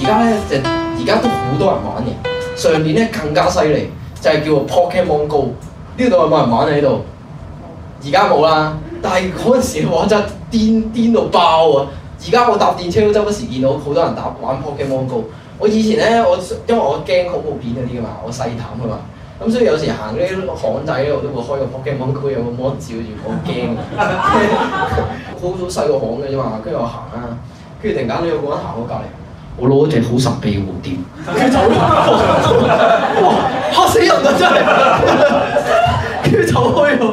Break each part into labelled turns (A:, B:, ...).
A: 而家咧就，而家都好多人玩嘅，上年咧更加犀利，就係、是、叫做 Pokemon Go，呢度有冇人玩啊呢度，而家冇啦，但係嗰陣時嘅話真係癲癲到爆啊！而家我搭電車都周不時見到好多人搭玩 Pokemon Go，我以前咧我因為我驚恐怖片嗰啲嘛，我細膽啊嘛，咁所以有時行啲巷仔咧我都會開個 Pokemon Go，又會望住，我驚，好早細個巷嘅啫嘛，跟住我行啊，跟住突然間你有個人行我隔離。我攞咗隻好神秘嘅蝴蝶，
B: 佢走開，
A: 哇嚇死人啦！真係佢走開喎。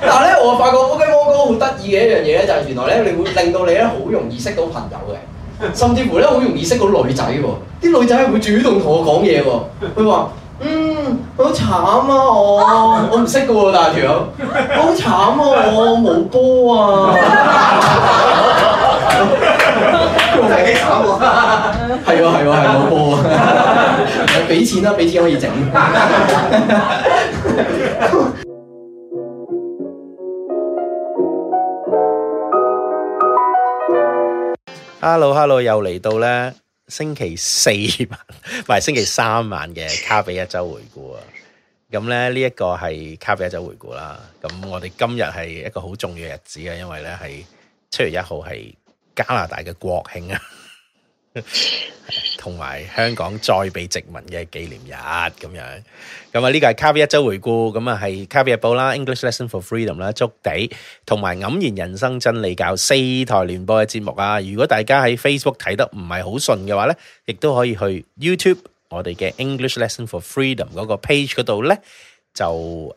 A: 人 但係咧，我發覺 Pokémon Go 好得意嘅一樣嘢咧，就係、是、原來咧，你會令到你咧好容易識到朋友嘅，甚至乎咧好容易識到女仔喎。啲女仔係會主動同我講嘢喎，佢話：嗯，好慘啊，我我唔識㗎喎大條友，好慘 啊，我冇波啊！ 係幾醜啊！係喎係喎係老波啊！俾、啊啊啊、 錢啦、啊，俾錢
B: 可以整。 Hello Hello，又嚟到咧，星期四晚，唔係星期三晚嘅卡比一周回顧啊！咁咧呢一個係卡比一周回顧啦。咁我哋今日係一個好重要嘅日子啊，因為咧係七月一號係。加拿大嘅國慶啊，同埋香港再被殖民嘅紀念日咁樣，咁啊呢個係卡比一週回顧，咁啊係卡比日報啦，English lesson for freedom 啦，足地同埋黯然人生真理教四台聯播嘅節目啊，如果大家喺 Facebook 睇得唔係好順嘅話咧，亦都可以去 YouTube 我哋嘅 English lesson for freedom 嗰個 page 嗰度咧就誒。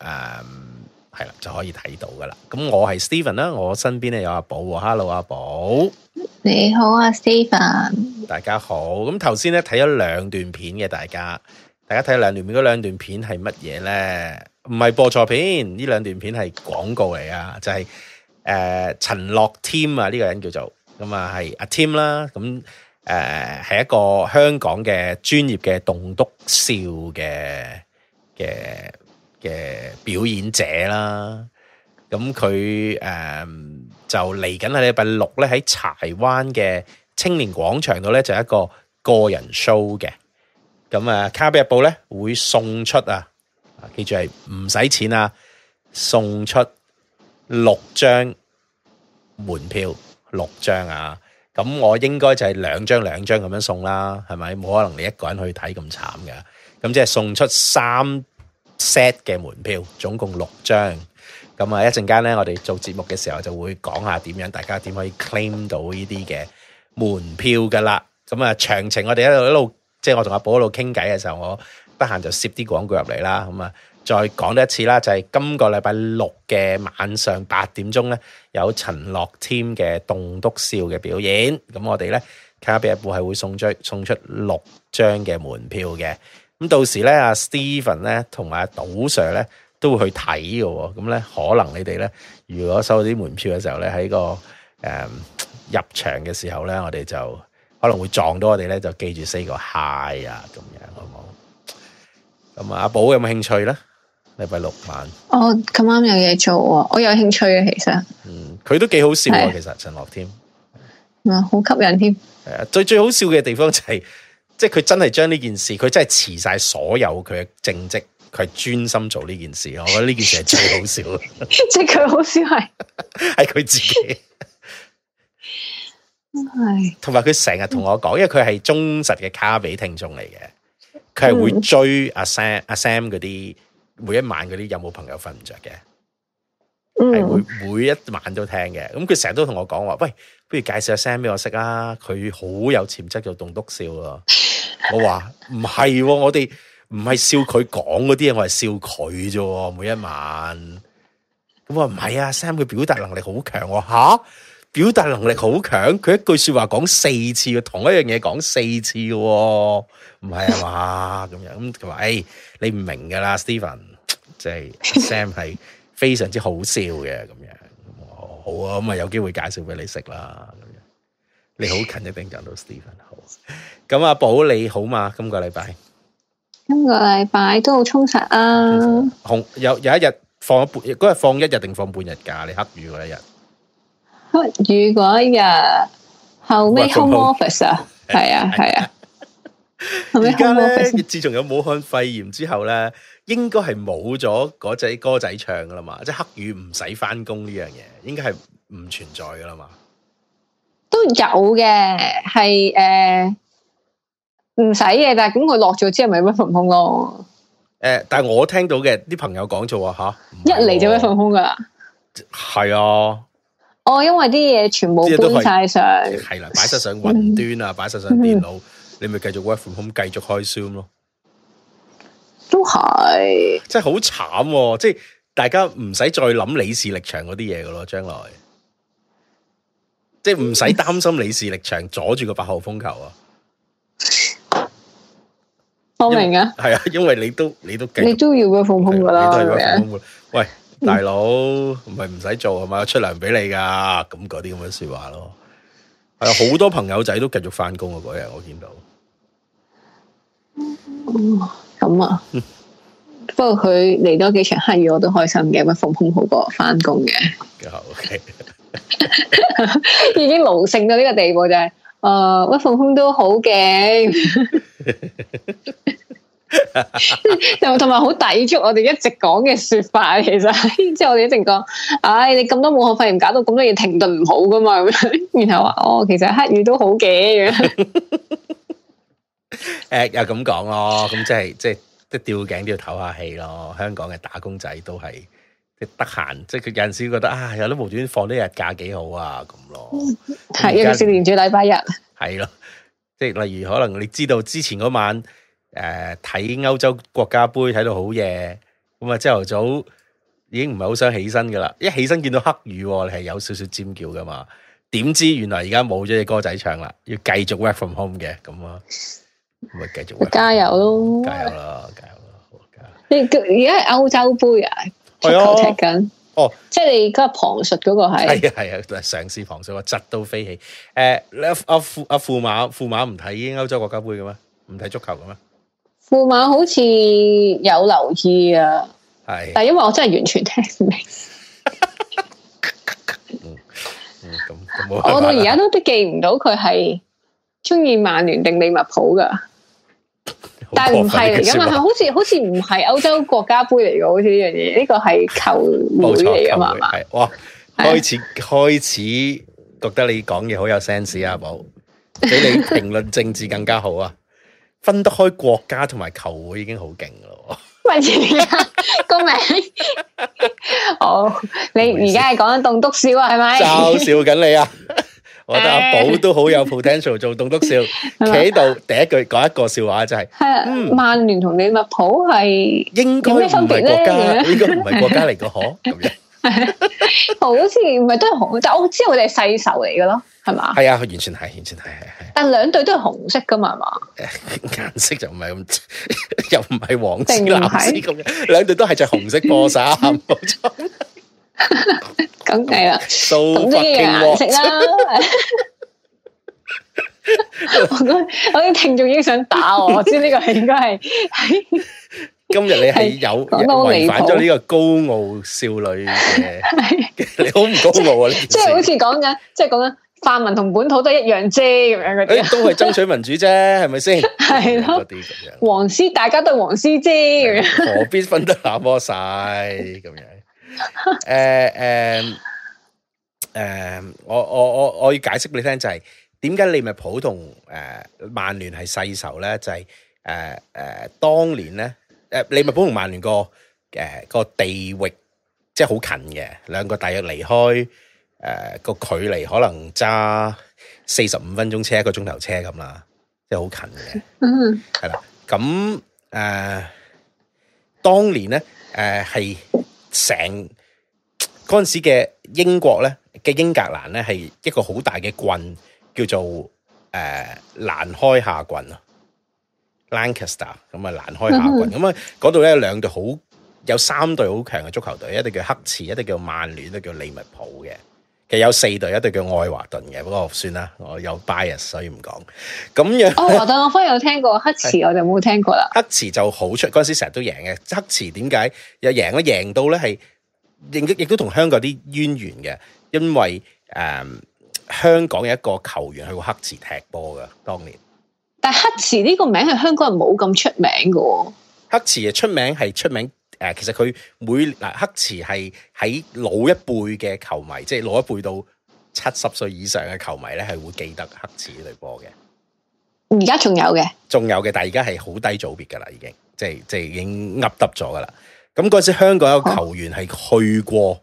B: 係啦，就可以睇到噶啦。咁我係 Steven 啦，我身邊咧有阿寶。Hello，阿寶，
C: 你好啊，Steven。
B: 大家好。咁頭先咧睇咗兩段片嘅，大家，大家睇兩段片嗰兩段片係乜嘢咧？唔係播錯片，呢兩段片係廣告嚟啊，就係、是、誒、呃、陳樂添啊呢個人叫做咁啊係阿添啦，咁誒係一個香港嘅專業嘅棟篤笑嘅嘅。嘅表演者啦，咁佢誒就嚟緊喺禮拜六咧喺柴灣嘅青年廣場度咧就係一個個人 show 嘅，咁啊《卡比日報》咧會送出啊，記住係唔使錢啊，送出六張門票，六張啊，咁我應該就係兩張兩張咁樣送啦，係咪？冇可能你一個人去睇咁慘噶，咁即係送出三。set 嘅門票，總共六張。咁啊，一陣間咧，我哋做節目嘅時候就會講下點樣，大家點可以 claim 到呢啲嘅門票㗎喇。咁啊，詳情，我哋一路一路，即係我同阿寶一路傾偈嘅時候，我得閒就攝啲廣告入嚟啦。咁啊，再講多一次啦，就係、是、今個禮拜六嘅晚上八點鐘咧，有陳樂添嘅棟篤笑嘅表演。咁我哋咧，卡比一週係會送出送出六張嘅門票嘅。咁到時咧，阿 Steven 咧同埋阿賭 Sir 咧都會去睇嘅。哦，咁咧可能你哋咧，如果收到啲門票嘅時候咧，喺個誒、嗯、入場嘅時候咧，我哋就可能會撞到我哋咧，就記住 say 個 hi 啊，咁樣好唔好？咁啊，嗯，阿寶有冇興趣咧？禮拜六晚，
C: 我咁啱有嘢做，我有興趣嘅，其實，嗯，
B: 佢都幾好笑，的其實陳樂添，啊，好、嗯、吸引添，最最好笑嘅地方就係、是。即係佢真係將呢件事，佢真係辭曬所有佢嘅正職，佢係專心做呢件事。 我覺得呢件事係最好笑。即係佢好笑係，係佢自己。
D: 係。
B: 同埋佢成日同我講，因為佢係忠實嘅卡比聽眾嚟嘅，佢係會追阿、嗯啊、Sam 阿、啊、Sam 嗰啲，每一晚嗰啲有冇朋友瞓唔着嘅，
D: 係會
B: 每、嗯、每一晚都聽嘅。咁佢成日都同我講話，喂，不如介紹阿 Sam 俾我識啦，佢好有潛質做棟篤笑啊！我話唔係，我哋唔係笑佢講嗰啲嘢，我係笑佢啫。每一晚，咁話唔係啊，Sam 佢表達能力好強，哦，吓、啊、表達能力好強，佢一句說話講四次，同一樣嘢講四次，哦，唔係嘛？咁 樣咁佢話，誒、哎，你唔明噶啦，Steven，即係 Sam 係非常之好笑嘅，咁樣好啊，咁咪有機會介紹俾你識啦，咁樣你好近一定見到 Steven。咁阿寶你好嘛？今個禮拜
D: 今個禮
C: 拜都好充實啊！
B: 紅有有一日放半，嗰日放一日定放半日假？你黑雨嗰一日
C: 黑雨嗰一日後尾 home office 啊，
B: 係啊係啊！而家咧，自從有武漢肺炎之後咧，應該係冇咗嗰隻歌仔唱噶啦嘛，即係黑雨唔使翻工呢樣嘢，應該係唔存在噶啦嘛。
C: 都有嘅，係誒唔使嘅，但係咁佢落咗之後咪 work from home 咯。
B: 誒、呃，但係我聽到嘅啲朋友講咗話吓，
C: 一嚟就 work from home 噶啦，
B: 係啊。是啊
C: 哦，因為啲嘢全部搬晒上，係
B: 啦，擺晒上,上雲端啊，擺晒 上電腦，你咪繼續 work from home，繼續開 zoom 咯。都係是、啊，即係好慘，即係大家唔使再諗李氏力場嗰啲嘢嘅咯，將來。即係唔使擔心李氏力場阻住個八號風球啊！
D: 我明啊，
B: 係啊，因為你都你都你都
C: 要佢放風噶啦，
B: 喂，大佬唔係唔使做係嘛，出糧俾你噶，咁嗰啲咁嘅說話咯。係啊，好多朋友仔都繼續翻工啊！嗰日我見到，
C: 咁啊，不過佢嚟多幾場黑雨我都開心嘅，乜放風好過翻工嘅。已經奴性到呢個地步，就係誒，屈鳳坤都好勁，又同埋好抵觸我哋一直講嘅說法。其實即係我哋一直講，唉，你咁多武漢肺炎，唔搞到咁多嘢停頓唔好噶嘛。咁樣，然後話哦，其實黑雨都好勁。
B: 誒，又咁講咯，咁即係即係即係吊頸都要唞下氣咯。香港嘅打工仔都係。即係得閒，即係佢有陣時覺得啊，有啲無端放啲日假幾好啊，咁咯。係、嗯、尤其是
C: 連住禮拜一
B: 係咯，即係例如可能你知道之前嗰晚誒睇歐洲國家杯睇到好夜咁啊，朝頭早已經唔係好想起身噶啦，一起身見到黑雨、啊，你係有少少尖叫噶嘛？點知原來而家冇咗隻歌仔唱啦，要繼續 work from home 嘅咁啊，咁啊繼續 work 加油加油咯，加油啦，加油啦，
C: 加油，你而家係歐洲杯啊？係咯，踢緊、哎、哦，即係你而家旁述嗰個係，係啊
B: 係啊，啊上司旁述話，窒到飛起。誒、呃，阿阿阿駙馬，駙馬唔睇歐洲國家杯嘅咩？唔睇足球嘅咩？
C: 駙馬好似有留意是啊。
B: 係，
D: 但係因為
C: 我真係完全聽
D: 唔明。咁我到而家都
C: 都記唔到佢係鍾意曼聯定利物浦㗎。
D: 但唔係嚟噶嘛？好
C: 似 好似唔係歐洲國家杯嚟噶，好似呢樣嘢，呢、呢個係球會嚟啊
B: 嘛嘛。 吧哇！開始是、啊、開始覺得你講嘢好有 sense 啊，寶，比你評論政治更加好啊！分得開國家同埋球會已經好勁咯。
C: 文賢，恭喜！
B: 好
C: 哦，你而家係講緊棟篤笑啊？係咪？嘲笑
B: 緊你啊！我覺得阿寶都好有 potential 做棟篤笑，企喺度第一句講一個笑話就係，
C: 係曼聯同利物浦係應該唔係國家，應該唔係國家
B: 嚟噶，嗬咁
C: 樣，好似唔係都係紅，但我知我哋係世仇嚟噶咯，
B: 係嘛？係啊，完全係，完全係，係
C: 但兩隊都係紅色噶嘛，係嘛？
B: 誒，顏色就唔係咁，又唔係黃色、藍色咁樣，兩隊都係着紅色波衫，冇錯。咁計啦，同啲嘅顏色啦。我啲
C: 我啲聽眾已經想打我，我知呢個係應該係喺
B: 今日你係有違反咗呢個高傲少女嘅，你好唔高傲啊！即
C: 係好似講緊，即係講緊泛民同本土都一樣啫，咁樣嘅。誒，都係
B: 爭取民主啫，係咪先？係
C: 咯，黃絲，大家都係黃絲啫，
D: 咁樣
B: 何必分得那麼細咁樣？誒誒誒，我我我我要解釋俾你聽就是為什麼是世呢，就係點解利物浦同誒曼聯係世仇咧？就係誒誒當年咧，誒利物浦同曼聯個誒個地域很，即係好近嘅，兩個大約離開誒個、呃、距離可能揸四十五分鐘車，車一個鐘頭車咁啦，即係好近
D: 嘅。
B: 係啦、嗯，咁誒、呃、當年咧，誒、呃、係。成嗰陣時嘅英國咧，嘅英格蘭咧係一個好大嘅郡，叫做誒蘭開夏郡咯 （Lancaster）。咁、呃、啊，蘭開夏郡咁啊，嗰度咧有兩隊好，有三隊好強嘅足球隊，一隊叫黑池，一隊叫曼聯，一隊叫利物浦嘅。其實有四隊，一隊叫愛華頓嘅，不過算啦，我有 bias 所以唔講。咁樣愛華頓
C: 我反而有聽過，黑池我就冇聽過啦。
B: 黑池就好出，嗰陣時成日都贏嘅。黑池點解又贏咧？贏到咧係亦亦都同香港啲淵源嘅，因為誒香港有一個球員係喺黑池踢波噶，當年。
C: 但係黑池呢個名係香港人冇咁出名噶，
B: 黑池誒出名係出名。誒，其實佢每嗱黑池係喺老一輩嘅球迷，即係老一輩到七十歲以上嘅球迷咧，係會記得黑池呢隊波嘅。
C: 而家仲有嘅，
B: 仲有嘅，但係而家係好低組別噶啦，已經即係即係已經噏耷咗噶啦。咁嗰時香港有個球員係去過，啊、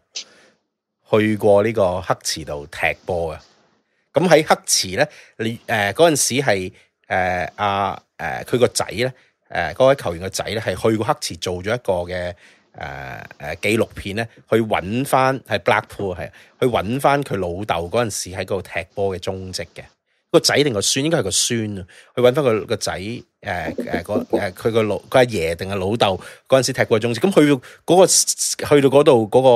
B: 去過呢個黑池度踢波噶。咁喺黑池咧，你誒嗰陣時係誒阿誒佢個仔咧。呃啊啊誒嗰位球員個仔咧，係去過黑池做咗一個嘅誒誒紀錄片咧，去揾翻係 Blackpool 係，去揾翻佢老豆嗰陣時喺嗰度踢波嘅蹤跡嘅。嗰個仔定個孫應該係個孫啊，去揾翻佢個仔誒佢個老佢阿爺定係老豆嗰陣時踢過蹤跡。咁去到嗰個去到嗰度嗰個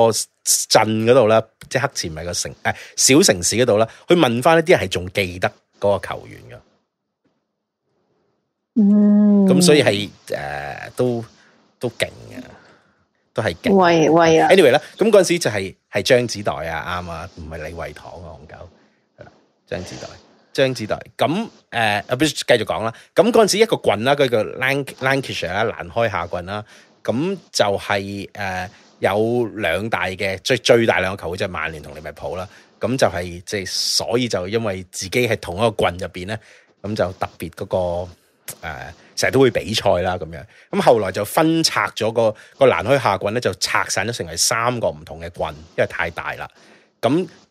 B: 鎮嗰度啦，即係黑池唔係個城、哎、小城市嗰度啦，去問翻一啲人係仲記得嗰個球員嘅。
D: 嗯，咁所以係
B: 誒、呃、都都勁喂的啊，都係勁，喂喂啊。Anyway 啦，咁嗰陣時就係係張子岱啊，啱啊，唔係李惠堂啊，紅狗，張子岱，張子岱。咁誒，不如繼續講啦。咁嗰陣時一個郡啦，佢叫 Lanc Lancashire 啦，蘭開夏郡啦。咁就係、是、誒、呃、有兩大嘅最最大兩個球會，即、就、係、是、曼聯同利物浦啦。咁就係即係，所以就因為自己係同一個郡入邊咧，咁就特別嗰、那個。誒，成日都會比賽啦，咁樣咁、嗯、後來就分拆咗個個蘭開夏郡咧，就拆散咗成為三個唔同嘅郡，因為太大啦，咁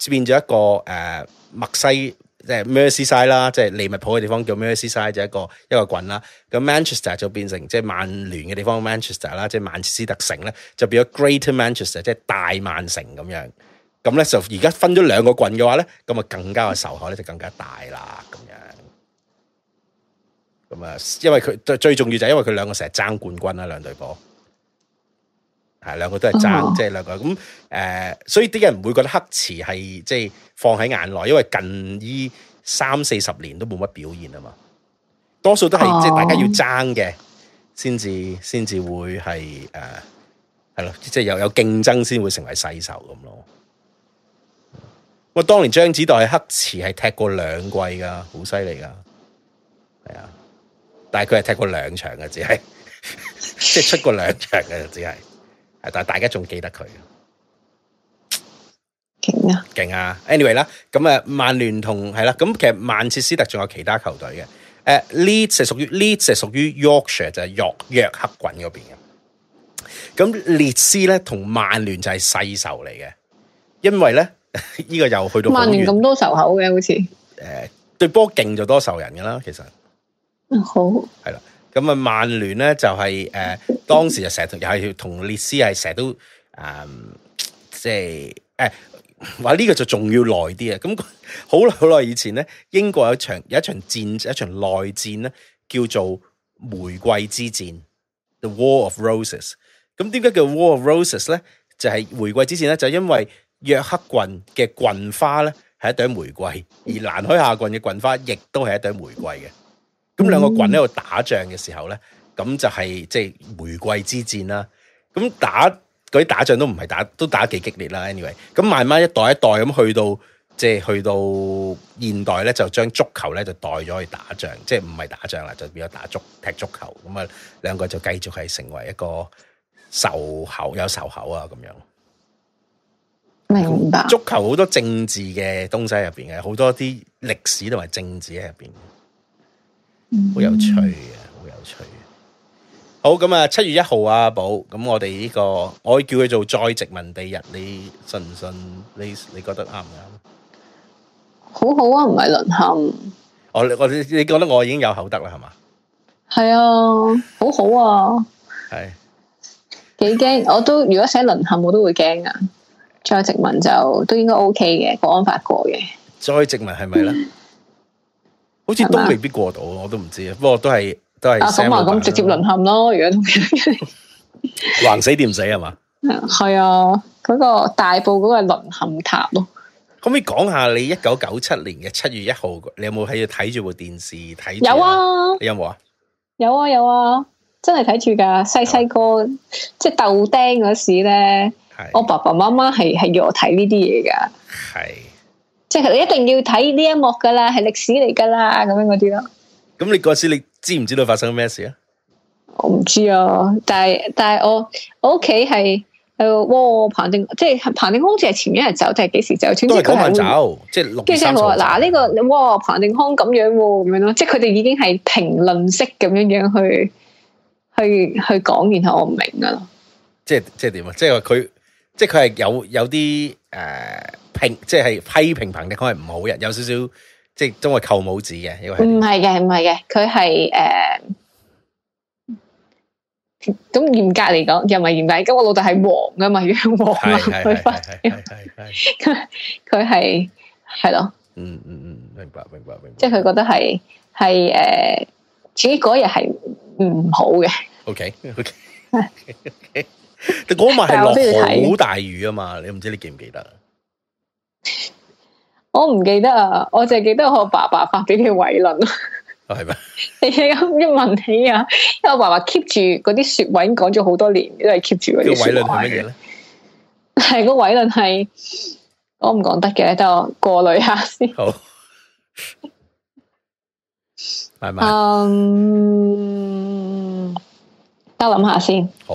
B: 變咗一個誒、呃，麥西即係 Merseyside 啦，即係利物浦嘅地方叫 Merseyside 就一個一個郡啦。咁 Manchester 就變成即係曼聯嘅地方 Manchester 啦，即係曼徹斯特城咧，就變咗 Greater Manchester，即係大曼城咁樣。咁咧就而家分咗兩個郡嘅話咧，咁啊更加嘅仇口咧就更加大啦。咁啊，因為佢最最重要就係因為佢兩個成日爭冠軍啦，兩隊波係兩個都係爭，即係兩個咁誒、呃，所以啲人唔會覺得黑池係即係放喺眼內，因為近依三四十年都冇乜表現啊嘛，多數都係即係大家要爭嘅，先至先至會係誒係咯，即係又有競爭先會成為世仇咁咯。喂，當年張子岱喺黑池係踢過兩季噶，好犀利噶，係啊。但係佢係踢過兩場嘅，只係即係出過兩場嘅，只係，但係大家仲記得佢。勁啊！勁啊！anyway 啦，咁啊，曼聯同係啦，咁其實曼徹斯特仲有其他球隊嘅。誒、呃，Leeds 係屬於 Leeds 係屬於 Yorkshire 就係約約克郡嗰邊嘅。咁列斯咧同曼聯就係世仇嚟嘅，因為咧呢、呢個又去到曼聯咁
C: 多仇口嘅，好似誒、
B: 呃、對波勁就多仇人噶啦，其實。好係啦，咁啊，曼聯咧就係、是、誒、呃，當時就成日又係同列斯係成日都誒，即係誒，話、就、呢、是呃、個就仲要耐啲啊！咁好耐好耐以前咧，英國有一場有一場戰，一場內戰咧，叫做玫瑰之戰，The War of Roses。咁點解叫 War of Roses 咧？就係、是、玫瑰之戰咧，就是就是、因為約克郡嘅郡花咧係一朵玫瑰，而蘭開夏郡嘅郡花亦都係一朵玫瑰嘅。咁、嗯、兩個棍喺度打仗嘅時候咧，咁就係即係玫瑰之戰啦。咁打嗰啲打仗都唔係打，都打幾激烈啦。Anyway，咁慢慢一代一代咁去到，即係去到現代咧，就將足球咧就代咗去打仗，即係唔係打仗啦，就變咗打足踢足球。咁啊，兩個就繼續係成為一個仇口，有仇口啊，咁樣。
D: 明白足
B: 球好多政治嘅東西入邊嘅，好多啲歷史同埋政治喺入邊。好有趣，有趣好啊，好有趣！好咁啊，七月一號啊，寶，咁我哋呢、這個，我叫佢做再殖民地日，你信唔信你？你你覺得啱唔啱？
C: 好好啊，唔係淪陷。
B: 我我你覺得我已經有口德啦，係嘛？
C: 係啊，好好啊，
B: 係是。
C: 幾驚？我都如果寫淪陷，我都會驚啊。再殖民就都應該 OK 嘅，國安法過嘅。
B: 再殖民係咪咧？ 好似都未必過到，嗎我都唔知都都啊。不過都係都係。咁 啊，咁直接
C: 淪陷咯。如果
B: 橫死掂死係嘛？
C: 係啊，嗰個大埔嗰個淪陷塔咯。
B: 可唔可以講下你一九九七年嘅七月一號，你有冇喺度睇住部電視睇、啊啊？有啊，有冇啊？
C: 有啊有啊，真係睇住噶。細細個的即係豆釘嗰時咧，的我爸爸媽媽係係要我睇呢啲嘢噶。係。即係你一定要睇呢一幕噶啦，係歷史嚟噶啦，咁樣嗰啲咯。
B: 咁你嗰時你知唔知道發生咩事啊？
C: 我唔知啊，但係但係我我屋企係誒，哇！彭定即係彭定康，即係前一日走定係幾時走？都係佢走，即係六月三
B: 十號。嗱，
C: 呢個哇、這個哇，彭定康咁樣咁樣咯，即係佢哋已經係評論式咁樣樣去去去講，然後
B: 我唔明噶啦。即係即係點啊？即係話佢即係佢係有有啲誒。呃評即係批評評的，可能唔好嘅，有少少即係都係扣帽子嘅、呃。因
C: 為唔係嘅，唔係嘅，佢係誒，咁嚴格嚟講又唔係嚴格。咁我老豆係黃啊嘛，楊黃啊嘛，佢係，佢佢係係咯。嗯嗯嗯，明白
B: 明白明白。即
C: 係佢覺得係係誒，嗰日係唔好嘅。
B: O K O K 你嗰晚係落好大雨啊嘛， 你唔知你記唔記得？
C: 我唔記得啊，我淨係記得我爸爸發俾佢嘅偉論啊，係咪、哦？ 你咁一問起啊，因為我爸爸 keep 住嗰啲說話講咗好多年，都係 keep 住嗰啲。個偉論係乜嘢
D: 咧？
C: 係、個偉論係我唔講得嘅，得我過濾下先。
D: 好係嘛？
C: 嗯，得諗下先。
B: 好，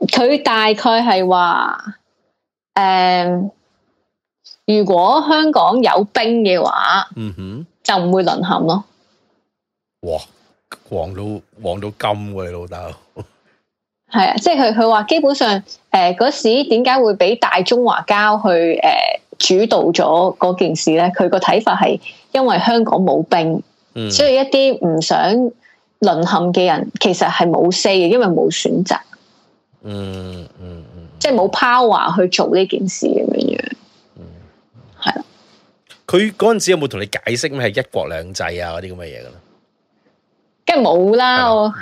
C: 佢大概係話誒。Um, 如果香港有兵嘅話，嗯哼，就唔會淪陷
B: 咯。哇，黃到黃到金嘅老豆，
C: 係啊，即係佢佢話，基本上誒嗰時點解會俾大中華交去誒主導咗嗰件事咧？佢個睇法係因為香港冇兵，所以一啲唔想淪陷嘅人，其實係冇 say 嘅，因為冇選擇。嗯嗯嗯，即係冇 power 去做呢件事咁樣。
B: 佢嗰陣時有冇同你解釋咩係一國兩制啊嗰啲咁嘅嘢噶？梗
C: 係冇啦，的我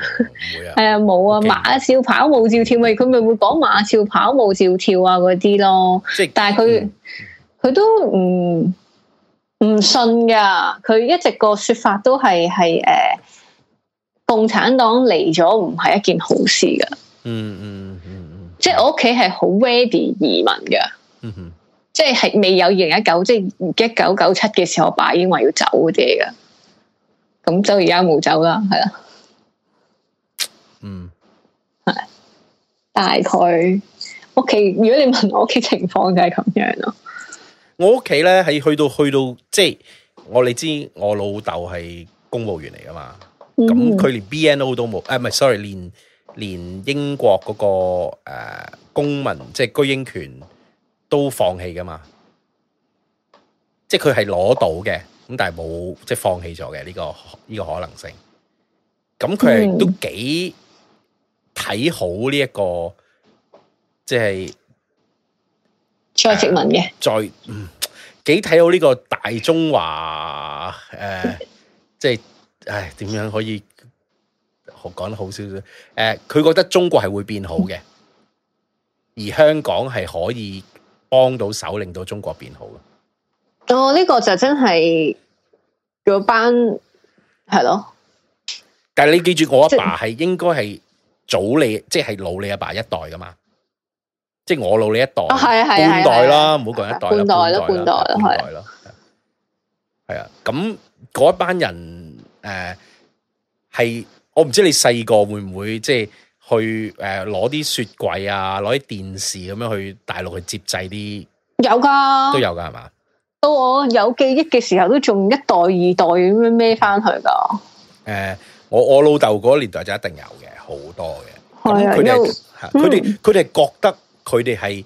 C: 係有 啊冇啊 Okay. 馬少跑舞照跳咪，佢咪會講馬少跑舞照跳啊嗰啲咯。即是但係佢佢都唔唔、嗯、信噶，佢一直個說法都係係誒，共產黨嚟咗唔係一件好事噶、嗯。嗯嗯嗯即係我屋企係好 ready 移民噶、嗯。嗯即係未有二零一九，即係一九九七嘅時候，我爸已經話要走嗰啲噶。咁，就而家冇走啦，係啦、嗯。嗯，係大概屋企。如果你問我屋企情況，就係咁樣
B: 咯。我屋企咧，係去到去到，即係我你知，我老豆係公務員嚟噶嘛。
D: 咁佢、嗯、連
B: BNO 都冇，誒、啊，唔係，sorry，連連英國嗰、那個誒、呃、公民，即係居英權。都放棄噶嘛？即係佢係攞到嘅，咁但係冇即係放棄咗嘅呢個呢、這個可能性。咁佢係都幾睇好呢、這、一個，即係再殖民嘅。再幾睇、嗯、好呢個大中華誒，呃、 即係唉點樣可以講得好少少？誒、呃，佢覺得中國係會變好嘅，嗯、而香港係可以。幫到手，令到中國變好
C: 咯。哦，呢、這個就真係嗰班
B: 係咯。但係你記住，我阿爸係應該係早你，即、就、係、是、老你阿爸，爸一代噶嘛。即、就、係、是、我老你一代，係係、哦、半代啦，唔好講一代啦，半代，半代啦，半代啦，係的啦。係啊，咁嗰一班人誒，係、呃、我唔知你細個會唔會即係。就是去誒攞啲雪櫃啊，攞啲電視咁樣去大陸去接濟啲
C: 有㗎的，都有㗎係嘛？到我有記憶嘅時候，都仲一代二代咁樣孭翻去㗎。誒、嗯
B: 嗯，我我老豆嗰年代就一定有嘅，好多嘅。佢哋佢哋佢覺得佢哋係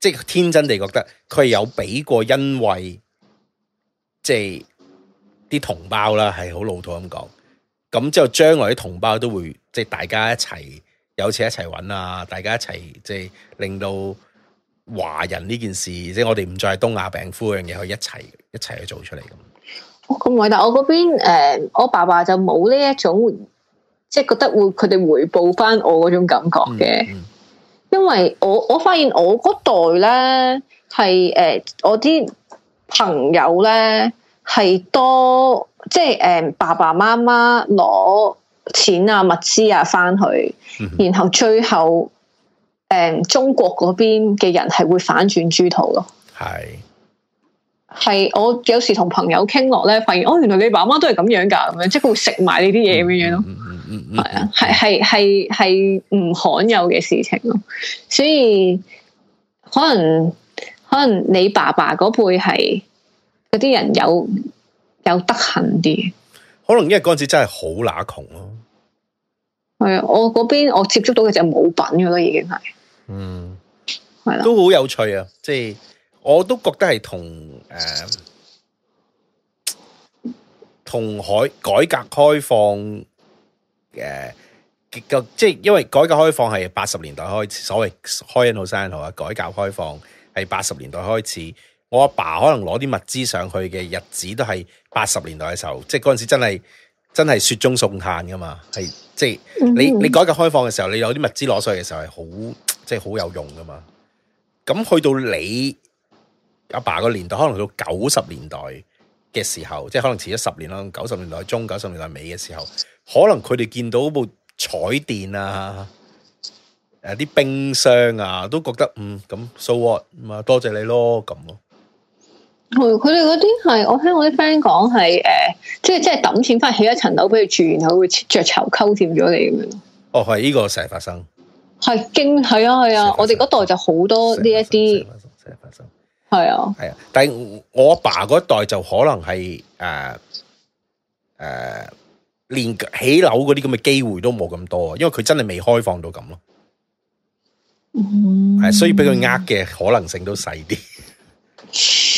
B: 即係天真地覺得佢係有俾過，因為即係啲同胞啦，係好老土咁講。咁之後將來啲同胞都會即係、即係、大家一齊。有次一齊揾啊！大家一齊即係令到華人呢件事，即係我哋唔再係東亞病夫嗰樣嘢，去一齊一齊去做出嚟
C: 咁。哦，咁偉大。但係我嗰邊、呃、我爸爸就冇呢一種，即係覺得會佢哋回報翻我嗰種感覺嘅。因為我我發現我嗰代咧係誒我啲朋友咧係多即係誒、呃、爸爸媽媽攞錢啊物資啊翻去，嗯、哼然後最後誒、嗯、中國嗰邊嘅人係會反轉豬肚咯，係係是我有時同朋友傾落咧，發現哦原來你爸媽都係咁樣噶，咁樣即係佢會食埋你啲嘢咁樣咯，嗯嗯嗯、係啊係係係係唔罕有嘅事情咯，所以可能可能你爸爸嗰輩係嗰啲人有有得行啲，
B: 可能因為嗰陣時真係好乸窮咯。
C: 係啊，我嗰邊我接觸到嘅就冇品噶咯，已經
B: 係，嗯，係啦的，都好有趣啊！即係我都覺得係同誒同海改革開放嘅結構，即係因為改革開放係八十年代開始，所謂開新好山好啊，改革開放係八十年代開始，我阿爸可能攞啲物資上去嘅日子都係八十年代嘅時候，即係嗰陣時真係。真係雪中送炭噶嘛？係即係你你改革開放嘅時候，你有啲物資攞上嚟嘅時候係好即係好有用噶嘛？咁去到你阿爸個年代，可能去到九十年代嘅時候，即係可能遲咗十年啦，九十年代中、九十年代尾嘅時候，可能佢哋見到部彩電啊，誒、啊、啲冰箱啊，都覺得嗯咁 so what，咁啊多謝你咯咁咯。
C: 佢哋嗰啲係我聽我啲 friend 講係誒，即係即係抌錢翻起一層樓俾佢住，然後會着籌勾佔咗你咁樣。
B: 哦，係呢個成日發生，
C: 係經係啊係啊，啊我哋嗰代就好多呢一啲，成日發生係啊係
B: 啊。但係我阿爸嗰代就可能係誒誒，連起樓嗰啲咁嘅機會都冇咁多，因為佢真係未開放到咁咯。
D: 係、嗯啊，所以俾佢
B: 呃嘅可能性都細啲。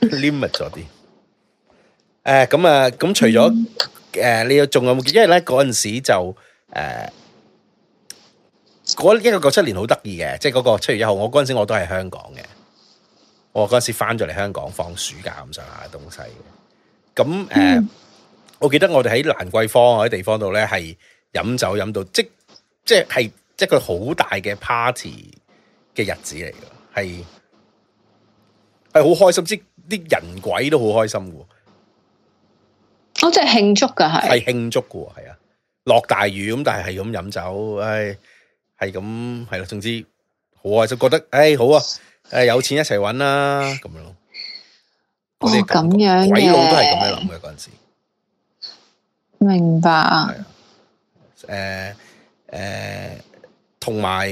B: limit 咗啲，誒， 咁啊，咁、啊啊啊、除咗，誒、啊，你又仲有冇？因為咧嗰陣時就，誒、啊，嗰一、那個九七年好得意嘅，即係嗰個七月一號，我嗰陣時我都係香港嘅，我嗰陣時翻咗嚟香港放暑假咁上下嘅東西咁誒，啊嗯、我記得我哋喺蘭桂坊嗰啲地方度咧係飲酒飲到，即即係即係一個好大嘅 party 嘅日子嚟嘅，係。係好開心，即啲人鬼都好開心嘅。
C: 我即係慶祝嘅，係係
B: 慶祝嘅，係啊！落大雨咁，但係係咁飲酒，唉、哎，係咁係啦。總之，我就覺得，唉、哎，好啊，誒，有錢一齊搵啦，咁樣咯。咁樣、哦、咁樣鬼佬都係咁樣諗嘅嗰陣時。
C: 明白。
B: 誒誒，同埋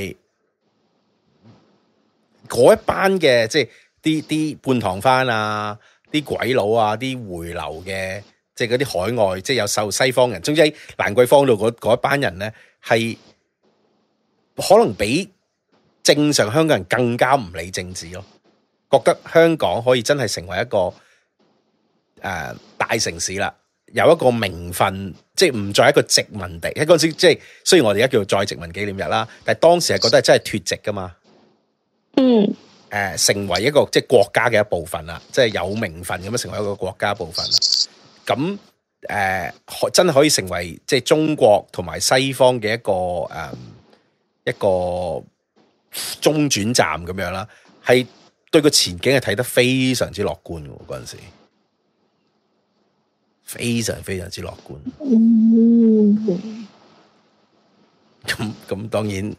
B: 嗰一班嘅即係。啲啲半唐番啊，啲鬼佬啊，啲回流嘅，即係嗰啲海外，即係有受西方人。總之喺蘭桂坊度嗰嗰班人咧，係可能比正常香港人更加唔理政治咯，覺得香港可以真係成為一個誒大城市啦，有一個名分，即係唔再一個殖民地。喺嗰時即係雖然我哋而家叫做再殖民紀念日啦，但係當時係覺得係真係脫殖噶嘛。嗯。誒，成為一個即係國家嘅一部分啦，即係有名分，咁樣成為一個國家部分啦。咁誒，可、呃、真係可以成為即係中國同埋西方嘅一個誒、呃、一個中轉站咁樣啦。係對個前景係睇得非常之樂觀嗰陣時，非常非常之樂觀。咁咁當然，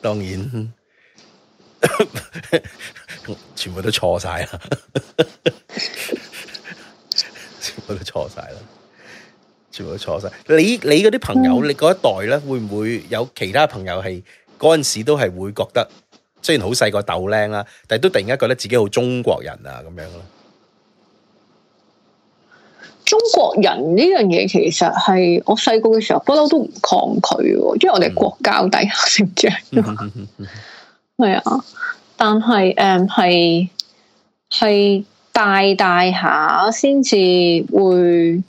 B: 當然。 全部都錯晒啦，全部都錯晒啦，全部都錯晒。 你你嗰啲朋友，嗯、你嗰一代咧，會唔會有其他朋友係嗰陣時都係會覺得，雖然好細個鬥靚啦，但係都突然間覺得自己好中國人啊咁樣咯。
C: 中國人呢樣嘢其實係我細個嘅時候不嬲都唔抗拒嘅，因為我哋國教底下成長、嗯。嗯嗯嗯係啊，但係誒，係、嗯、係大大下先至會，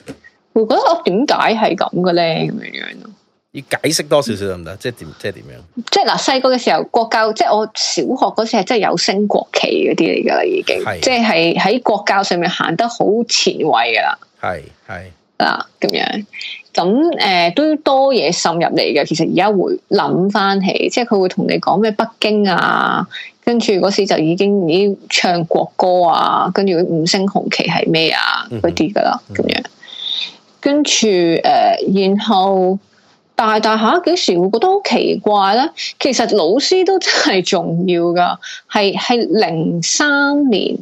C: 我覺得我點解係咁嘅咧？咁樣
B: 樣咯，要解釋多少少得唔得？即係點？即係點樣？
C: 即係嗱，細個嘅時候國教，即係我小學嗰時，真係有升國旗嗰啲嚟噶啦，已經係，即係喺國教上面行得好前衛噶啦，係係嗱咁樣。咁誒、嗯呃、都要多嘢滲入嚟嘅，其實而家會諗翻起，即係佢會同你講咩北京啊，跟住嗰時就已經已經唱國歌啊，跟住五星紅旗係咩啊嗰啲噶啦咁樣跟住、呃、然後大大下幾時會覺得好奇怪咧？其實老師都真係重要噶，係係零三年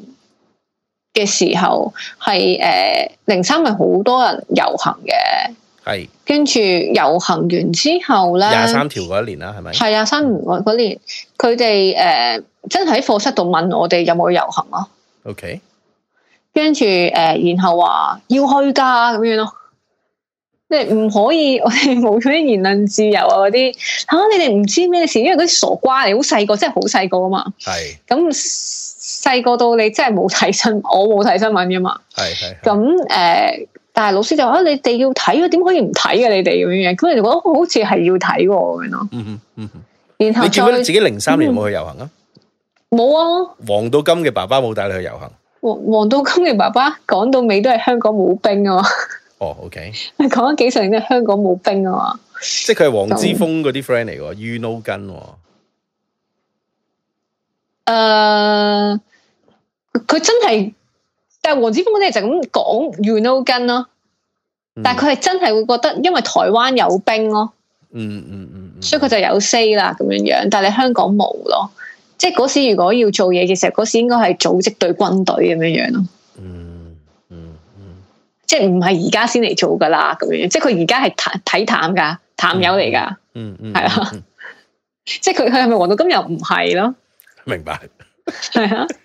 C: 嘅時候係誒零三係好多人遊行嘅。係，跟住是遊行完之後咧，廿三
B: 條嗰一年
C: 啦，係咪？係廿三條嗰年，佢哋誒真係喺課室度問我哋有冇去遊行咯、啊。OK，跟住誒，然後話要去㗎咁樣咯，即係唔可以，我哋冇咗啲言論自由啊嗰啲。嚇、啊、你哋唔知咩事，因為嗰啲傻瓜嚟，好細個，真係好細個啊嘛。係是，咁細個到你真係冇睇新聞，我冇睇新聞噶嘛。係係，咁誒。但係老師就話：，你哋要睇嘅，點可以唔睇嘅？你哋咁樣樣，咁你就覺得好似係要睇嘅
B: 咁咯。嗯哼，
C: 嗯哼然後，你,你自己零三年冇去遊行啊？冇
B: 啊！黃道金嘅爸爸冇帶你去遊行。
C: 黃黃、嗯啊、道金嘅爸爸講到尾都係香港冇兵啊！
B: 哦，OK。講
C: 緊幾十年都係香港冇兵啊！即
B: 係佢係黃之鋒嗰啲 friend 嚟 n o 冇根。誒，
C: 佢真係。但係黃子峰嗰啲就咁講，You know 根咯。You know 啊，嗯、但係佢係真係會覺得，因為台灣有兵咯、啊嗯。嗯嗯嗯，所以佢就有 say 啦咁樣樣。但係香港冇咯，即係嗰時如果要做嘢嘅時候，嗰時應該係組織對軍隊咁樣樣咯、嗯。嗯嗯，即係唔係而家先嚟做噶啦咁樣，即係佢而家係談體壇噶，壇友嚟噶。嗯是、啊、嗯，係、嗯、啊，嗯嗯、即係佢佢係咪黃道金又唔係咯？
B: 明白，係
C: 啊。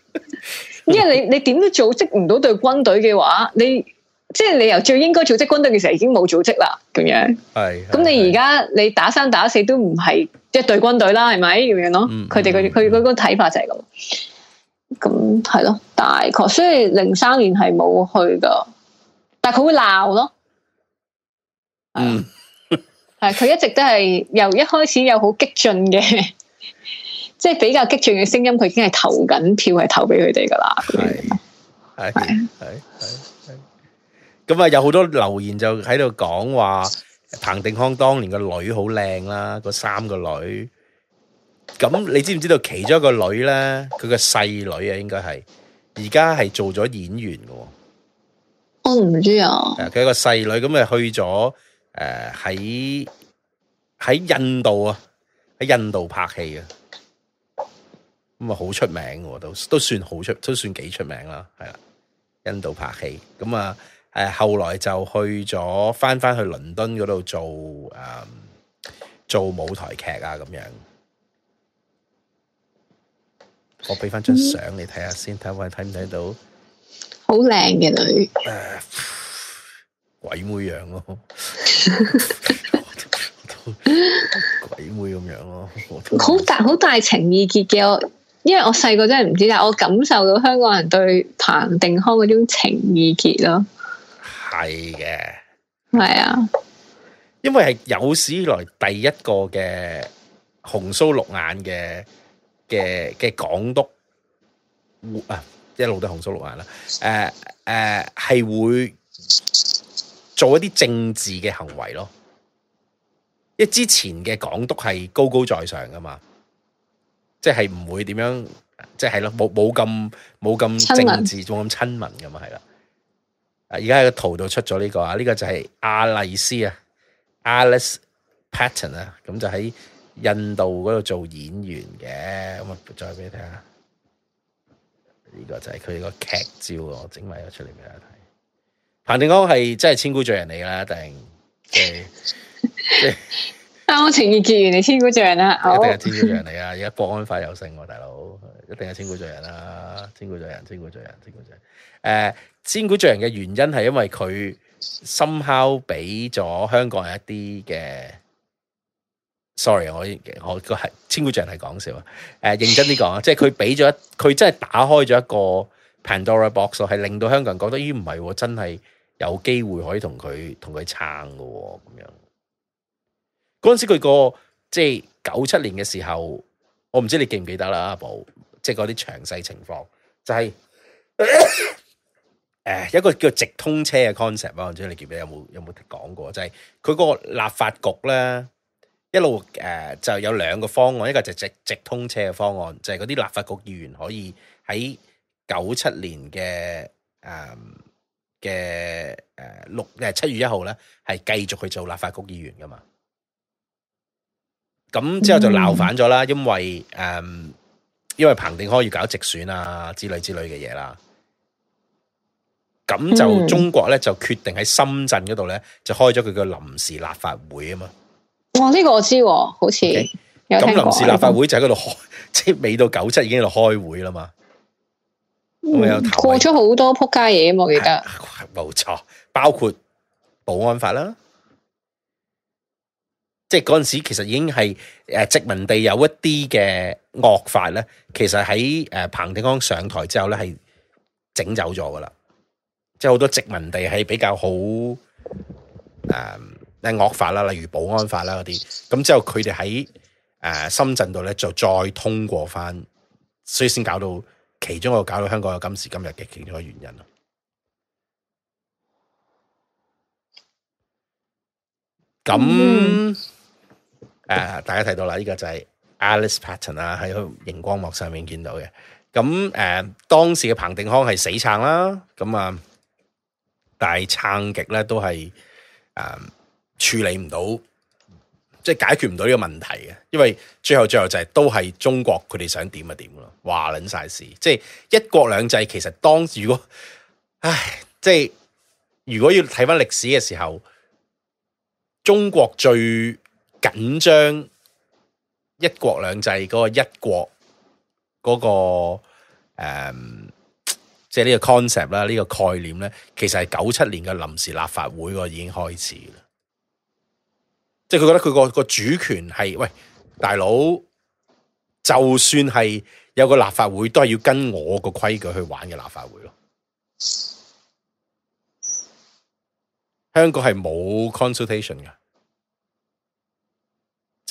C: 因為你你點都組織唔到對軍隊嘅話，你即係、就是、你由最應該組織軍隊嘅時候已經冇組織啦，咁樣。係。咁你而家你打生打死都唔係一隊軍隊啦，係咪咁樣咯？佢哋佢佢嗰個睇法就係咁。咁係咯，大概。所以零三年係冇去噶，但係佢會鬧咯。嗯
D: 是。
C: 係，佢一直都係由一開始有好激進嘅。即係比較激進嘅聲音，佢已經係投緊票，係投俾佢哋噶啦。係係係
B: 係，咁啊有好多留言就喺度講話彭定康當年個女好靚啦，嗰三個女。咁你知唔知道其中一個女咧佢個細女啊，應該係而家係做咗演員噶。我唔知啊。佢個細女咁啊去咗誒喺喺印度啊，喺印度拍戲啊。咁啊，好出名喎，都都算好出，都算幾出名啦，係啦，印度拍戲，咁啊，誒，後來就去咗翻翻去倫敦嗰度做誒、嗯，做舞台劇啊，咁樣，我俾翻張相睇下、嗯、睇下你睇下先，睇下睇唔睇到，
D: 好靚嘅女、呃，
B: 鬼妹樣咯、
D: 哦， 鬼妹咁
C: 樣咯、哦，好大好大情意結嘅我因為我細個真係唔知，但係我感受到香港人對彭定康嗰種情意結咯。
B: 係嘅，
C: 係啊。
B: 因為係有史以來第一個嘅紅鬚綠眼嘅嘅嘅港督，啊一路都紅鬚綠眼啦。誒誒，係會做一啲政治嘅行為咯。因為之前嘅港督係高高在上㗎嘛。即係唔會點樣，即係咯，冇冇咁冇咁政治，仲咁親民噶嘛，係啦。而家喺個圖度出咗呢個啊，呢、呢個就係亞麗斯啊，Alice Patton 啊，咁就喺、喺、印度嗰度做演員嘅。咁啊，再俾你睇下。呢個就係佢個劇照啊，整埋咗出嚟俾大家睇。彭定康係真係千古罪人嚟啦，定、嗯？ 即
C: 我情意結完你千古罪人
B: 啦、 啊，一定係千古罪人嚟啊！而家《國安法》有勝喎，大佬一定係千古罪人啦！千古罪人，千古罪人，千古罪人。誒、uh,，千古罪人嘅原因係因為佢深刻俾咗香港人一啲嘅，sorry，我我個係千古罪人係講笑啊！誒、uh,，認真啲講啊， 即係佢俾咗一，佢真係打開咗一個 Pandora box，係令到香港人覺得咦唔係，真係有機會可以同佢同佢撐嘅喎咁樣。嗰陣時佢個即係九七年嘅時候，我唔知你記唔記得啦，阿寶，即係嗰啲詳細情況就係、是、誒 一個叫直通車嘅 concept 啊，唔知你記唔記得有冇有冇講過？就係佢個立法局咧，一路誒、呃、就有兩個方案，一個就係直直通車嘅方案，就係嗰啲立法局議員可以喺九七年嘅誒嘅誒六誒七月一號咧，係繼續去做立法局議員噶嘛。咁之後就鬧反咗啦，因為誒，嗯、因為彭定康要搞直選啊之類之類嘅嘢啦。咁就中國咧就決定喺深圳嗰度咧就開咗佢嘅臨時立法會啊嘛。
C: 哇、哦、呢、呢個我知，好似咁臨時立法會
B: 就喺度開，即係未到九七已經喺度開會啦嘛。
C: 嗯、有過咗好多仆街嘢啊，我記
B: 得。冇錯，包括保安法啦。即係嗰陣時，其實已經係誒殖民地有一啲嘅惡法咧。其實喺誒彭定康上台之後咧，係整走咗噶啦。即係好多殖民地係比較好誒、嗯、惡法啦，例如保安法啦嗰啲。咁之後佢哋喺誒深圳度咧，就再通過翻，所以先搞到其中一個搞到香港有今時今日嘅其中一個原因咯。咁。嗯誒、呃，大家睇到啦，呢、這個就係 Alice Patton 啊，喺熒光幕上面見到嘅。咁誒、呃，當時嘅彭定康係死撐啦，咁啊、呃，但係撐極咧都係誒、呃、處理唔到，即、就、係、是、解決唔到呢個問題嘅。因為最後最後就係、是、都係中國他們想怎怎，佢哋想點就點咯，話捻晒事。即係一國兩制，其實當時如果，唉，即、就、係、是、如果要睇翻歷史嘅時候，中國最。緊張一國兩制嗰個一國嗰、那個即係呢個 concept 啦，呢、嗯就是、個概念咧、這個，其實係九七年嘅臨時立法會個已經開始啦。即係佢覺得佢個主權係，喂，大佬，就算係有個立法會，都係要跟我個規矩去玩嘅立法會咯。香港係冇 consultation 嘅。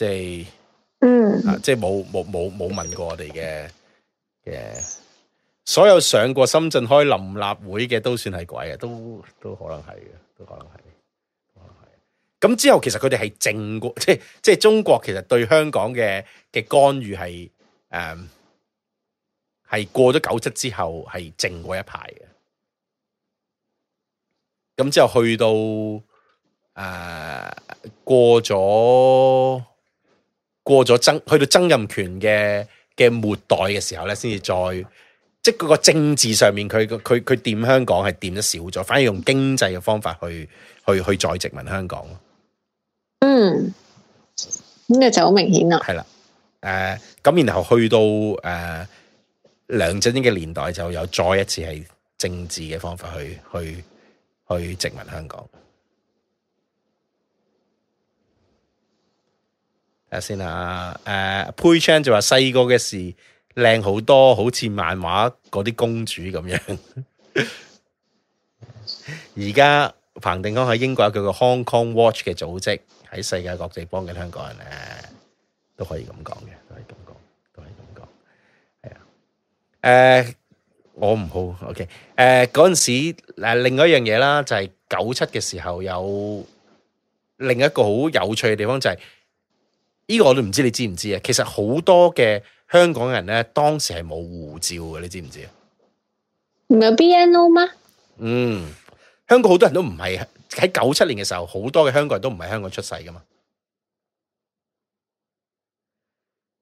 B: 即係，
D: 嗯、啊，
B: 即係冇冇冇冇問過我哋嘅嘅，所有上過深圳開臨立會嘅都算係鬼啊，都都可能係嘅，都可能係，可能係。咁之後其實佢哋係靜過，即係即係中國其實對香港嘅嘅干預係誒係過咗九七之後係靜過一排嘅。咁之後去到誒、呃、過咗。過咗曾去到曾蔭權嘅嘅末代嘅時候咧，先至再即係嗰個政治上面，佢佢佢掂香港係掂得少咗，反而用經濟嘅方法去去去再殖民香港。
C: 嗯，咁呢就
D: 好明顯啦。
B: 係啦，誒、啊，咁然後去到誒、啊、梁振英嘅年代，就有再一次係政治嘅方法去去去殖民香港。先啦，誒、呃，佩昌就話細個嘅時靚好多，好似漫畫嗰啲公主咁樣。而家彭定康喺英國有佢個 Hong Kong Watch 嘅組織，喺世界各地幫緊香港人咧、呃，都可以咁講嘅，都係咁講，都係咁講，係啊。誒，我唔好，OK，誒，嗰、呃、陣時誒、呃，另外一樣嘢啦，就係九七嘅時候有另一個好有趣嘅地方就係、是。呢個我都唔知你知唔知啊？其實好多嘅香港人咧，當時係冇護照嘅，你知唔知啊？
C: 唔係 BNO 咩？
B: 嗯，香港好多人都唔係喺九七年嘅時候，好多嘅香港人都唔係香港出世噶嘛。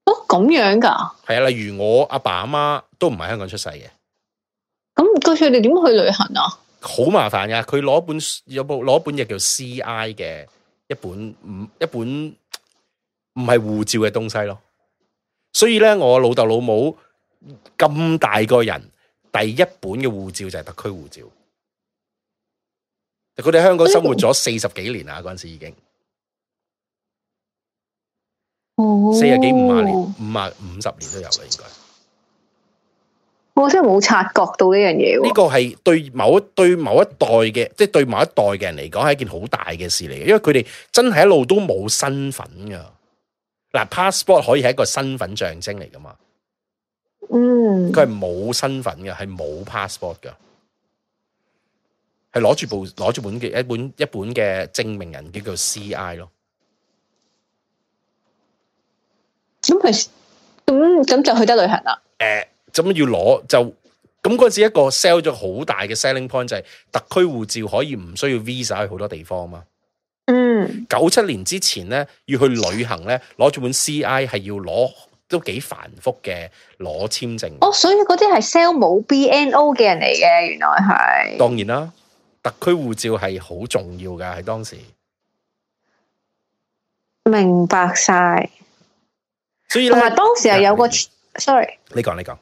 C: 哦，咁樣噶？
B: 係啊，例如我阿爸阿媽都唔係香港出世嘅。
C: 咁，佢哋點去旅行啊？
B: 好麻煩嘅，佢攞本有部攞本嘢叫 CI 嘅一本五一本。唔係護照嘅東西咯，所以咧，我老豆老母咁大個人，第一本嘅護照就係特區護照。佢哋香港生活咗四十幾年啦，嗰陣、嗯、時已經，
D: 四十幾五十年五
B: 十五十年都有啦，應該。
C: 我真係冇察覺到呢樣嘢。呢個
B: 係對某對某一代嘅，即係對某一代嘅人嚟講，係一件好大嘅事嚟嘅，因為佢哋真係一路都冇身份噶。嗱，passport 可以係一個身份象徵嚟噶嘛？嗯，佢係冇身份嘅，係冇 passport 嘅，係攞住部攞住本嘅一本一本嘅證明人叫叫 CI 咯，嗯。
C: 咁佢咁咁就去得旅行啦。
B: 誒，咁要攞就咁嗰陣時一個 sell 咗好大嘅 selling point 就係特區護照可以唔需要 visa 去好多地方啊嘛。嗯，九七年之前咧，要去旅行咧，攞住本 C.I 係要攞都幾繁複嘅攞簽證。
C: 哦，所以嗰啲係 sell 冇 B.N.O 嘅人嚟嘅，原來係。
B: 當然啦，特區護照係好重要嘅，喺當時。
C: 明白晒，所以同埋當時係有個，sorry，你
B: 講你講。你講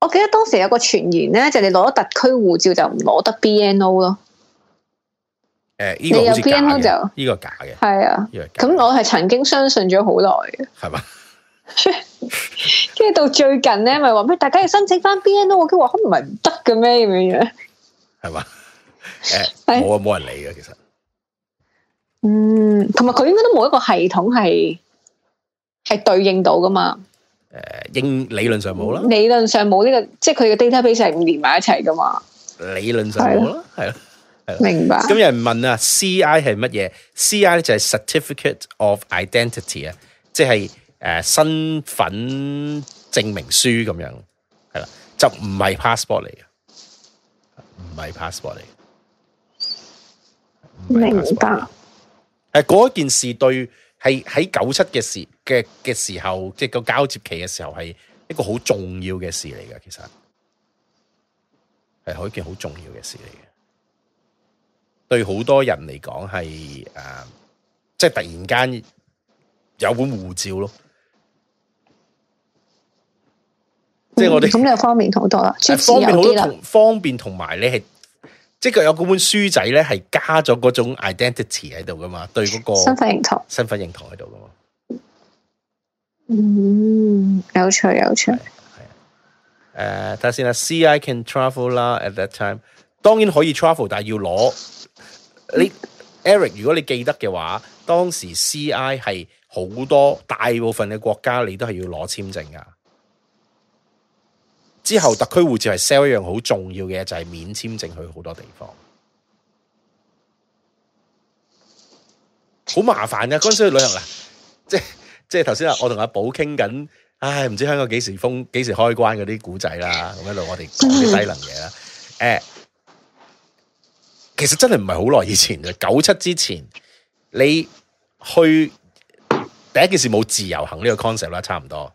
C: 我記得當時有個傳言咧，就係你攞咗特區護照就唔攞得 B.N.O 咯。
B: 誒，呢個唔知假嘅，呢、NO、個假嘅，
C: 係啊。咁我係曾經相信咗好耐嘅，係嘛嗎？跟住 到最近咧，咪話咩？大家要申請翻 BNO 咯，跟住話唔係唔得嘅咩咁樣樣，
B: 係嘛？冇啊吧，冇是人理嘅，其實。
C: 嗯，同埋佢應該都冇一個系統係係對應到噶嘛？
B: 誒，應理論上冇啦。
C: 理論上冇呢、這個，即係佢嘅 data base 係唔連埋一齊噶嘛？
B: 理論上冇啦，係啦的。明白。咁有人問啊，C.I. 係乜嘢？C.I. 就係 Certificate of Identity 啊、就是，即係誒身份證明書咁樣，係啦，就唔係 passport 嚟嘅，唔係 passport 嚟。
D: 明
B: 白。誒，嗰、呃、件事對係喺九七嘅時嘅嘅時候，即係個交接期嘅時候，係一個好重要嘅事嚟嘅。其實係一件好重要嘅事嚟嘅。對好多人嚟講係誒，即係突然間有本護照咯，嗯、即係我哋咁、
C: 嗯、又方便好多
D: 啦，
B: 係方便好多，方便同埋你係，即係有嗰本書仔咧係加咗嗰種 identity 喺度噶嘛，對嗰、嗰個身份認同、身份認同喺度噶嘛。嗯，
C: 有趣，有趣，
B: 係誒，睇、uh，下先啦，See I can travel 啦，at that time，當然可以 travel，但係要攞。你 Eric，如果你記得嘅話，當時 CI 係好多大部分嘅國家，你都係要攞簽證噶。之後，特區護照係 sell 一樣好重要嘅嘢，就係、是、免簽證去好多地方。好麻煩噶，嗰陣時去旅行啦！即即頭先我同阿寶傾緊，唉，唔知香港幾時封、幾時開關嗰啲古仔啦。咁一路我哋講啲低能嘢啦。誒、嗯。誒其實真係唔係好耐以前嘅，九七之前你去第一件事冇自由行呢個 concept 啦，差唔多，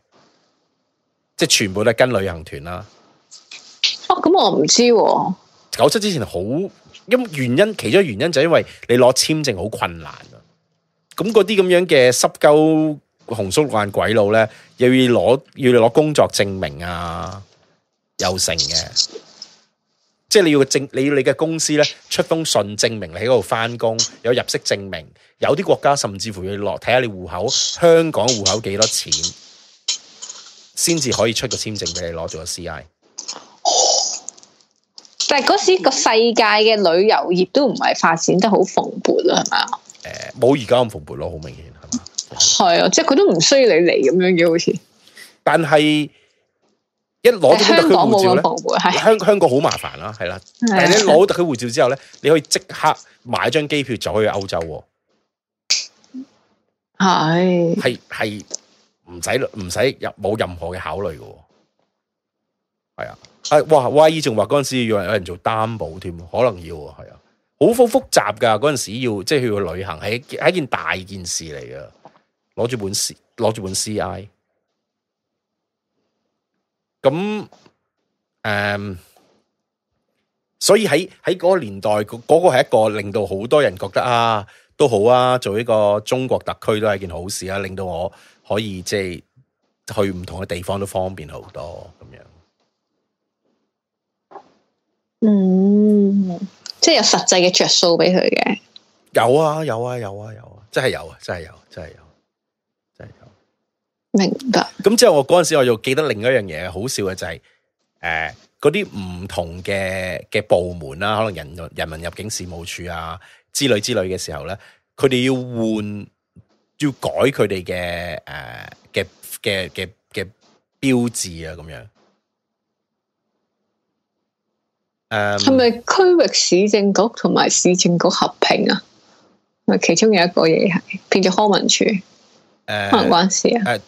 B: 即係全部都係跟旅行團啦。哦，咁我唔知道、啊。九七之前好因原因，其中原因就係因為你攞簽證好困難啊。咁嗰啲咁樣嘅濕鳩紅鬚綠眼鬼佬咧，又要攞要攞工作證明啊，又成嘅。即係你要證，你要你嘅公司咧出封信證明你喺度翻工，有入息證明，有啲國家甚至乎要落睇下看看你戶口，香港戶口幾多錢，先至可以出個簽證俾你攞咗個 CI。但
C: 係嗰時個世界嘅旅遊業都唔係發展得好蓬勃喇，係咪？誒、欸，
B: 冇而家咁蓬勃咯，好明顯係嘛？
C: 係啊，即係佢都唔需要你嚟
B: 咁樣嘅，好似。但係。一攞到特區護照咧，香香港好麻煩啦，係啦。但係你攞特區護照之後咧，你可以即刻買張機票就去歐洲。
D: 係
B: 係係，唔使唔使入，冇任何嘅考慮嘅。係啊，係哇哇！以前話嗰陣時要有人有人做擔保添，可能要啊，係啊，好複複雜噶。嗰陣時要即係去旅行，係一件大件事嚟噶。攞住本攞住本 C.I。咁誒、嗯，所以喺喺個年代，嗰、嗰個係一個令到好多人覺得啊，都好啊，做呢個中國特區都係一件好事啊，令到我可以即係去唔同嘅地方都方便好多咁樣。
C: 嗯，即係有實際嘅着數俾佢嘅。
B: 有啊，有啊，有啊，有啊，真係有啊，真係有、啊，真係有、啊。明白。咁之後我嗰陣時，我又記得另一樣嘢，好笑嘅就係、是，誒、呃，嗰啲唔同嘅嘅部門啦，可能人人民入境事務處啊之類之類嘅時候咧，佢哋要換要改佢哋嘅誒嘅嘅嘅嘅標誌啊，咁樣。誒，係咪
C: 區域市政局同埋市政局合併啊？咪其中有一個嘢係變咗康文署，誒、
B: 呃，關事啊。呃呃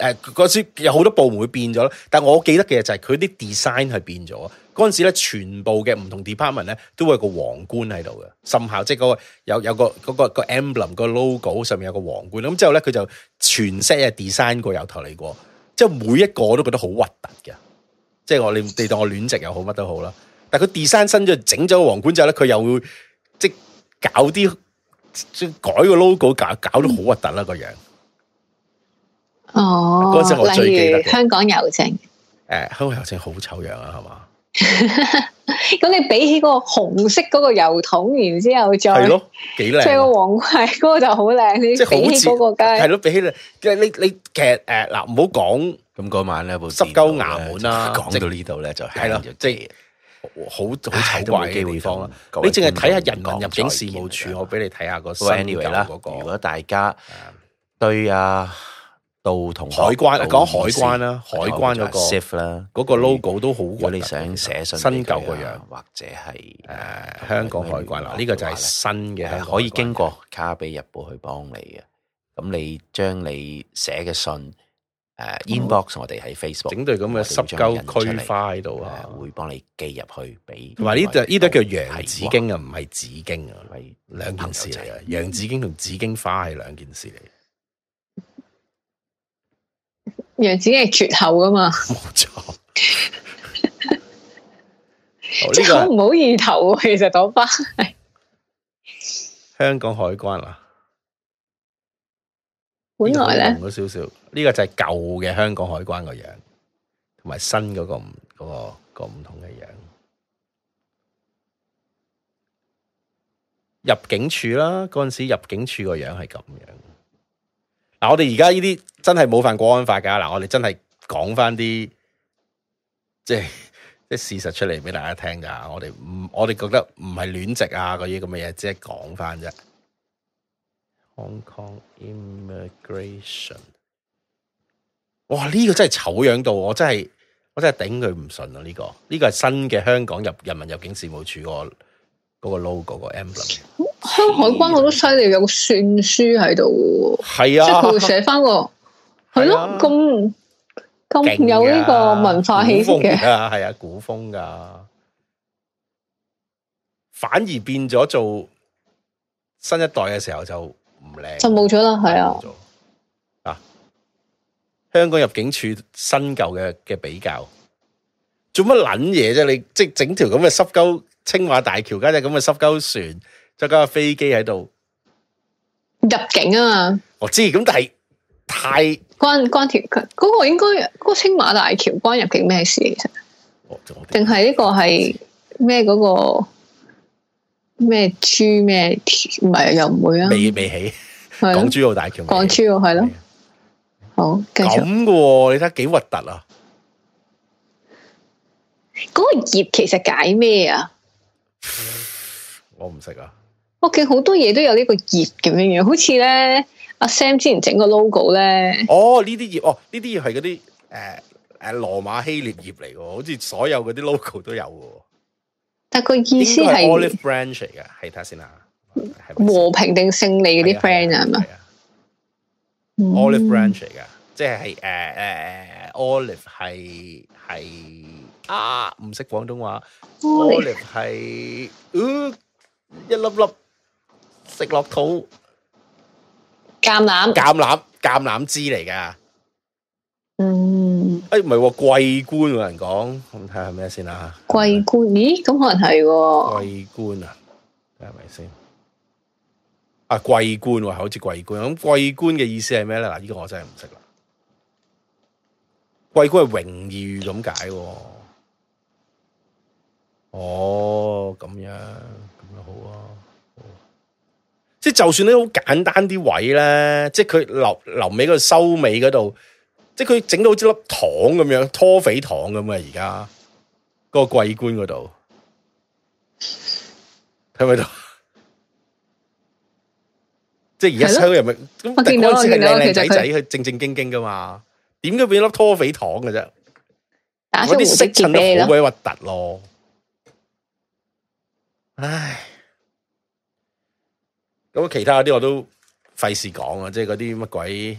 B: 誒、嗰時有好多部門會變咗，但係我記得嘅就係佢啲 design 係變咗。嗰陣時咧，全部嘅唔同 department 咧，都會有個皇冠喺度嘅，甚效即係嗰個有有個、嗰個、個、個 emblem、個 logo 上面有個皇冠咁之後咧，佢就全 set design 過由頭嚟過，即係每一個我都覺得好核突嘅。即係我你你當我戀殖又好乜都好啦。但係佢 design 新咗整咗個皇冠之後咧，佢又會即係搞啲改個 logo，搞搞到好核突啦個樣。
C: 哦，例如香港郵政，
B: 香港郵政好醜樣啊，係嘛？
C: 咁你比起嗰個紅色嗰個郵筒，然之後再係咯幾靚，即係個黃牌嗰個就好靚。即係比起嗰個街係咯，
B: 比起即係你你其實誒嗱唔好講咁嗰晚咧部濕鳩衙門啦，講到呢度咧就係啦，即係好好醜怪嘅地方啦。你淨係睇下人民入境事務處，我俾你睇下個新郵啦嗰個。如果大家對啊～到同海關講海關啦，海關嗰個啦，嗰個 logo 都好。如我哋想寫信，新舊個樣或者係誒
A: 香港海關啦，呢個就係新嘅，可以
B: 經過卡比日報去幫你嘅。咁你將你寫嘅信誒 inbox，我哋喺 Facebook 整對咁嘅濕鳩區花喺度啊，會幫你寄入去俾。同埋呢度，呢度叫楊紫荊啊，唔係紫荊啊，兩件事嚟啊。楊紫荊同紫荊花係兩件事嚟。
C: 樣子係絕後㗎嘛？冇錯錯，
B: 呢個唔
C: 好意頭。其實朵花，
B: 香港海關啊，
D: 本來咧，同
B: 咗少少。呢、這個就係舊嘅香港海關個樣還有的、那個、那個那個、的樣，同埋新嗰個唔個個唔同嘅樣。入境處啦，嗰陣時入境處個樣係咁樣。嗱，我哋而家呢啲真係冇犯國安法噶。嗱，我哋真係講翻啲即係啲事實出嚟俾大家聽噶。我哋唔，我哋覺得唔係亂籍啊嗰啲咁嘅嘢，即係講翻啫。Hong Kong Immigration，哇！呢個真係醜樣到，我真係我真係頂佢唔順啊！呢個呢個係新嘅香港入人民入境事務處、啊嗰個 logo、嗰個 emblem，
C: 香海關好多犀利，有個算書喺度喎，即係佢會寫翻個，係咯，咁咁、啊、有呢個文化氣息嘅，
B: 係啊，古風㗎， 反而變咗做新一代嘅時候就唔靚，就冇咗啦，係啊，嗱、啊，香港入境處新舊嘅嘅比較。做乜撚嘢啫？你即係整條咁嘅濕鳩，青馬大橋加隻咁嘅濕鳩船，再加個飛機喺度
C: 入境啊嘛！
B: 我知，咁但係太
C: 關關條嗰個應該嗰個青馬大橋關入境咩事？其實，定係呢個係咩嗰個咩珠咩
B: 唔係又唔會啊？未未起港珠澳大橋，
C: 港珠澳係咯，
B: 好咁嘅，你睇幾核突啊！
C: 嗰個葉其實解咩啊？
B: 我唔識啊。
C: 屋企好多嘢都有呢個葉咁樣樣，好似咧阿 Sam 之前整個 logo 咧、
B: 哦。哦，呢啲葉哦，呢啲葉係嗰啲誒誒羅馬希臘葉嚟嘅，好似所有嗰啲 logo 都有嘅。
C: 但個意思係、嗯、olive
B: branch 嚟嘅，係睇下先啦。
C: 和平定勝利嗰啲 friend 啊係咪
B: olive branch 嚟嘅，即係誒誒 olive 係係。啊！唔識廣東話，我哋係，一粒粒食落肚，橄欖，橄欖，橄欖，橄欖枝嚟噶。嗯。誒、哎，唔係、哦，桂冠有人講，我睇下咩先啦。
C: 桂冠，咦？咁可能係桂
B: 冠啊？係咪先？啊，桂冠、啊，好似桂冠咁，桂冠嘅意思係咩咧？嗱，呢個我真係唔識啦。桂冠係榮譽咁解。哦，咁樣咁樣就好啊！即係、啊、就算你好簡單啲位咧，即係佢留留尾嗰收尾嗰度，即係佢整到好似粒糖咁樣拖肥糖咁啊！而家嗰個桂冠嗰度，睇唔睇到？即係而家收又咪咁？第一次靚靚仔仔佢正正經經噶嘛？點解變粒拖肥糖嘅啫？嗰啲色襯得好鬼核突咯！唉，咁其他嗰啲我都費事講啊，即係嗰啲乜鬼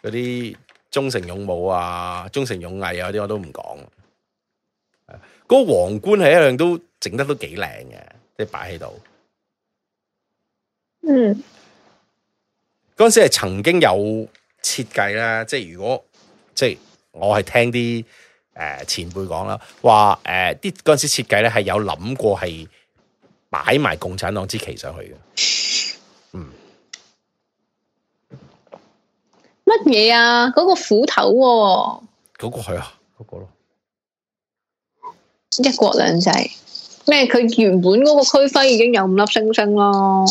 B: 嗰啲忠誠勇武啊、忠誠勇毅啊嗰啲，我都唔講。嗰個皇冠係一樣都整得都幾靚嘅，即係擺喺度。嗯，
D: 嗰
B: 陣時係曾經有設計啦，即係如果即係我係聽啲誒前輩講啦，話誒啲嗰陣時設計咧係有諗過係。擺埋共產黨之旗上去嘅，嗯，
C: 乜嘢啊？嗰、嗰個斧頭，
B: 嗰個係啊，嗰個咯，
C: 一國兩制咩？佢原本嗰個區徽已經有五粒星星咯，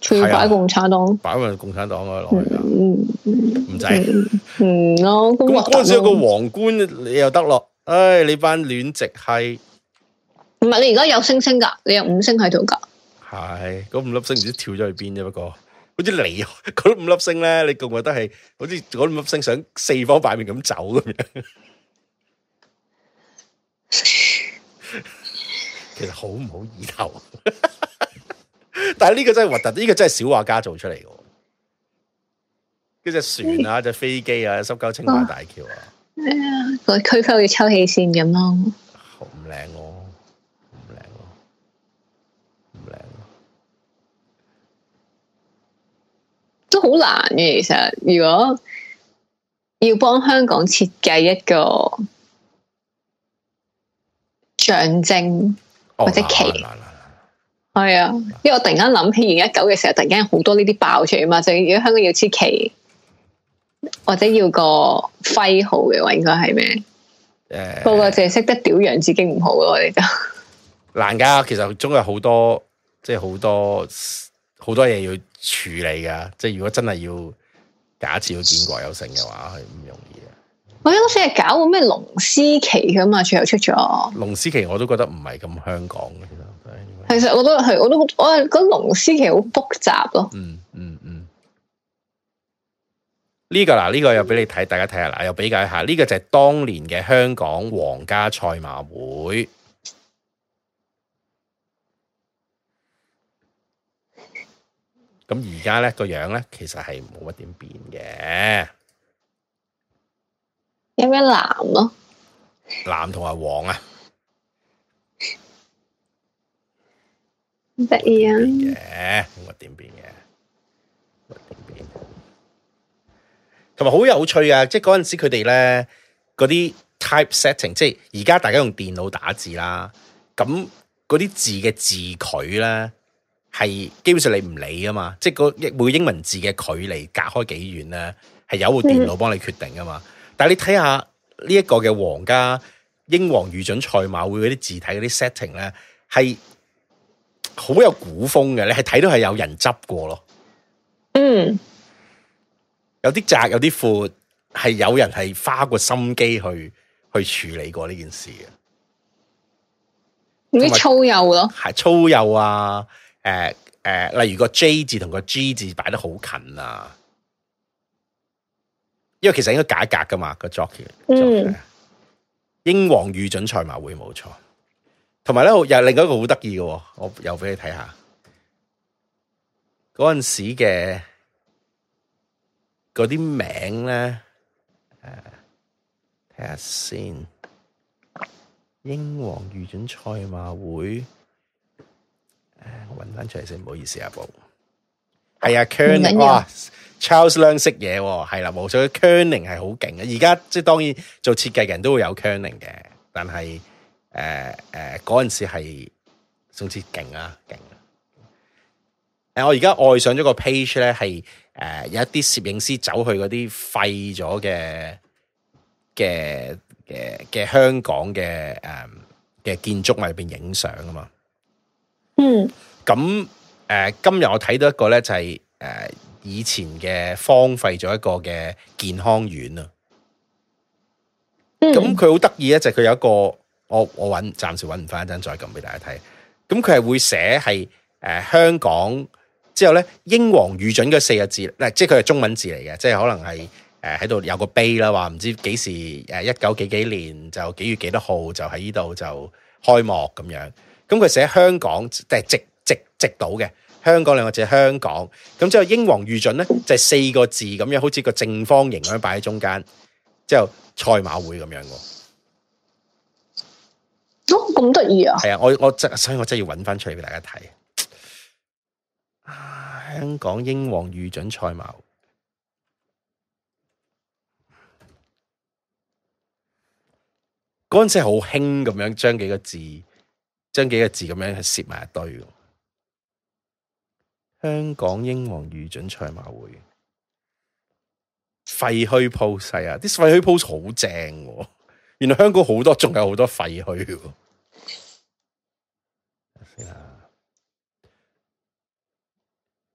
C: 全擺共產黨、嗯嗯
B: 嗯嗯嗯嗯嗯嗯啊，擺埋共產黨嗰個落
C: 去，嗯，唔制，嗯咯。咁嗰時有個
B: 皇冠你又得咯，唉，你班戀殖閪。
C: 唔係你而家有星星噶，你有五星喺度噶，
B: 係嗰五粒星唔知跳咗去邊啫。不過，好似你嗰五粒星咧，你覺唔覺得係，好似嗰五粒星想四方八面咁走咁樣。其實好唔好意頭？ 但係呢個真係核突，呢、這個真係小畫家做出嚟嘅。呢隻船啊，隻飛機啊，濕鳩青馬大橋啊，係啊，
C: 個區飛要抽氣線咁、啊、咯，
B: 好唔靚喎。
C: 都好難嘅，其實如果要幫香港設計一個象徵、哦、或者旗，係啊，因為我突然間諗起而家一九嘅時候，突然間好多呢啲爆出嚟嘛，就如果香港要支旗或者要個徽號嘅話，應該係咩？誒了，不過淨係識得表揚自己唔好咯，我哋就
B: 難噶。其實中國好多，即係好多好多嘢要。處理噶，即係如果真係要假設要建國有成嘅話，係唔容易
C: 嘅。我啱先係搞個咩龍獅旗噶嘛，最後出咗。
B: 龍獅旗我都覺得唔係咁香港嘅，
C: 其實。其實我都係，我都我覺得龍獅旗好複雜咯、嗯。嗯嗯嗯。
B: 呢、這個嗱，呢、這個又俾你睇，大家睇下嗱，又比較一下，呢、這個就係當年嘅香港皇家賽馬會。咁而家咧個樣咧，其實係冇乜點變嘅。
C: 有咩藍咯、
B: 啊？藍同埋黃啊！
D: 得意
B: 啊！冇乜點變嘅。同埋好有趣啊！即係嗰陣時佢哋咧，嗰啲 type setting，即係而家大家用電腦打字啦。咁嗰啲字嘅字距咧。係基本上你唔理噶嘛，即係個每英文字嘅距離隔開幾遠咧，係有部電腦幫你決定噶嘛。嗯，但係你睇下呢一個嘅皇家英皇御准賽馬會嗰啲字體嗰啲 setting 咧，係好有古風嘅。你係睇到係有人執過咯，嗯，有啲窄有啲闊，係有人係花過心機去去處理過呢件事嘅，
C: 有啲粗幼咯，
B: 係粗幼啊。誒誒、呃呃，例如個 J 字同個 G 字擺得好近啊，因為其實應該隔一格噶嘛，個 jockey。Ockey，嗯、英皇御准賽馬會冇錯，同埋咧又另一個好得意嘅，我又俾你睇下嗰陣時嘅嗰啲名咧，誒、呃，睇下先，英皇御准賽馬會。攤出嚟先，唔好意思阿、啊、寶。係啊，Kerning、啊、哇，Charles Lung 識嘢喎，係啦、啊，無數嘅 Kerning 係好勁嘅。而家即係當然做設計嘅人都會有 Kerning 嘅，但係誒誒嗰陣時係總之勁啊勁。誒、呃，我而家愛上咗個 page 咧，係誒、呃、有一啲攝影師走去嗰啲廢咗嘅嘅嘅嘅香港嘅誒嘅建築物入邊影相啊嘛。嗯。咁今日我睇到一個咧，就係以前嘅荒廢咗一個嘅健康院啊。咁佢好得意咧，就佢、係、有一個，我我揾暫時揾唔翻一陣再撳俾大家睇。咁佢係會寫係、呃、香港之後咧，英皇御准嘅四個字，嗱即係佢係中文字嚟嘅，即係可能係喺度有個碑啦，話唔知幾時一九、啊、幾幾年就幾月幾多號就喺呢度就開幕咁樣。咁佢寫香港即係直。直直到嘅，香港兩個字係香港，咁之後英皇御准咧就係四個字咁樣，好似個正方形咁樣擺喺中間，之後賽馬會咁樣喎。
C: 咁得意啊？
B: 係啊，我我所以我真係要揾翻出嚟俾大家睇。啊，香港英皇御准賽馬，嗰陣時係好興咁樣，將幾個字，將幾個字咁樣去攝埋一堆。香港英皇御准賽馬會廢墟鋪勢啊！啲廢墟鋪好正、啊，原來香港好多仲有好多廢墟。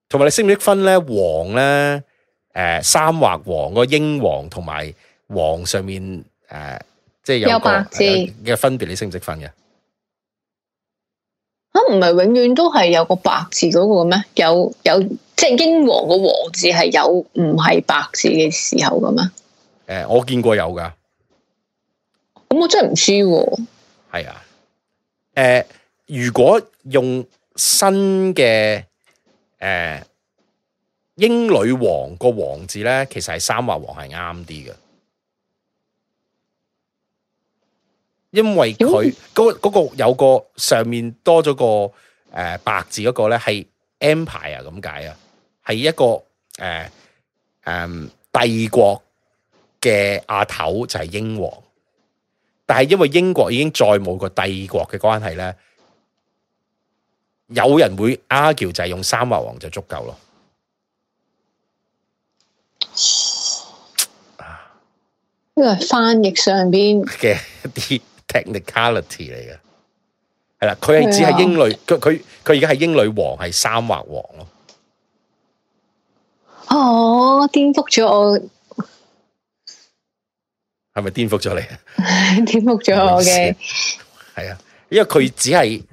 B: 同埋你識唔識分咧？黃咧，誒、呃，三劃黃、嗰個英皇同埋黃上面誒，即、呃、係、就是、有白字嘅分別，你識唔識分嘅？
C: 咁唔係永遠都係有個白字嗰個咩？有有即係英皇個王字係有唔係白字嘅時候噶
B: 咩？誒、呃，我見過有噶。咁、嗯、我真係唔知喎。係啊。誒、啊呃，如果用新嘅誒、呃、英女王個王字咧，其實係三劃王係啱啲嘅。因為佢嗰、那個那個有個上面多咗個誒、呃、白字嗰個咧係 Empire 啊咁解啊，係一個誒誒、呃呃、帝國嘅阿頭就係英皇。但係因為英國已經再冇個帝國嘅關係咧，有人會 argue，就係用三華王就足夠咯。因為
C: 翻譯上邊
B: 嘅一啲。technicality 嚟嘅，係啦，佢係只係英女，佢佢佢而家係英女王，係三畫王
C: 咯。哦，顛覆咗
B: 我，係咪顛覆咗你？
C: 顛覆咗
B: 我嘅，係啊，因為佢只係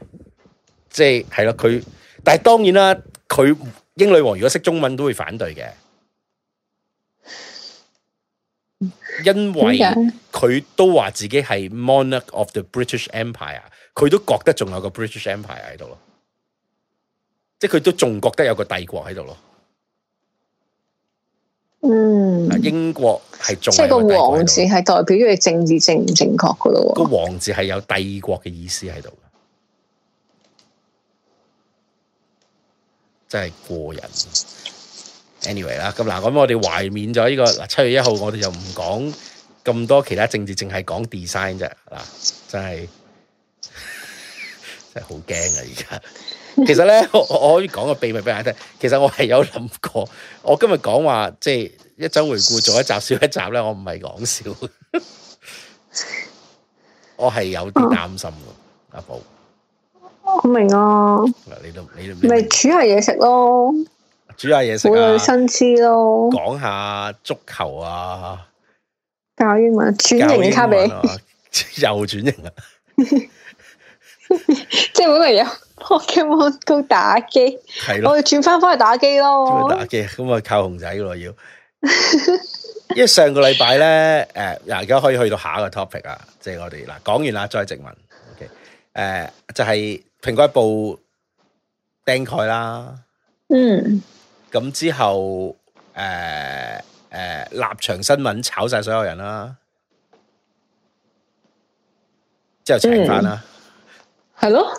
B: 即係係咯，佢、就是，但係當然啦，佢英女王如果識中文都會反對嘅。因為佢都話自己係 monarch of the British Empire，佢都覺得仲有個 British Empire 喺度咯，即係佢都仲覺得有個帝國喺度咯。
D: 嗯，
B: 英國係仲即係個
C: 王字係代表住政治正唔正確噶咯？個
B: 王字係有帝國嘅意思喺度，真係過癮。Anyway 啦、這個，咁嗱，咁我哋懷緬咗呢個嗱七月一號，我哋就唔講咁多其他政治，淨係講 design 啫。嗱，真係真係好驚啊！而家其實咧，我我可以講個秘密俾大家聽。其實我係有諗過，我今日講話即係、就是、一週回顧做一集少一集咧，我唔係講笑， 我係有啲擔心阿、啊啊、寶，
C: 好明啊，嗱你都你都明白，咪煮下嘢食咯。
B: 煮下嘢食有新知咯，講下足球啊，
C: 教英文，轉型、啊、卡比
B: 比 又轉型啦、啊，
C: 即係嗰個嘢 Pokemon 都打機，係了咯，我哋轉翻翻去打機咯。
B: 打機咁啊，靠熊仔噶要。 因為上個禮拜咧，誒、呃，嗱，而家可以去到下一個 topic 啊，即、就、係、是、我哋嗱講完、okay 呃就是、啦，再殖民，ok，誒，就係蘋果一部釘蓋啦，嗯。咁之後，誒、呃、誒、呃，立場新聞炒晒所有人啦，之後請返啦，
D: 係咯、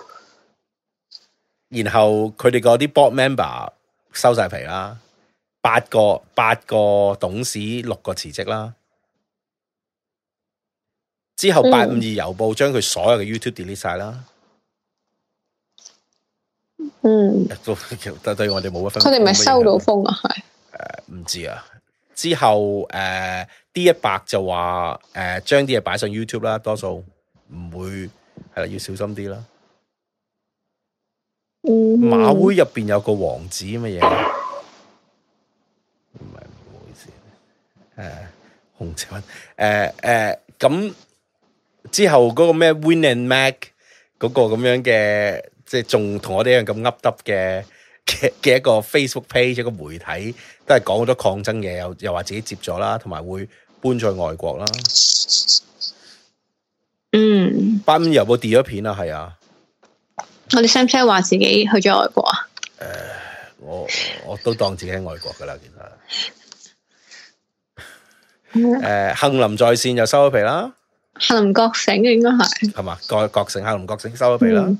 D: 嗯。
B: 然後佢哋嗰啲 board member 收晒皮啦，八個八個董事六個辭職啦。之後八五二郵報將佢所有嘅 YouTube delete 晒啦。嗯嗯，對， 對我哋冇乜，分。佢哋咪收
C: 到風啊，係
B: 誒、嗯，唔知啊，之後誒 D100 就話誒、呃、將啲嘢擺上 YouTube 啦，多數唔會係啦，要小心啲啦。嗯、馬會入邊有個王子咁嘅嘢，唔係，唔好意思，誒，洪志文，誒、啊、誒，咁、呃、之後嗰個咩 Win and Mac 嗰個咁樣嘅。即係仲同我哋一樣咁 update 嘅嘅嘅一個 Facebook page 一個媒體，都係講好多抗爭嘢，又又話自己接咗啦，同埋會搬去外國啦。嗯，班有冇跌咗片啊？係啊，
C: 我哋使唔使話自己去咗外國啊？誒、
B: 呃，我我都當自己喺外國噶啦，其實。誒、嗯呃，杏林在線又收咗皮啦。
C: 杏林覺醒
B: 應該係係嘛？覺覺醒杏林覺醒收咗皮啦。嗯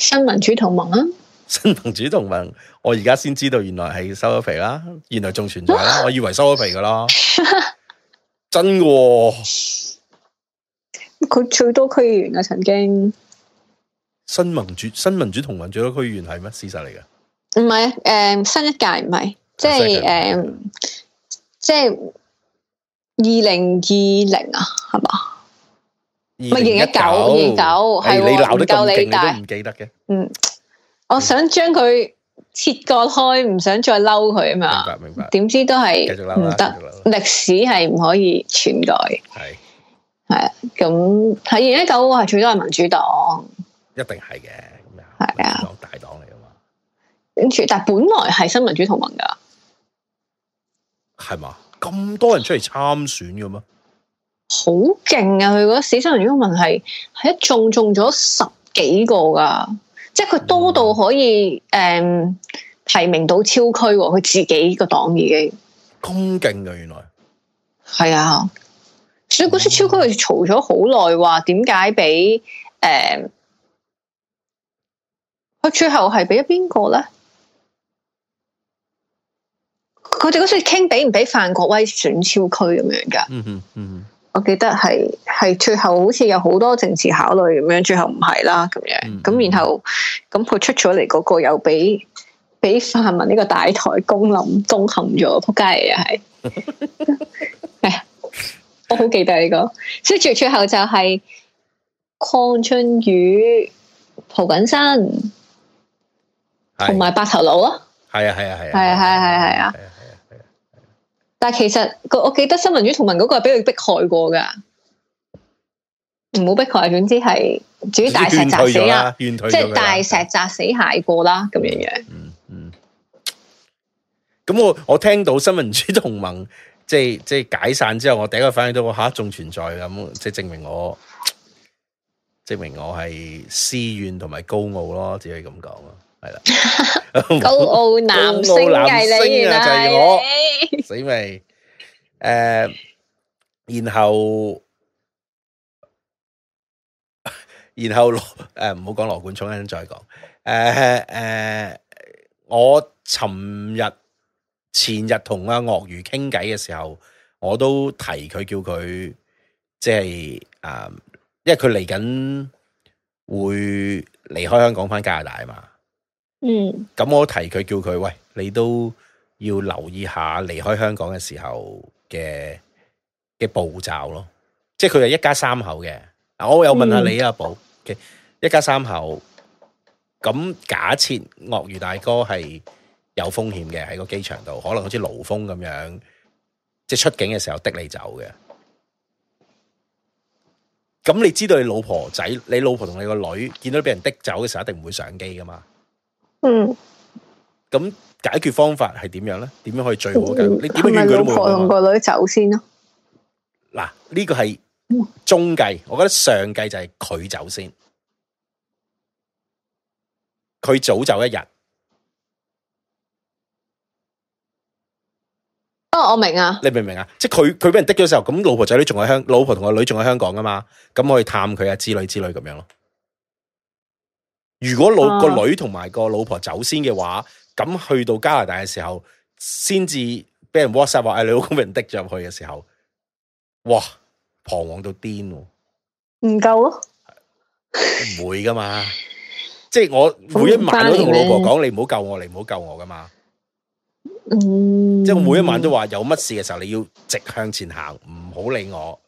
C: 新民主同盟
B: 啊！新民主同盟，我而家先知道原來是了了，原來係收咗肥啦，原來仲存在啦，啊、我以為收咗肥噶咯， 真㗎、哦！
C: 佢最多區議員啊，曾經
B: 新民主新民主同盟最多區議員係咩事實嚟嘅？
C: 唔係誒，新一屆唔係，即係誒、呃，即係二零二零啊，係嘛？
B: 咪贏一九，贏一九係你鬧得咁勁，你都唔記得嘅。但
C: 嗯，我想將佢切割開，唔想再嬲佢啊嘛。明白，明白。點知都係唔得，歷史係唔可以存在，係係啊，咁喺二零一九，我係最多係民主黨，
B: 一定係嘅。咁
C: 係啊，當大黨嚟啊嘛。跟住，但本來係新民主同盟噶，
B: 係嘛？咁多人出嚟參選嘅嘛。
C: 好勁啊！佢覺得死傷人員個問題係係一中中咗十幾個噶，即係佢多到可以誒、嗯嗯、提名到超區。佢自己個黨已
B: 經咁勁噶，原來
C: 係啊！所以嗰時、嗯、超區佢嘈咗好耐，話點解俾誒佢最後係俾咗邊個咧？佢哋嗰時傾俾唔俾范國威選超區咁樣噶、嗯？嗯嗯嗯。我記得係係最後好似有好多政治考慮咁樣，最後唔係啦咁、嗯、樣。咁然後咁佢出咗嚟嗰個又俾俾泛民呢個大台攻冧攻陷咗，仆街又係。係啊、 哎，我好記得呢、呢個。所以最最後就係鄺俊宇、蒲錦山，
B: 同
C: 埋白頭佬咯。
B: 係啊
C: 係啊係啊係係係係啊！是但係其實個我記得新民主同盟嗰個係俾佢逼害過噶，唔好逼害總之係，主要大石砸死啊，即係大石砸死蟹過啦咁
B: 樣樣、嗯。嗯嗯。咁我我聽到新民主同盟即係即係解散之後，我第一個反應都話吓仲存在咁，即係證明我，證明我係私怨同埋高傲咯，只可以咁講係啦， 高傲男星， 男星啊，就係我死咪了誒， 然後然後誒，唔好講羅冠聰，等陣再講誒誒，我尋日前日同阿鱷魚傾偈嘅時候，我都提佢叫佢即係啊，因為佢嚟緊會離開香港返加拿大啊嘛。嗯，咁我提佢叫佢喂，你都要留意下離開香港嘅時候嘅嘅步驟咯。即係佢係一家三口嘅、哦，我有問下你啊阿寶，一家三口。咁假設鱷魚大哥係有風險嘅，喺個機場度，可能好似盧峰咁樣，即係出境嘅時候，的你走嘅。咁你知道你老婆仔，你老婆同你個女見到俾人抵走的走嘅時候，一定唔會上機噶嘛？嗯，咁解決方法係點樣咧？點樣可以最好嘅？你樣完佢老婆同
C: 個女走先
B: 咯？嗱，呢個係中計，我覺得上計就係佢走先，佢早走一日。
D: 過、哦、我明啊，
B: 你明唔明啊？即係佢佢俾人低的咗時候，咁老婆仔女仲喺香港，老婆同個女仲喺香港啊嘛，咁我去探佢啊之類之類咁樣咯。如果老個女同埋個老婆走先嘅話，咁、啊、去到加拿大嘅時候，先至俾人 WhatsApp 話：哎，你老公俾人滴咗入去嘅時候，哇，彷徨到癲，唔夠咯，唔會噶嘛 即係我每一晚都同我老婆講：難你唔好救我，你唔好救我噶嘛嗯，即係我每一晚都話：有乜事嘅時候，你要直向前行，唔好理我。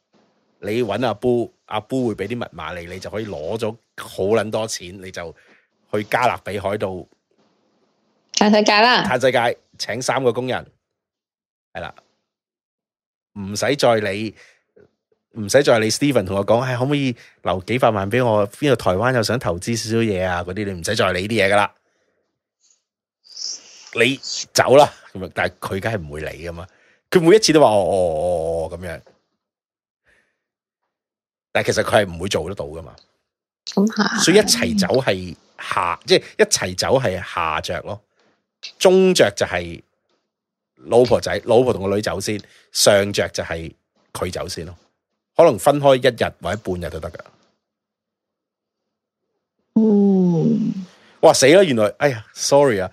B: 你搵阿 Bo，阿 Bo 會俾啲密碼你，你就可以攞咗。好捻多錢，你就去加勒比海度
D: 嘆世界啦！
B: 嘆世界，請三個工人係啦，唔使再理，唔使再理。Stephen 同我講，唉、哎，可唔可以留幾百萬俾我？邊度台灣又想投資少少嘢啊？嗰啲你唔使再理啲嘢噶啦，你走啦咁但係佢梗係唔會理噶嘛，佢每一次都話哦哦哦哦咁樣，但係其實佢係唔會做得到噶嘛。嗯、所以一齊走係下，即係一齊走係下着咯，中着就係老婆仔，老婆同個女走先，上着就係佢走先咯，可能分開一日或者半日都得噶。嗯，哇死啦，原來哎呀，sorry 啊，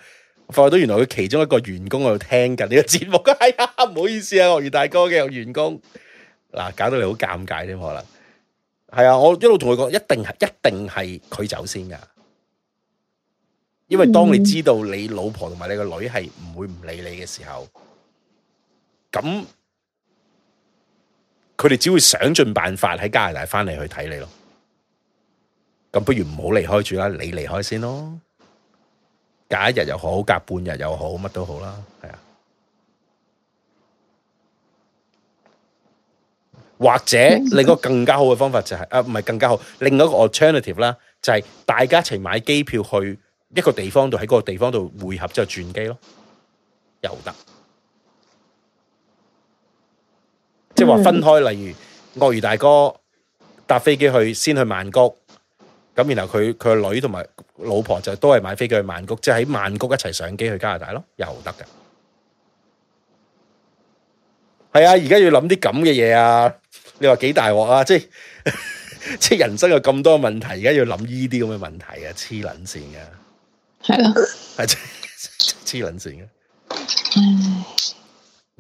B: 發覺到原來佢其中一個員工喺度聽緊呢個節目，哎呀，唔好意思啊，余大哥嘅員工，嗱、啊，搞到你好尷尬添可能。係啊，我一路同佢講，一定係一定係佢走先噶，因為當你知道你老婆同埋你個女係唔會唔理你嘅時候，咁佢哋只會想盡辦法喺加拿大翻嚟去睇你咯。咁不如唔好離開住啦，你離開先咯，隔一日又好，隔半日又好，乜都好啦，係啊。或者另一個更加好嘅方法就係、是、啊，唔係更加好，另一個 alternative 啦，就係大家一齊買機票去一個地方度，喺嗰個地方度匯合之後轉機咯，又得。即係話分開，例如鱷魚大哥搭飛機去先去曼谷，咁然後佢佢女同埋老婆就都係買飛機去曼谷，即係喺曼谷一齊上機去加拿大咯，又得㗎。係啊，而家要諗啲咁嘅嘢啊！你話幾大鑊啊！即係即係人生有咁多問題，而家要諗呢啲咁嘅問題啊，黐撚線噶，係
D: 咯
B: 了，係黐撚線噶。嗯，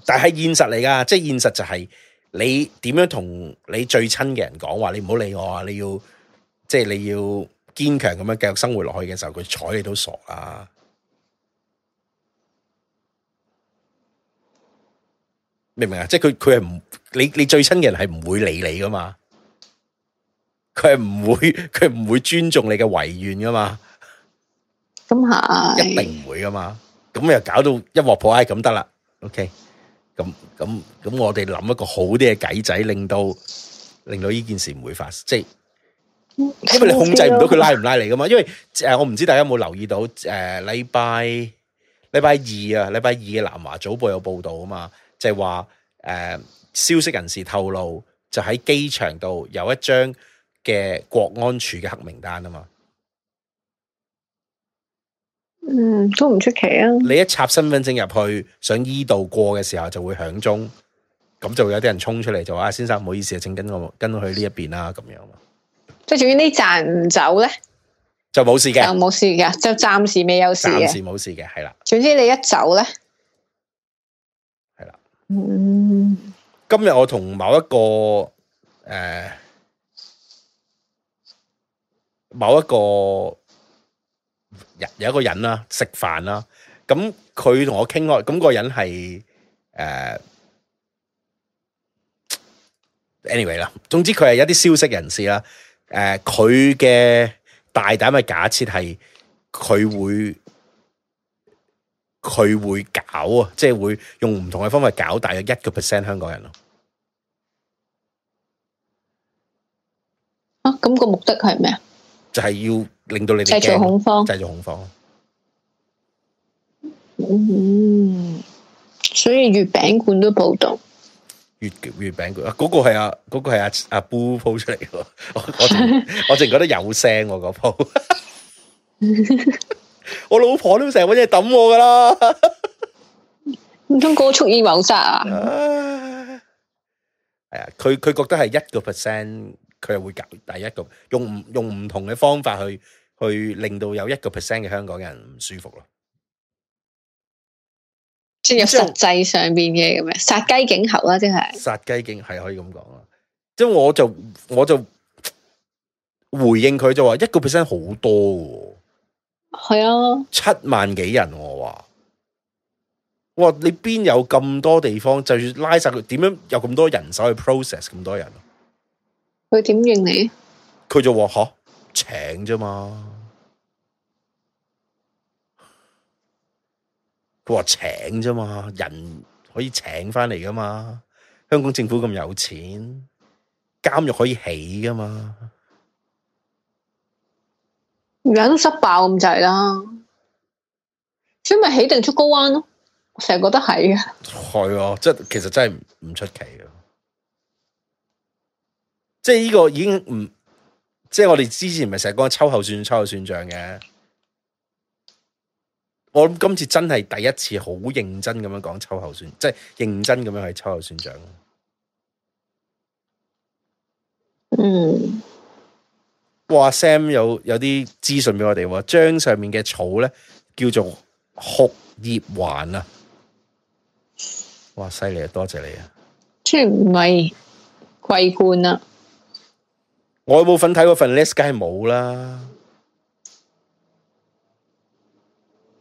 B: 但係現實嚟噶，即係現實就係你點樣同你最親嘅人講話，說你唔好理我啊！你要即係、即係、你要堅強咁樣繼續生活落去嘅時候，佢睬你都傻啊！明唔明啊？即係佢佢係唔你你最親嘅人係唔會理你噶嘛？佢係唔會佢唔會尊重你嘅遺願噶嘛？
C: 咁吓一定
B: 唔會噶嘛？咁又搞到一鑊破開咁得啦？OK，咁咁咁，我哋諗一個好啲嘅計仔，令到令到呢件事唔會發生。即係因為你控制唔到佢拉唔拉你噶嘛？因為誒，我唔知大家有冇留意到誒，禮拜禮拜二啊，禮拜二嘅南華早報有報道啊嘛。就係話，誒、嗯，消息人士透露，就喺機場度有一張嘅國安處嘅黑名單啊嘛。
C: 嗯，都唔出奇
B: 啊。你一插身份證入去，想依度過嘅時候就會響鐘，咁就有啲人衝出嚟就話、哎：，先生唔好意思啊，請跟我跟我去呢一邊啦。咁樣。即
C: 係總之呢站唔走咧，
B: 就冇事嘅，
C: 冇事嘅，就暫時未有事啊，暫時
B: 冇事嘅，係啦。
C: 總之你一走咧。
B: 今日我同某一個誒、呃，某一個人有一個人啦、啊，食飯啦，咁佢同我傾開，咁、那、嗰、個、人係誒、呃，anyway 啦，總之佢係一啲消息人士啦、啊，誒、呃，佢嘅大膽嘅假設係佢會。佢會搞啊，即係會用唔同嘅方法搞，大約一個 percent 香港人咯。
C: 啊，咁個目的係咩啊？
B: 就係要令到你哋製造恐慌，製造恐慌。嗯，
C: 所以月餅館都報道。
B: 月月餅館嗰個係啊，嗰個係阿阿 B 鋪出嚟嘅，我我 我淨覺得有聲喎嗰鋪。 我老婆都成日搵嘢抌我噶啦，
C: 唔通蓄意謀殺啊？
B: 係 啊，佢佢覺得係一個 percent，佢又會搞第一個用用唔同嘅方法去去令到有一個 percent 嘅香港人唔舒服咯。
C: 即係實際上邊嘅咁樣，殺雞儆猴啦，即係
B: 殺雞儆係可以咁講啊。即係我就我就回應佢就話一個 percent 好多啊。
D: 係
B: 啊，七萬幾人我話，我話你邊有咁多地方，就算拉晒佢，點樣有咁多人手去 process 咁多人？
C: 佢點認你？
B: 佢就話吓，請啫嘛，佢話請啫嘛，人可以請翻嚟噶嘛，香港政府咁有錢，監獄可以起噶嘛。
C: 人都濕爆咁滯啦，準備起定出高灣咯。我成日覺得係
B: 嘅，係啊，即係其實真係唔出奇嘅，即係呢個已經唔，即係我哋之前咪成日講秋後算秋後算賬嘅。我諗今次真係第一次好認真咁樣講秋後算，即係認真咁樣去秋後算賬。嗯。哇，Sam 有有啲資訊俾我哋，話張上面嘅草咧叫做酷葉環啊！哇，犀利啊，多謝你啊！
C: 即係唔係桂冠啊？
B: 我有冇份睇嗰份 list？梗係冇啦，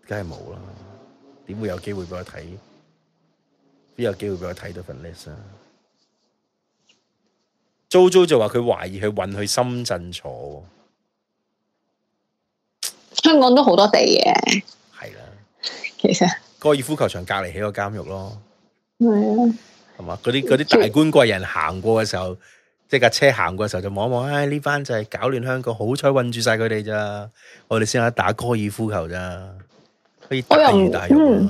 B: 梗係冇啦，點會有機會俾我睇？邊有機會俾我睇到份 list 啊？周周就話佢懷疑佢運去深圳坐，
C: 香港都好多地嘅，係啦
D: 的，其
B: 實，高爾夫球場隔籬起個監獄咯，係啊的，係嘛，嗰啲嗰啲大官貴人行過嘅時候，嗯、即係架車行過嘅時候就望一望，唉、哎，呢班就係搞亂香港，好彩困住晒佢哋咋，我哋先打打高爾夫球咋，可以打大魚大
C: 肉。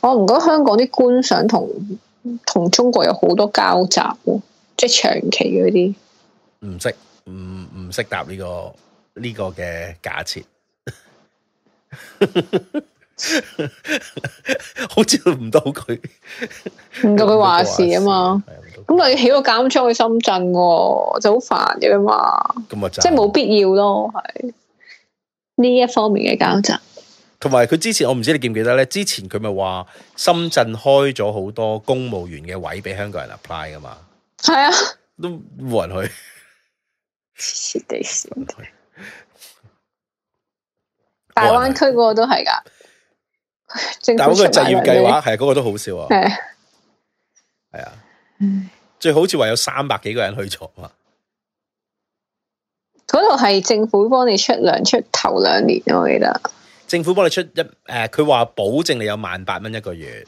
C: 我唔覺得香港啲官想同同中國有好多交集。即係長期嗰啲，
B: 唔識唔唔識答呢個呢個嘅假設， 好似唔到佢，
C: 唔夠佢話事啊嘛。咁但起個交通去深圳、啊，就好煩嘅嘛。咁啊、就是，即係冇必要咯，係呢一方面嘅交集。
B: 同埋佢之前，我唔知你記唔記得咧？之前佢咪話深圳開咗好多公務員嘅位俾香港人 apply 噶嘛？
D: 係
B: 啊，都冇人去，人去大灣
C: 區嗰個都係噶，
D: 但嗰個就業計劃係
B: 嗰個都好笑啊。係啊，啊嗯、最好似話有三百幾個人去咗啊。
C: 嗰度係政府幫你出糧出頭兩年，我記得。
B: 政府幫你出一誒，佢、呃、話保證你有萬八蚊一個月。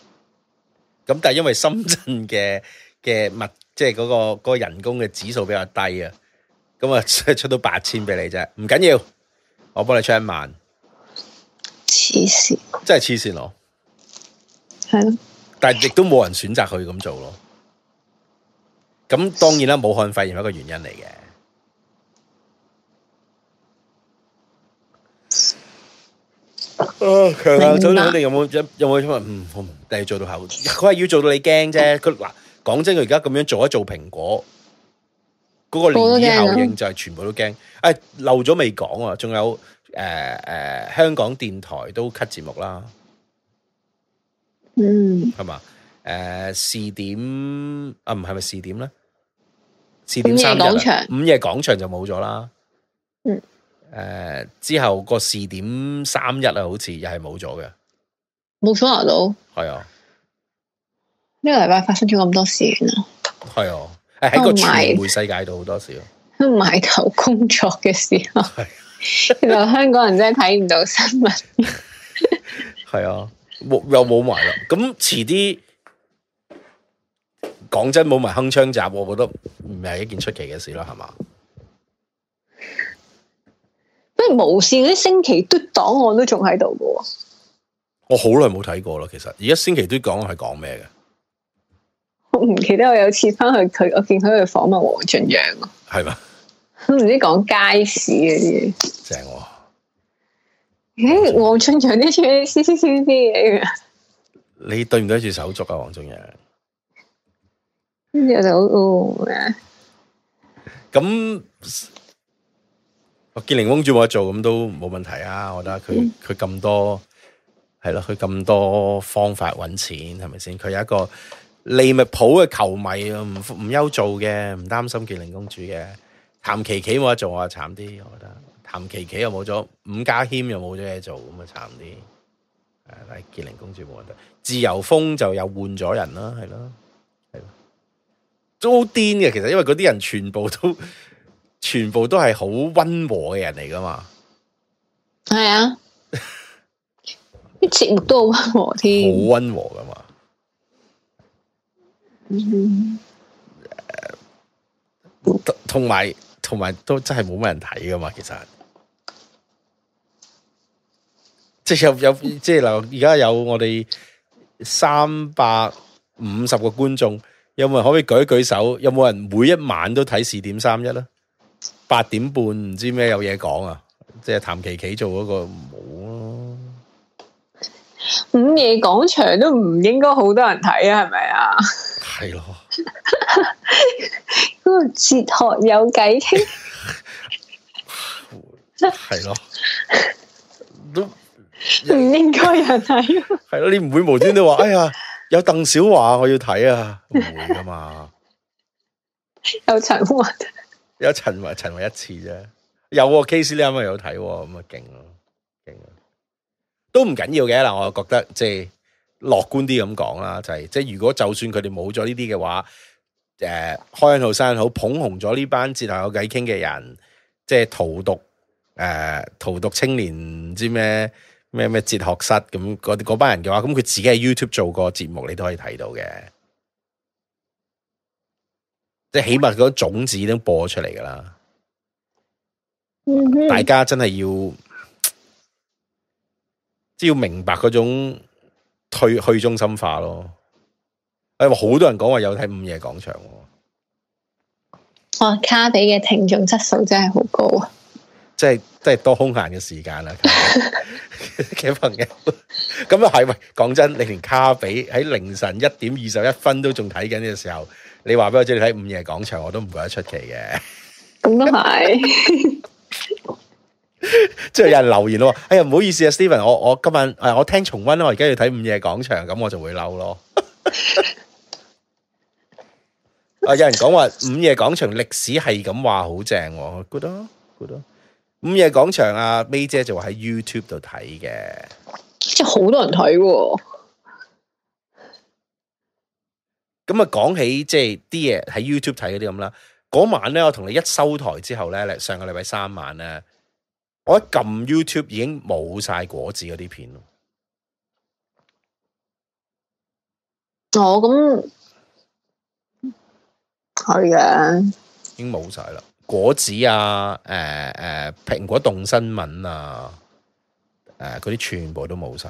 B: 咁但係因為深圳嘅嘅物。即係嗰個嗰個人工嘅指數比較低啊，咁啊即係出到八千俾你啫，唔緊要，我幫你出一萬，
D: 黐
B: 線，真係黐線咯，
D: 係咯的，
B: 但係亦都冇人選擇去咁做咯，咁當然啦，武漢肺炎係一個原因嚟嘅，
D: 啊白，後走你
B: 有冇有有冇因為嗯，我第日做到後佢係要做到你驚啫，佢嗱、嗯。講真，佢而家咁樣做一做蘋果，嗰、那個漣漪效應就係全部都驚。誒、哎，漏咗未講啊？仲有誒誒、呃呃，香港電台都 cut 節目啦。
D: 嗯，
B: 係嘛？誒、呃，視點啊，唔係咪視點咧？視點31，午夜廣場就冇咗啦。嗯。誒、呃，之後個視點31啊，好似又係冇咗嘅。
C: 冇 check 到。係啊。呢個禮拜發生咗咁多事
B: 啊！係哦，喺個傳媒世界度好多事咯。都
C: 埋，都埋頭工作嘅時候，原來、 啊、香港人真係睇唔到新聞。
B: 係 啊，冇又冇埋啦。咁遲啲講真冇埋鏗鏘集，我覺得唔係一件出奇嘅事啦，係嘛？
C: 不過無綫啲星期嘟檔案都仲喺度噶。
B: 我好耐冇睇過啦，其實而家星期嘟檔案係講咩嘅？我唔記
C: 得，我有次翻去佢，我見佢去訪問黃俊陽啊，係嘛？唔知講街市嘅啲嘢，正喎、啊。誒，黃俊陽啲出啲啲嘢，
B: 你對唔對得住手足啊？黃俊陽，呢個
C: 就好啊。
B: 咁，我建寧掹住我做，咁都冇問題啊！我覺得佢佢咁多係咯，佢咁、啊、多方法搵錢，係咪先？佢有一個。利物浦嘅球迷唔唔憂做嘅，唔擔心建寧公主嘅。譚琪琪冇得做啊，慘啲我覺得。譚琪琪又冇咗，伍家謙又冇咗嘢做，咁啊慘啲。誒，係建寧公主冇得。自由風就又換咗人啦，係咯，係咯，都好癲嘅。其實因為嗰啲人全部都，全部都係好溫和嘅人嚟㗎嘛。
D: 係啊，一
C: 直 都溫和添，好
B: 溫和㗎嘛。同埋同埋都真係冇乜人睇噶嘛，其實即係有即係嗱，而家有我哋三百五十個觀眾，有冇人可以舉一舉手？有冇人每一晚都睇視點三一咧？八點半唔知咩有嘢講啊？即係譚琪琪做嗰、嗰個冇
C: 啊？午夜廣場都唔應該好多人睇啊？係咪啊？係咯，嗰個 哲學有偈
B: 傾，係咯 的，
D: 都唔應該
B: 人睇。係咯， 你唔會無端端話， 哎呀，有鄧小華我要睇啊，唔會噶嘛。
C: 有陳華，
B: 有陳華、啊，陳華一次啫。有個 case，你啱啱有睇，咁啊勁咯，勁咯，都唔緊要嘅嗱，我覺得即係。樂觀啲咁講啦，就係、是、即係如果就算佢哋冇咗呢啲嘅話，呃、開開頭生好捧紅咗呢班哲學有偈傾嘅人，即係荼毒誒荼毒青年，唔知咩咩咩哲學室咁嗰班人嘅話，咁佢自己喺 YouTube 做過節目，你都可以睇到嘅，即係起碼嗰種子已經播出嚟噶啦
D: ，mm
B: hmm. 大家真係要即要明白嗰種。去去中心化咯！哎，話好多人講話有睇午夜廣場、啊。哇、
C: 哦，卡比嘅聽眾質素真係好高
B: 啊真！即係都係多空閒嘅時間啦、啊，嘅 朋友。咁啊係喂，講真，你連卡比喺凌晨一點二十一分都仲睇緊嘅時候，你話俾我知你睇午夜廣場，我都唔覺得出奇嘅。
C: 咁都係。
B: 即係有人留言咯，哎呀，唔好意思啊，Steven，我我今晚誒、哎，我聽重溫咯，我而家要睇《午夜廣場》，咁我就會嬲咯。 說說啊，有人講話《午、啊啊、夜廣場》歷史係咁話好正，good 咯，good 咯，《午夜廣場》啊 May 姐就話喺 YouTube 度睇嘅，即係好多人睇。咁啊，講起即係啲嘢喺 YouTube 睇嗰啲咁啦，嗰、那個、晚咧我同你一收台之後咧，上個禮拜三晚咧。我一撳 YouTube 已經冇晒果子嗰啲片
C: 咯。哦，咁係啊，已
B: 經冇晒啦。果子啊，誒、呃、誒，蘋果動新聞啊，誒、呃，嗰啲全部都冇晒。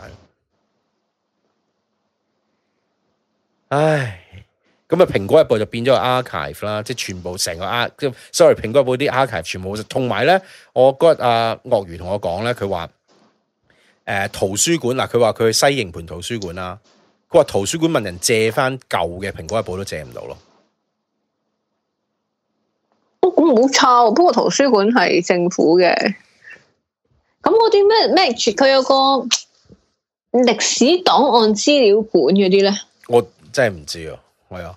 B: 唉。咁啊，蘋果一部就變咗個 archive 啦，即係全部成個 a r c h s o r r y 蘋果一部啲 archive 全部，同埋咧，我覺阿鱷魚同我講咧，佢話誒，圖書館嗱，佢話佢去西營盤圖書館啦，佢話圖書館問人借翻舊嘅蘋果一部都借唔到咯。
C: 哦，咁好錯，不過圖書館係政府嘅，咁嗰啲咩咩？佢有個歷史檔案資料館嗰啲咧，
B: 我真係唔知啊，係啊。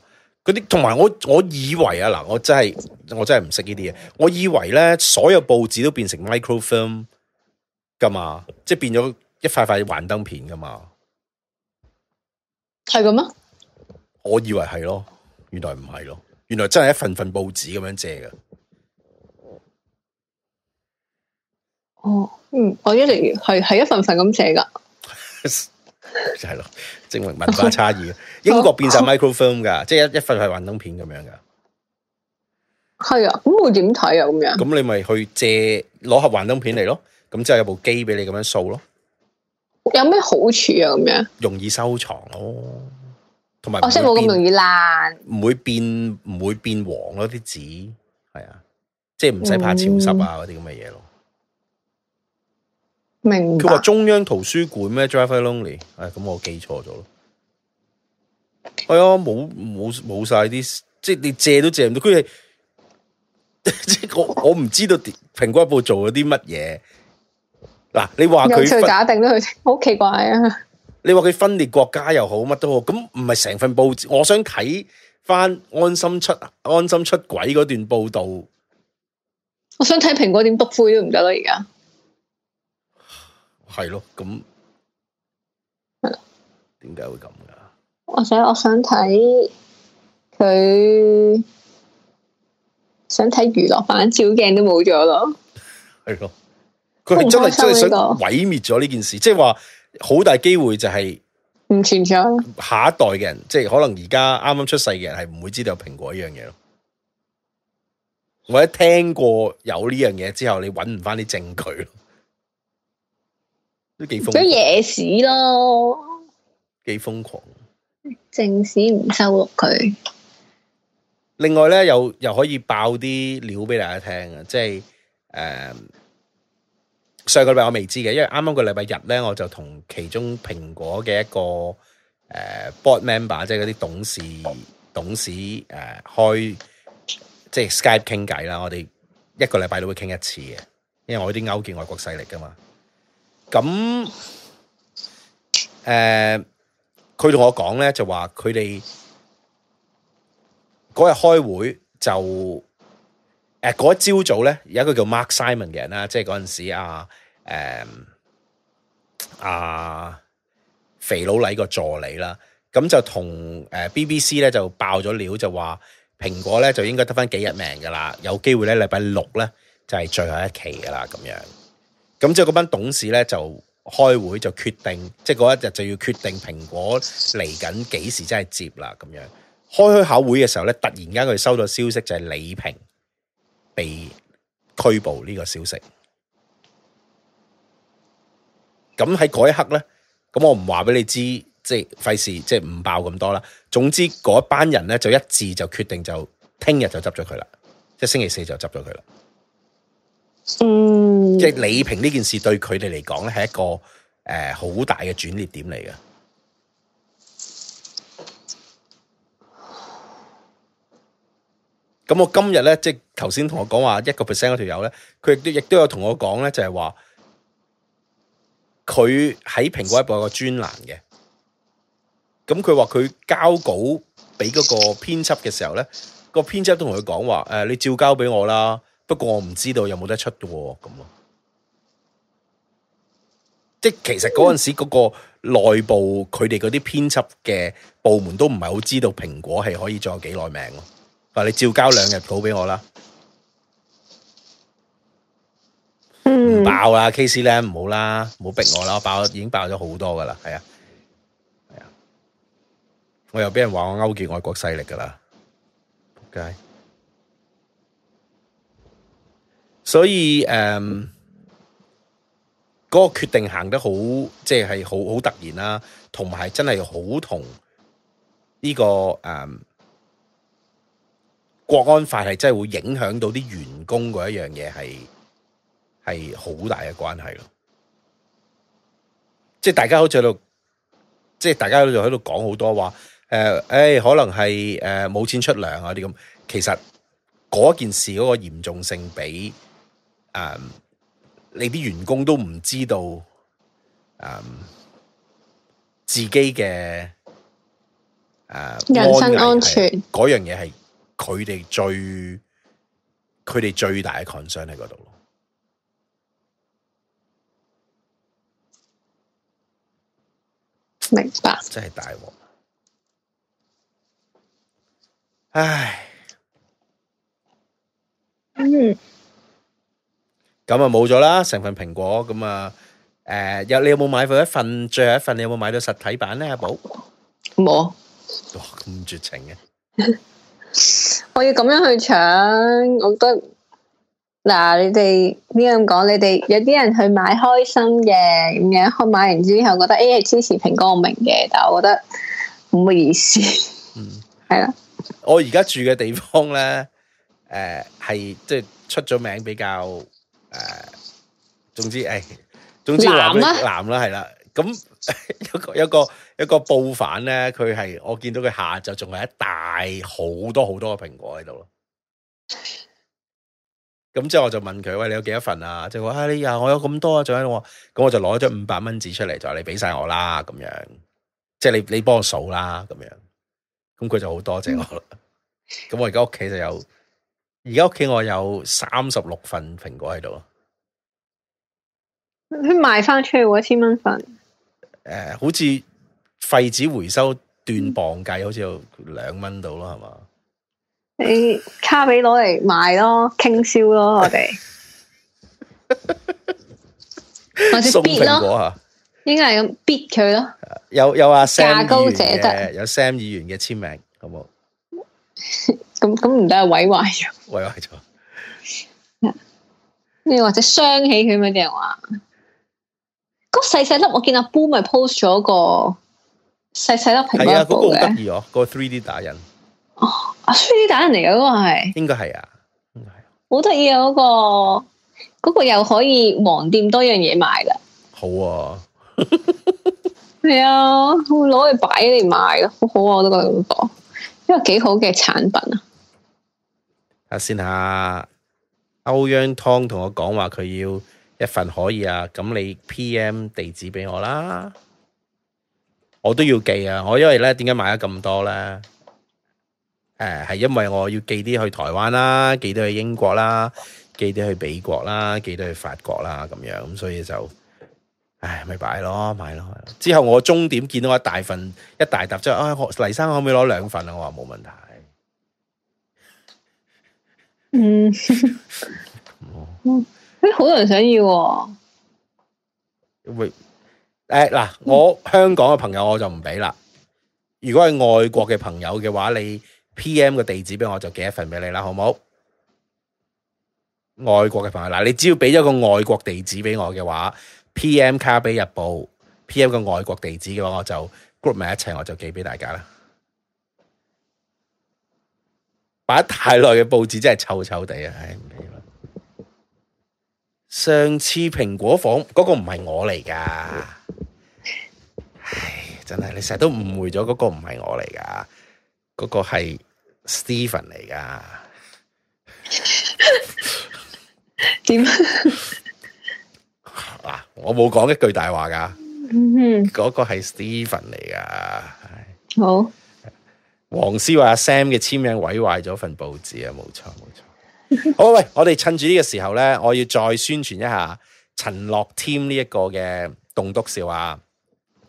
B: 啲同埋我我以為啊嗱，我真係我真係唔識呢啲嘢，我以為咧所有報紙都變成 microfilm 噶嘛，即係變咗一塊塊幻燈片噶嘛，
C: 係咁啊？
B: 我以為係咯，原來唔係咯，原來真係一份份報紙咁樣借噶。
C: 哦，嗯，
B: 我一直係係一份份咁借噶，係 咯。文化差異，英國變晒 microfilm 噶， 即係一一份係幻燈片咁樣噶。係啊，
C: 咁我點睇啊？咁
B: 樣咁你咪去借攞盒幻燈片嚟咯，咁之後有部機俾你咁樣掃咯。
C: 有咩好
B: 處啊？咁樣容易收藏咯，同埋哦，即係冇咁容
C: 易爛，
B: 唔會變唔會變黃咯啲紙，係啊，即係唔使怕潮濕啊嗰啲咁嘅嘢咯。嗯佢話中央圖書館咩？Drive Lonely？誒、哎，咁我記錯咗咯。係、哎、啊，冇冇冇晒啲，即係你借都借唔到。佢係，即係我我唔知道蘋果日報做咗啲乜嘢。嗱，你話佢有罪假
C: 定佢。好奇怪
B: 啊！你話佢分裂國家又好，乜都好，咁唔係成份報紙。我想睇翻安心出安心出軌嗰段報道。
C: 我想睇蘋果點厾灰都唔得啦，而家。
B: 係咯，咁點解會咁噶？
C: 或者我想睇佢想睇娛樂版照鏡都冇咗咯。
B: 係咯，佢係真係即係想毀滅咗呢件事，這個，即係話好大機會就係
C: 唔存在
B: 下一代嘅人，即係可能而家啱啱出世嘅人係唔會知道有蘋果呢樣嘢咯我一聽過有呢樣嘢之後，你搵唔翻啲證據。都野史咯，幾瘋狂，
C: 正史唔收錄佢。
B: 另外咧，又又可以爆啲料俾大家聽，即係誒上個禮拜我未知嘅，因為啱啱個禮拜日咧，我就同其中蘋果嘅一個誒、呃、board member，即係嗰啲董事董事誒、呃、開即係、就是、Skype 傾偈啦。我哋一個禮拜都會傾一次嘅，因為我啲勾結外國勢力噶嘛。咁，誒，佢、呃、同我講咧，就話佢哋嗰日開會就誒嗰、呃、一朝早咧，有一個叫 Mark Simon 嘅人啦，即係嗰陣時啊，誒、啊，啊，肥佬黎個助理啦，咁就同 BBC 咧就爆咗料就，就話蘋果咧就應該得返幾日命㗎喇，有機會咧禮拜六咧就係最後一期㗎喇，咁樣。咁即係嗰班董事咧就開會就決定，即係嗰一日就要決定蘋果嚟緊幾時真係接啦咁樣。開開考會嘅時候咧，突然間佢收到消息就係李平被拘捕呢個消息。咁喺嗰一刻咧，咁我唔話俾你知，即係費事，即係唔爆咁多啦。總之嗰一班人咧就一致就決定就聽日就執咗佢啦，即係星期四就執咗佢啦。即係李平呢件事對佢哋嚟講咧，係一個誒好、呃、大嘅轉捩點嚟嘅。咁我今日咧，即係頭先同我講話一,一個 percent 嗰條友咧，佢亦都亦都有同我講咧，就係話佢喺蘋果日報有個專欄嘅。咁佢話佢交稿俾嗰個編輯嘅時候咧，個編輯都同佢講話，誒、呃，你照交俾我啦。不過我唔知道有冇得出嘅喎，咁咯，即係其實嗰陣時嗰個內部佢哋嗰啲編輯嘅部門都唔係好知道蘋果係可以再幾耐命咯。嗱，你照交兩日稿畀我啦，
D: 唔、嗯、
B: 爆啦，KC 咧唔好啦，唔好逼我啦，我爆了已經爆咗好多噶啦，係啊，係啊，我又俾人話我勾結外國勢力噶啦，撲街！所以誒，嗰、嗯那個決定行得好，即係好好突然啦、啊，同埋真係好同呢個誒、嗯，國安法係真係會影響到啲員工嗰一樣嘢，係係好大嘅關係咯、啊。即係大家好似喺度，即係大家喺度喺度講好多話，誒、呃、誒、哎，可能係誒冇錢出糧啊啲咁，其實嗰件事嗰個嚴重性比。誒，um, 你啲員工都唔知道，誒、um，自己嘅誒，uh, 人身安全，嗰樣嘢係佢哋最，佢哋最大嘅 concern 喺嗰度
D: 咯。明白。真係大鑊。唉。嗯
B: 咁啊冇咗啦，成份蘋果咁啊，誒有你有冇買過一份最後一份？你有冇買到實體版咧？阿寶冇。嘩，咁絕情嘅，
C: 我要咁樣去搶。我覺得嗱，你哋呢樣講，你哋有啲人去買開心嘅咁樣，去買完之後覺得誒係支持蘋果，我明嘅，但係我覺得唔好意思，嗯，係啦。
B: 我而家住嘅地方咧，誒係即係出咗名比較。誒、哎，總之誒，總之就話咩男啦，係啦，咁有個有個一個報販咧，佢係我見到佢下晝仲係一大好多好多嘅蘋果喺度咯。咁之後我就問佢，喂，你有幾多份啊？就話啊、哎，你呀、啊，我有咁多啊，仲喺度。咁我就攞咗五百蚊紙出嚟，就話你俾晒我啦，咁樣，即係你你幫我數啦，咁樣。咁佢就好多謝我啦。咁我而家屋企就有，而家屋企我有三十六份蘋果喺度，
C: 佢賣翻出去一千蚊份。
B: 誒、呃，好似廢紙回收斷磅計，好似有兩蚊到啦，係嘛吧？
C: 你、欸、卡比攞嚟賣咯，傾銷咯，我哋
B: 或者 bit 咯，
C: 應該係咁 bit 佢咯。
B: 有有、啊、阿 Sam 價者議員嘅，有 Sam 議員嘅簽名好冇？
C: 咁咁唔得啊！毀壞
B: 咗，毀壞
C: 咗。你 或者傷起佢咩啲人話？嗰細細粒我見阿 Bo 咪 post 咗個細細粒蘋果嘅，得意哦！
B: 嗰個 three、啊嗰個、D 打印
C: 哦，three D 打印嚟嘅嗰個係，
B: 應該係啊，應
C: 該係。好得意啊！嗰、啊嗰個，嗰、嗰個又可以黃店多樣嘢賣噶。好啊，係 啊，會攞去擺嚟賣咯，好好啊！我都覺得咁、那、講、個。一個幾好嘅產品
B: 啊！啊先吓，歐陽湯同我講話佢要一份可以啊，咁你 PM 地址俾我啦，我都要寄啊！我因為咧，點解買咗咁多咧？誒，係因為我要寄啲去台灣啦，寄啲去英國啦，寄啲去美國啦，寄啲去法國啦，咁樣咁，所以就。唉，咪擺咯，買咯。之後我終點見到一大份一大沓，即、就、係、是哎，黎生可唔可以攞兩份啊？我話冇問題。
D: 嗯，好
C: 多人想要、啊。
B: 因誒嗱，我香港嘅朋友我就唔俾啦。如果係外國嘅朋友嘅話，你 P. M 嘅地址俾我就寄一份俾你啦，好唔好？外國嘅朋友嗱，你只要俾咗個外國地址俾我嘅話。P.M. 卡比日報，P.M. 個外國地址嘅話，我就 group 埋一齊，我就寄俾大家啦。擺太耐嘅報紙真係臭臭地啊！唉，唔理啦，上次蘋果房嗰、那個唔係我嚟噶，唉，真係你成日都誤會咗，嗰、那個唔係我嚟噶，嗰、那個係 Stephen 嚟噶，
D: 點？
B: 我冇講一句大話噶，嗰、嗯、哼個係 Steven 嚟噶。
C: 好，
B: 哎、黃絲話 Sam 嘅簽名毀壞咗份報紙啊，冇錯冇錯。錯 好，喂，我哋趁住呢個時候咧，我要再宣傳一下陳樂添呢一個嘅棟篤笑啊。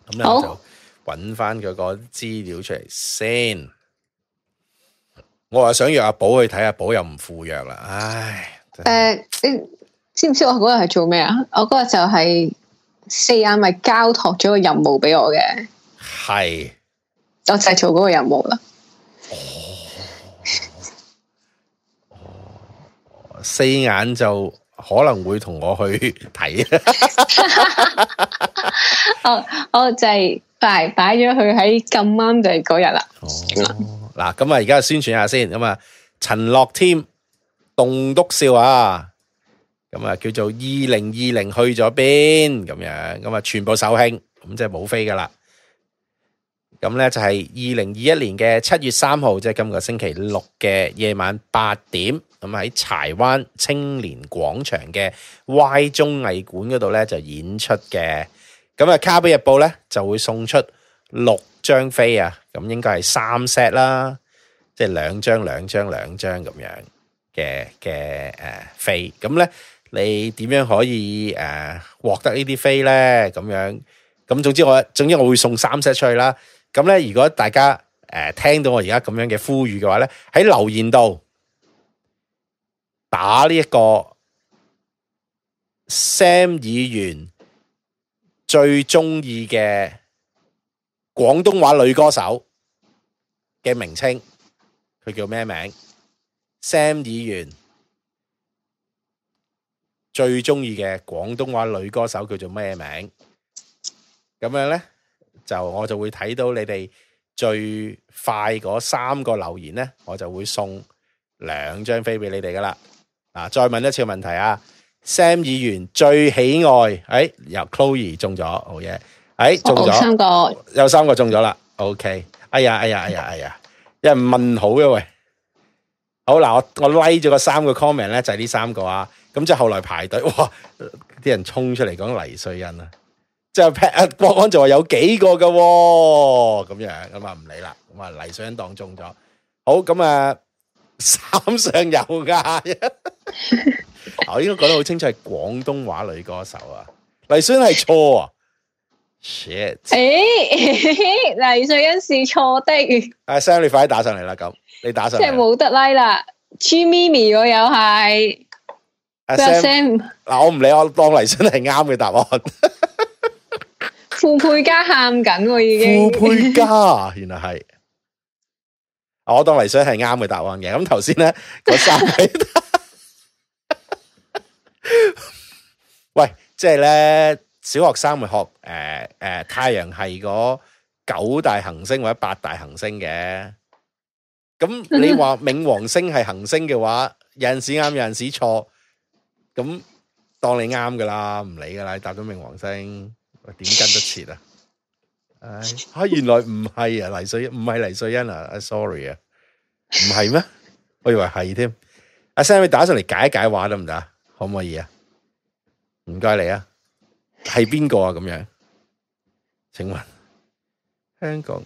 B: 咁就搵翻佢個資料出嚟先。好我又想約阿寶去睇，阿寶又唔赴約啦。唉，誒。
C: 呃呃知唔知我嗰日係做咩啊？我嗰日就係四眼咪交托咗個任務俾我嘅是，係我就係做嗰個任務啦、
B: 哦哦。四眼就可能會同我去睇。
C: 我我就係擺擺咗佢喺咁啱就係嗰日啦。
B: 嗱，咁啊，而家宣傳下先。咁啊，陳樂添棟篤笑啊！咁啊，叫做二零二零去咗邊咁樣，咁啊，全部售罄，咁即係冇飛噶啦。咁咧就係二零二一年嘅七月三號，即係今個星期六嘅夜晚八點，咁喺柴灣青年廣場嘅 Y 綜藝館嗰度咧就演出嘅。咁啊，《卡比日報》咧就會送出六張飛啊，咁應該係三 set 啦，即係兩張、兩張、兩張咁樣嘅嘅誒飛，咁咧。你點樣可以誒、呃、獲得呢啲飛咧？咁樣咁總之我總之我會送三 set 出去啦。咁咧如果大家誒、呃、聽到我而家咁樣嘅呼籲嘅話咧，喺留言度打呢一個 Sam 議員最中意嘅廣東話女歌手嘅名稱，佢叫咩名？Sam 議員。最中意嘅廣東話女歌手叫做咩名？咁樣咧，就我就會睇到你哋最快嗰三個留言咧，我就會送兩張飛俾你哋噶啦。嗱，再問一次問題啊，Sam 議員最喜愛，哎，由 Chloe 中咗，好嘢！哎，中咗，三
D: 個，
B: 有三個中咗啦。OK，哎呀，哎呀，哎呀，哎呀，因為問好嘅喎，好啦，我我 like 咗個三個 comment 咧，就係呢三個啊。咁即係後來排隊，哇！啲人衝出嚟講黎瑞恩啊，即係拍啊國安就話有幾個噶，咁樣咁啊唔理啦，咁啊黎瑞恩當中咗。好咁啊，三上有架，我應該講得好清楚，係廣東話女歌手啊，黎瑞恩係錯啊！shit，
D: 誒，
C: 黎瑞恩是錯的。
B: 啊，Sally 快啲打上嚟啦，咁你打上嚟，即係冇
C: 得拉啦，chimmy 我又係。
B: 聲嗱，Sam, Sam, 我唔理，我當泥水係啱嘅答案。
C: 傅佩嘉喊緊
D: 我已經。傅佩嘉，
B: 原來係我當泥水係啱嘅答案嘅。咁頭先咧，嗰三位， 喂，即係咧，小學生咪學誒誒、呃呃，太陽系嗰九大行星或者八大行星嘅。咁你話冥王星係行星嘅話，有陣時啱，有陣時錯。咁當你啱噶啦，唔理噶啦，你打咗冥王星，喂點跟得切啊？唉，吓原來唔係啊，黎瑞恩唔係黎瑞恩啊，sorry 啊，唔係咩？我以為係添，阿 sam 你打上嚟解一解話得唔得？可唔可以啊？唔該你啊，係邊個啊？咁樣，請問香港。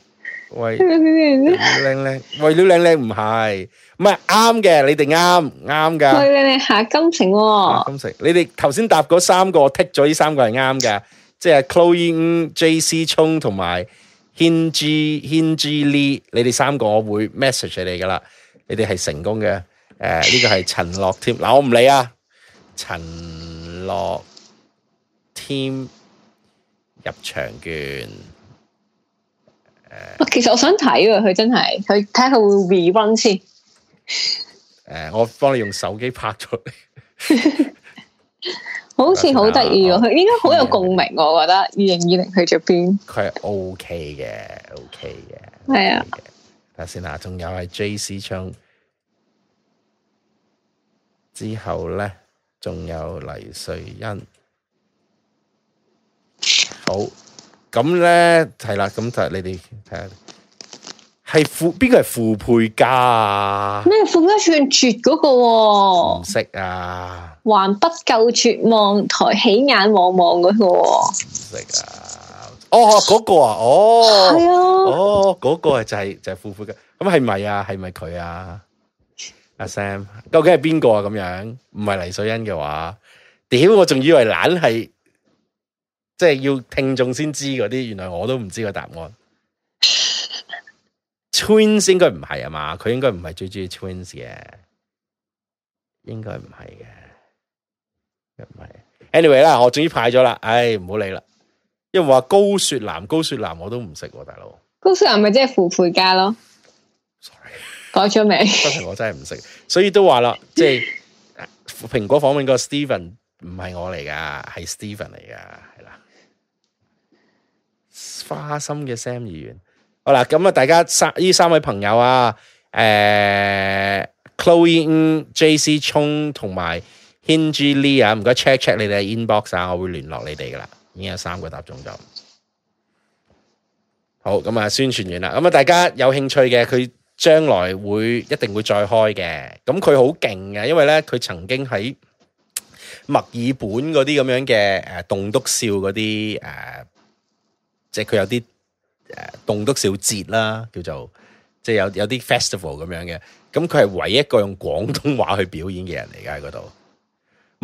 B: 喂，靚靚喂，為了靚靚唔係，唔係啱嘅，的你哋啱啱噶。喂靚
C: 靚下金城喂、哦，
B: 金城，你哋頭先答嗰三個剔咗，呢三個係啱噶，即係、嗯、c l o o n e 喂，J.C. 沖同埋軒之軒之 Lee，你哋三個我會 message 你哋噶啦，你哋係成功嘅。誒、呃，呢、這個係陳樂添，嗱我唔理啊，陳樂 t 入場券。
C: 其實我想睇啊，佢真係佢睇下會唔會 re run 先。
B: 誒， 我幫你用手機拍出嚟，
C: 好似好得意啊！佢應該好有共鳴，我覺得二零二零去咗邊，
B: 佢係 OK 嘅，OK 嘅，係
D: OK、的啊。
B: 睇下先啦，仲有係 J C 唱之後咧，仲有黎瑞恩好。咁咧係啦，咁就、啊、你哋睇下，係傅邊個係傅佩嘉啊？咩
C: 傅一串絕嗰個？唔
B: 識啊！
C: 還不夠絕望，抬起眼望望嗰個、啊？
B: 唔識啊！哦，嗰、那個啊，哦，係啊，哦，嗰、那個係就係、是、就係傅佩嘉，咁係咪啊？係咪佢啊？ 阿 Sam，究竟係邊個啊？咁樣唔係黎瑞恩嘅話，屌我仲以為懶係。即係要聽眾先知嗰啲，原來我都唔知個答案。 Twins 應該唔係啊嘛，佢應該唔係最中意 Twins 嘅，應該唔係嘅，唔係。Anyway 啦，我終於派咗啦，唉，唔好理啦。因為話高雪嵐，高雪嵐我都唔識，大佬。
C: 高雪嵐咪即係傅珮嘉咯，sorry，改咗名。
B: 我真係唔識，所以都話啦， 即係蘋果訪問個 Steven 唔係我嚟噶，係 Steven 嚟噶。花心嘅 Sam 議員，好啦，咁啊，大家三呢三位朋友啊，誒 Chloe J C 聰同埋 Hin G Lee 啊，唔該 check check 你哋 inbox 啊，我會聯絡你哋噶啦，已經有三個答中咗，好，咁啊，宣傳完啦，咁啊，大家有興趣嘅，佢將來會一定會再開嘅，咁佢好勁啊，因為咧，佢曾經喺墨爾本嗰啲咁樣嘅誒棟篤笑嗰啲誒。呃即係佢有啲誒棟篤笑節啦，叫做即係有有啲 festival 咁樣嘅。咁佢係唯一一個用廣東話去表演嘅人嚟㗎。喺嗰度。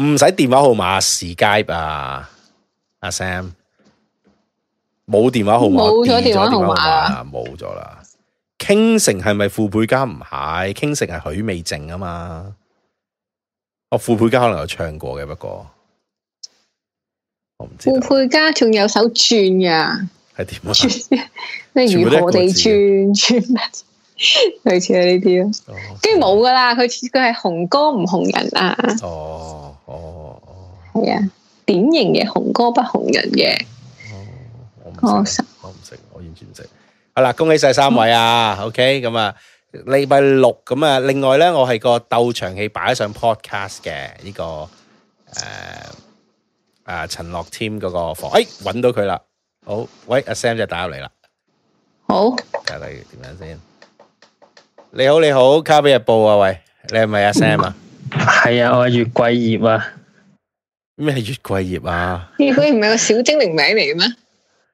B: 唔使電話號碼，視街啊，阿 Sam 冇電話號碼，冇咗電話號碼，冇咗啦。傾城係咪傅佩嘉？唔係，傾城係許美靜啊嘛。哦，傅佩嘉可能有唱過嘅，不過
C: 我唔知。傅佩嘉仲有首轉呀。
B: 係點
C: 啊？咩？如何地轉轉乜？類似係呢啲咯，跟住冇噶啦。佢佢係紅歌唔紅人啊。哦哦
D: 哦，係
C: 啊，典型嘅紅歌不紅人嘅，啊。哦。哦，
D: 我唔識，我唔識，我
B: 完全唔識。好啦，恭喜晒三位啊。嗯、OK，咁啊，禮拜六咁啊，另外咧，我係個斗場戲擺上 podcast 嘅呢，這個誒誒、呃呃、陳樂 team 嗰個房，哎，揾到佢啦。好，喂，阿 Sam 就打入嚟啦。好，睇下點樣先。你好，你好，《卡比日報》啊，喂，你係咪阿 Sam 啊？係啊，我係月桂葉啊。咩
E: 係月桂葉啊？月
C: 桂唔係個小精靈名嚟嘅咩？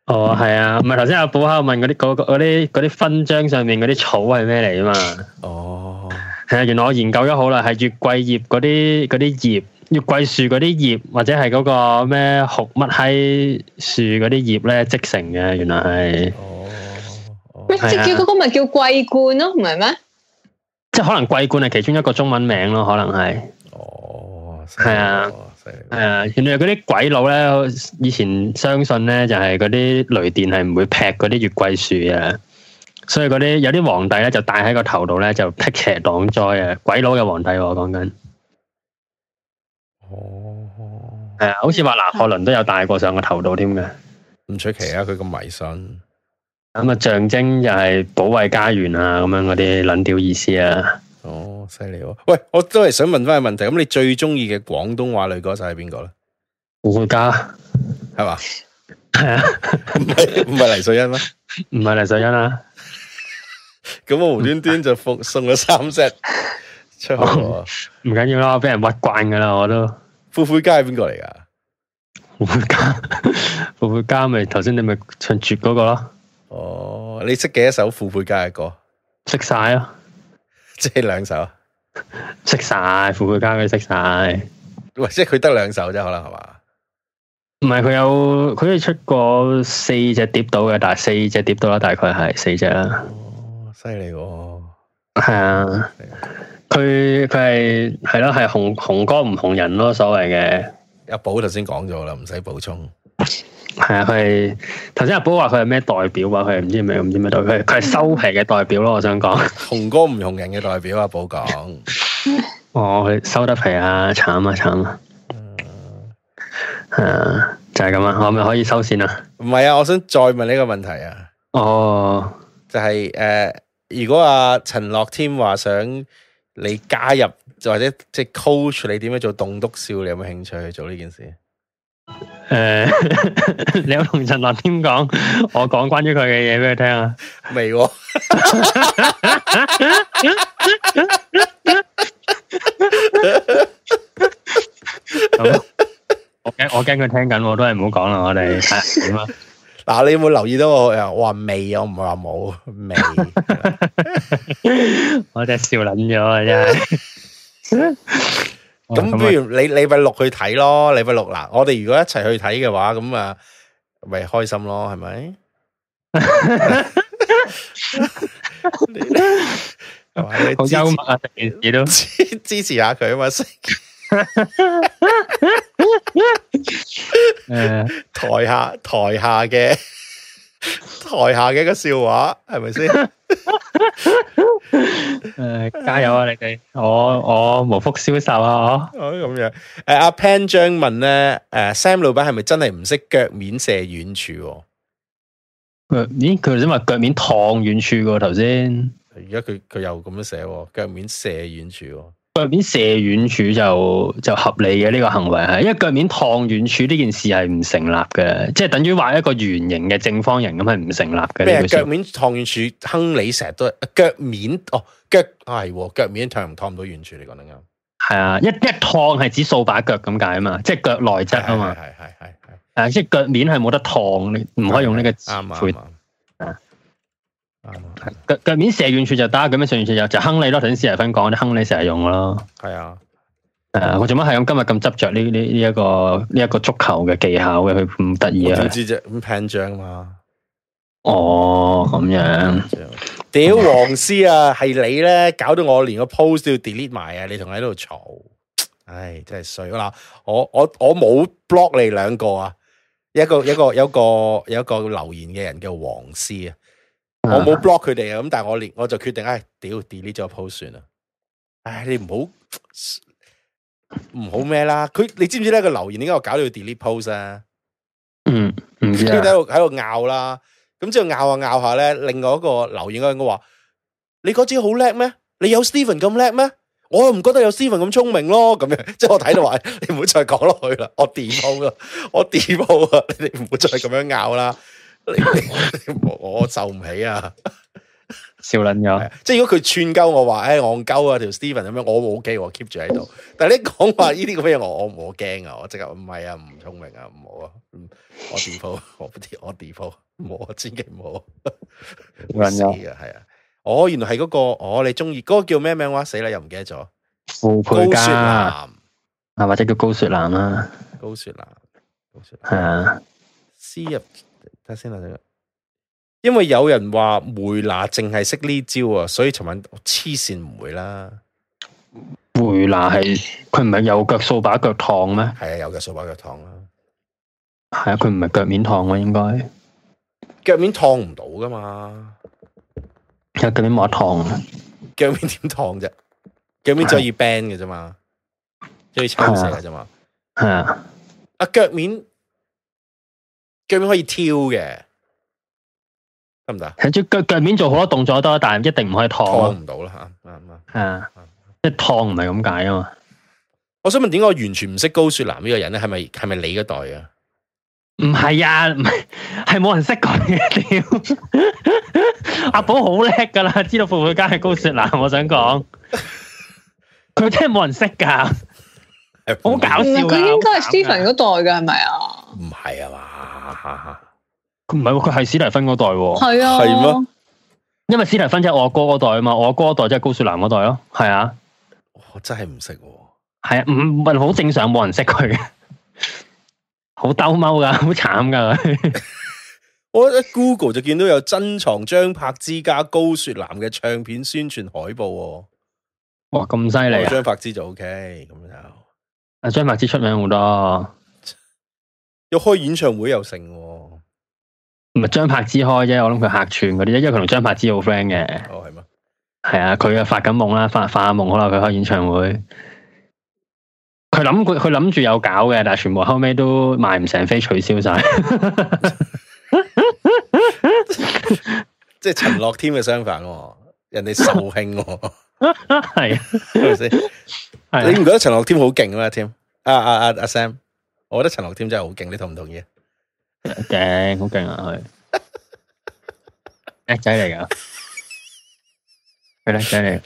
E: 哦，係啊，唔係頭先阿寶喺度問嗰啲嗰個嗰啲嗰啲勳章上面嗰啲草係咩嚟嘅嘛？哦，係啊，原來我研究咗好耐，係月桂葉嗰啲嗰啲葉。月桂樹嗰啲葉，或者係嗰個咩紅乜閪樹嗰啲葉咧，積成嘅，原來係，哦哦啊、即叫嗰個咪叫桂冠
C: 咯，唔係
E: 咩？即係可能桂冠係其中一個中文名咯，可能係。哦，係啊，係、哦、啊，原來嗰啲鬼佬咧，以前相信咧就係嗰啲雷電係唔會劈嗰啲月桂樹啊，所以嗰啲有啲皇帝咧就戴喺個頭度咧就辟邪擋災啊！鬼佬嘅皇帝我講緊。哦，係啊，好似話拿破崙都有戴過上個頭度添嘅。唔出奇啊，佢咁迷信。
B: 咁啊，象徵就係保衛家園啊，咁樣嗰啲撚屌意思啊。哦，犀利喎！喂，我都係想問翻個問題，咁你最中意嘅廣東話女歌手係邊個咧？胡家？嘉係嘛？係啊， 唔係唔係黎瑞恩咩？
E: 唔係黎瑞恩啊。
B: 咁 我無端端就是送送咗三隻。
E: 唔緊要啦，我俾人屈慣噶啦，我都。
B: 富富佳係邊個嚟噶？
E: 富富佳，就是，富富佳咪頭先你咪唱絕嗰，那個咯。
B: 哦，你識幾多首富富佳嘅歌？識晒，啊，咯，即係兩首。識晒富富佳，佢識晒。喂，即係佢得兩首啫，可能係嘛？
E: 唔係，佢有佢以出過四隻碟到嘅，但係四隻碟到啦，大概係四隻啦。哦，
D: 犀利
E: 喎！係啊。佢佢係係咯，係紅紅歌唔紅人咯，所謂嘅。阿寶
B: 頭先講咗啦，唔使補充。
E: 係啊，佢係頭先阿寶話佢係咩代表啊？佢係唔知咩唔知咩代表，佢係收皮嘅代表咯。我想講紅歌唔紅人嘅代表阿寶講。哦，佢收得皮啊，慘啊，慘啊。係、嗯、
B: 啊，就係咁啊。可唔可以收線啊？唔係啊，我想再問呢個問題啊。哦，就係、是、誒、呃，如果阿陳樂天話想你加入，或者即係 coach 你點樣做棟篤笑，你有冇興趣去做呢件事？誒、
E: uh,
B: 你有同陳樂天講，我講關於佢
E: 嘅嘢俾佢聽啊？未？我驚，我驚佢聽緊，都係唔好講啦。我哋睇下點啊？
B: 嗱，你有冇留意到我呀、哦？我話未，我唔係話冇未，我真係笑捻咗啊！真係。咁不如你禮拜六去睇咯，禮拜六嗱。我哋如果一齊去睇嘅話，咁啊，咪開心咯，係咪？好幽默啊！ 你支持，都 支持下佢啊嘛！ 誒， 台下台下嘅台下嘅一個笑話係咪先？誒， 加油啊，你哋！我我無福消受啊！啊啊是是哦，咁樣誒，阿潘張問咧，誒，Sam 老闆係咪真係唔識腳面射遠處？
E: 誒，咦？佢頭先話腳面燙遠處嘅頭先，
B: 而家佢佢又咁樣寫腳面射遠處，哦。
E: 腳面射遠處就就合理嘅呢個行為係，因為腳面燙遠處呢件事係唔成立嘅，即
B: 係等於話一個圓
E: 形嘅正方形咁係唔成立嘅。咩腳面
B: 燙遠處？亨利成日都係腳面哦，腳係腳面燙唔燙唔到遠處嚟講得啱。
E: 係啊，一一燙係指掃把腳咁解啊嘛，即係腳內側啊嘛，係係係係，誒，即係腳面係冇得燙，你唔可以用呢個詞。啊！腳腳面射遠處就打，咁樣射遠處就就亨利咯，頭先斯尼芬講啲亨利成日用咯。
B: 係是
E: 的 啊，誒，我做乜係咁今日咁執着呢？呢呢一個呢一個足球嘅技巧嘅，佢咁得意啊？唔知啫？
B: 咁平獎嘛？哦，咁樣屌黃師啊，係你咧搞到我連個 post 都要 delete 埋啊！你同佢喺度嘈，唉，真係衰啦！我我我冇 block 你兩個啊，一個一個有一個有一個留言嘅人叫黃師啊。我冇 block 佢哋啊，咁但係我連我就決定，唉、哎，屌，delete 咗個 post 算、哎、啦。唉，你唔好唔好咩啦？佢你知唔知咧個留言點解我搞到要 delete post 啊？
D: 嗯，唔知喺度
B: 喺度拗啦，咁之後拗下拗下咧，另外一個留言咧，我話你嗰支好叻咩？你有 Steven 咁叻咩？我又唔覺得有 Steven 咁聰明咯。咁樣，即係我睇到話，你唔好再講落去啦，我 delete 我 delete 你唔好再咁樣拗啦。你你我，我受唔起啊！
E: 笑撚咗了，
B: 即係如果佢串鳩我、哎、我, ven, 我,我話，誒，戇鳩啊，條 Steven 咁樣，我冇機，我 keep 住喺度。但係你講話呢啲咁嘅嘢，我我驚啊！我即刻唔係啊，唔聰明啊，唔好啊，我 default，我我 default，我千祈唔好。人又係啊，哦，原來係嗰、那個，我、哦、你中意嗰個叫咩名話？死啦，又唔記得咗。
E: 高雪蘭，啊，或者叫高雪蘭、啊、
B: 高雪蘭，高雪係啊，入。睇下先啦，你因為有人話梅拿淨係識呢招啊，所以尋晚黐線唔會啦。
E: 梅拿係佢唔係右腳掃把腳燙咩？係啊，
B: 右腳掃把腳燙
E: 啊。係啊，佢唔係腳面燙嘅應該。
B: 腳面燙唔到噶嘛？
E: 腳面冇得燙。嗯、
B: 腳面點燙啫？腳面最易繃嘅啫嘛，最易抽細嘅啫嘛。係啊，阿腳面。腳面可以
E: 挑嘅得唔得？喺腳腳面做好多動作都，但係一定唔可以拖。拖唔到啦吓，
B: 係啊，即、啊、係、啊、拖唔係咁解啊嘛。我想問點解我完全唔識高雪男呢個人咧？係咪係咪你嗰代啊？
E: 唔係啊，唔係係冇人識佢嘅。 阿寶好叻噶啦，知道富貴家係高雪男。我想講，佢 真係冇人識噶，好、啊、搞笑佢應該係 Steven 嗰
C: 代嘅係
B: 咪啊？唔係啊。
E: 唔係，佢係史提芬嗰代，係啊，啊啊嗎因為史提芬即係我阿哥嗰代啊嘛，我阿哥嗰代即係高雪蘭嗰代咯，係啊，啊我真係唔識喎，係啊，唔唔係好正常，冇人識佢，
B: 好 兜
E: 踎噶，好慘噶，
B: 我覺得 Google 就見到有珍藏張柏芝加高雪蘭嘅唱片宣傳海報，啊，
E: 哇，咁犀利，張
B: 柏芝就 OK，咁又，
E: 阿張柏芝出名好多，
B: 又開演唱會又成、啊。
E: 咪張柏芝開啫，我諗佢客串嗰啲，因為佢同張柏芝好 friend 嘅。哦，係嘛？係啊，佢啊發緊夢啦，發發下夢好啦，佢開演唱會。佢諗佢佢諗住有搞嘅，但係全部後尾都
B: 賣唔成飛，取消晒。 即係陳樂天嘅相反，人哋掃興，係，係咪先？你唔覺得陳樂天好勁咩？添？啊啊啊啊 Sam，我覺得陳樂天真係好勁，你同唔同意？勁好勁啊！叻、 欸、仔嚟噶，係靚仔嚟。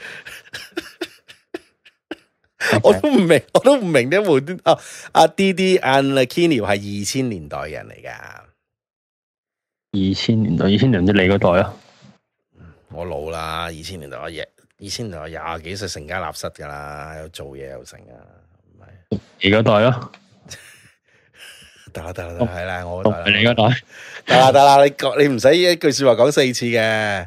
B: 我都唔明，我都唔明啲無端。阿阿 D D and Keni 係二千年代人嚟噶，
E: 二千年，年、啊、年，年代，二千年代你嗰代
B: 咯？我老啦，二千年代我廿，二千年代廿幾歲成家立室噶啦，又做嘢又成啊，
E: 唔係？而家代咯。
B: 得啦得啦，係啦，我你嗰代，得啦得啦，你你唔使一句話說話講四次嘅，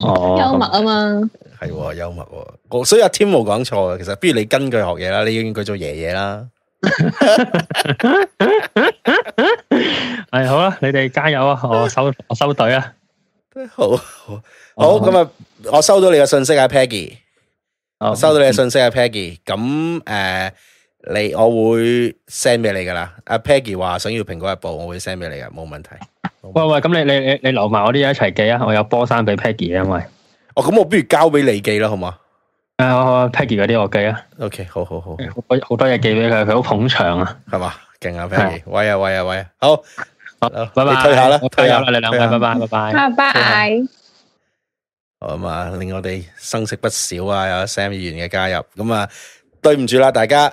B: 哦，幽默
C: 啊嘛，
B: 係喎幽默，我所以阿 Tim 冇講錯啊，其實不如你根據學嘢啦，你叫佢做爺爺啦，係好啦，你哋、 哎、加油啊，我收我收隊啊 好，好，好咁啊，我收到你嘅信息啊，Peggy，、oh，我收到你嘅信息啊，Peggy，咁誒。Hmm 你我會 send 俾你噶啦，阿 Peggy 話想要蘋果日報，我會 send 俾你噶，冇問題。
E: 喂喂，咁你你你你留埋我啲嘢一齊寄啊，我有波衫俾 Peggy 啊，因為哦，咁我不如交俾你寄啦，好嘛？啊，Peggy 嗰啲我寄啊，OK，好好好，我好多嘢寄俾佢，佢好捧場啊，係嘛，勁
B: 啊 Peggy，、啊、喂啊喂啊喂啊，好，好，拜拜，你 bye bye 退下啦，退下啦，你兩位，拜拜拜拜拜拜。好啊，令我哋生色不少啊，有 Sam 議員嘅加入，咁啊，對唔住啦，大家。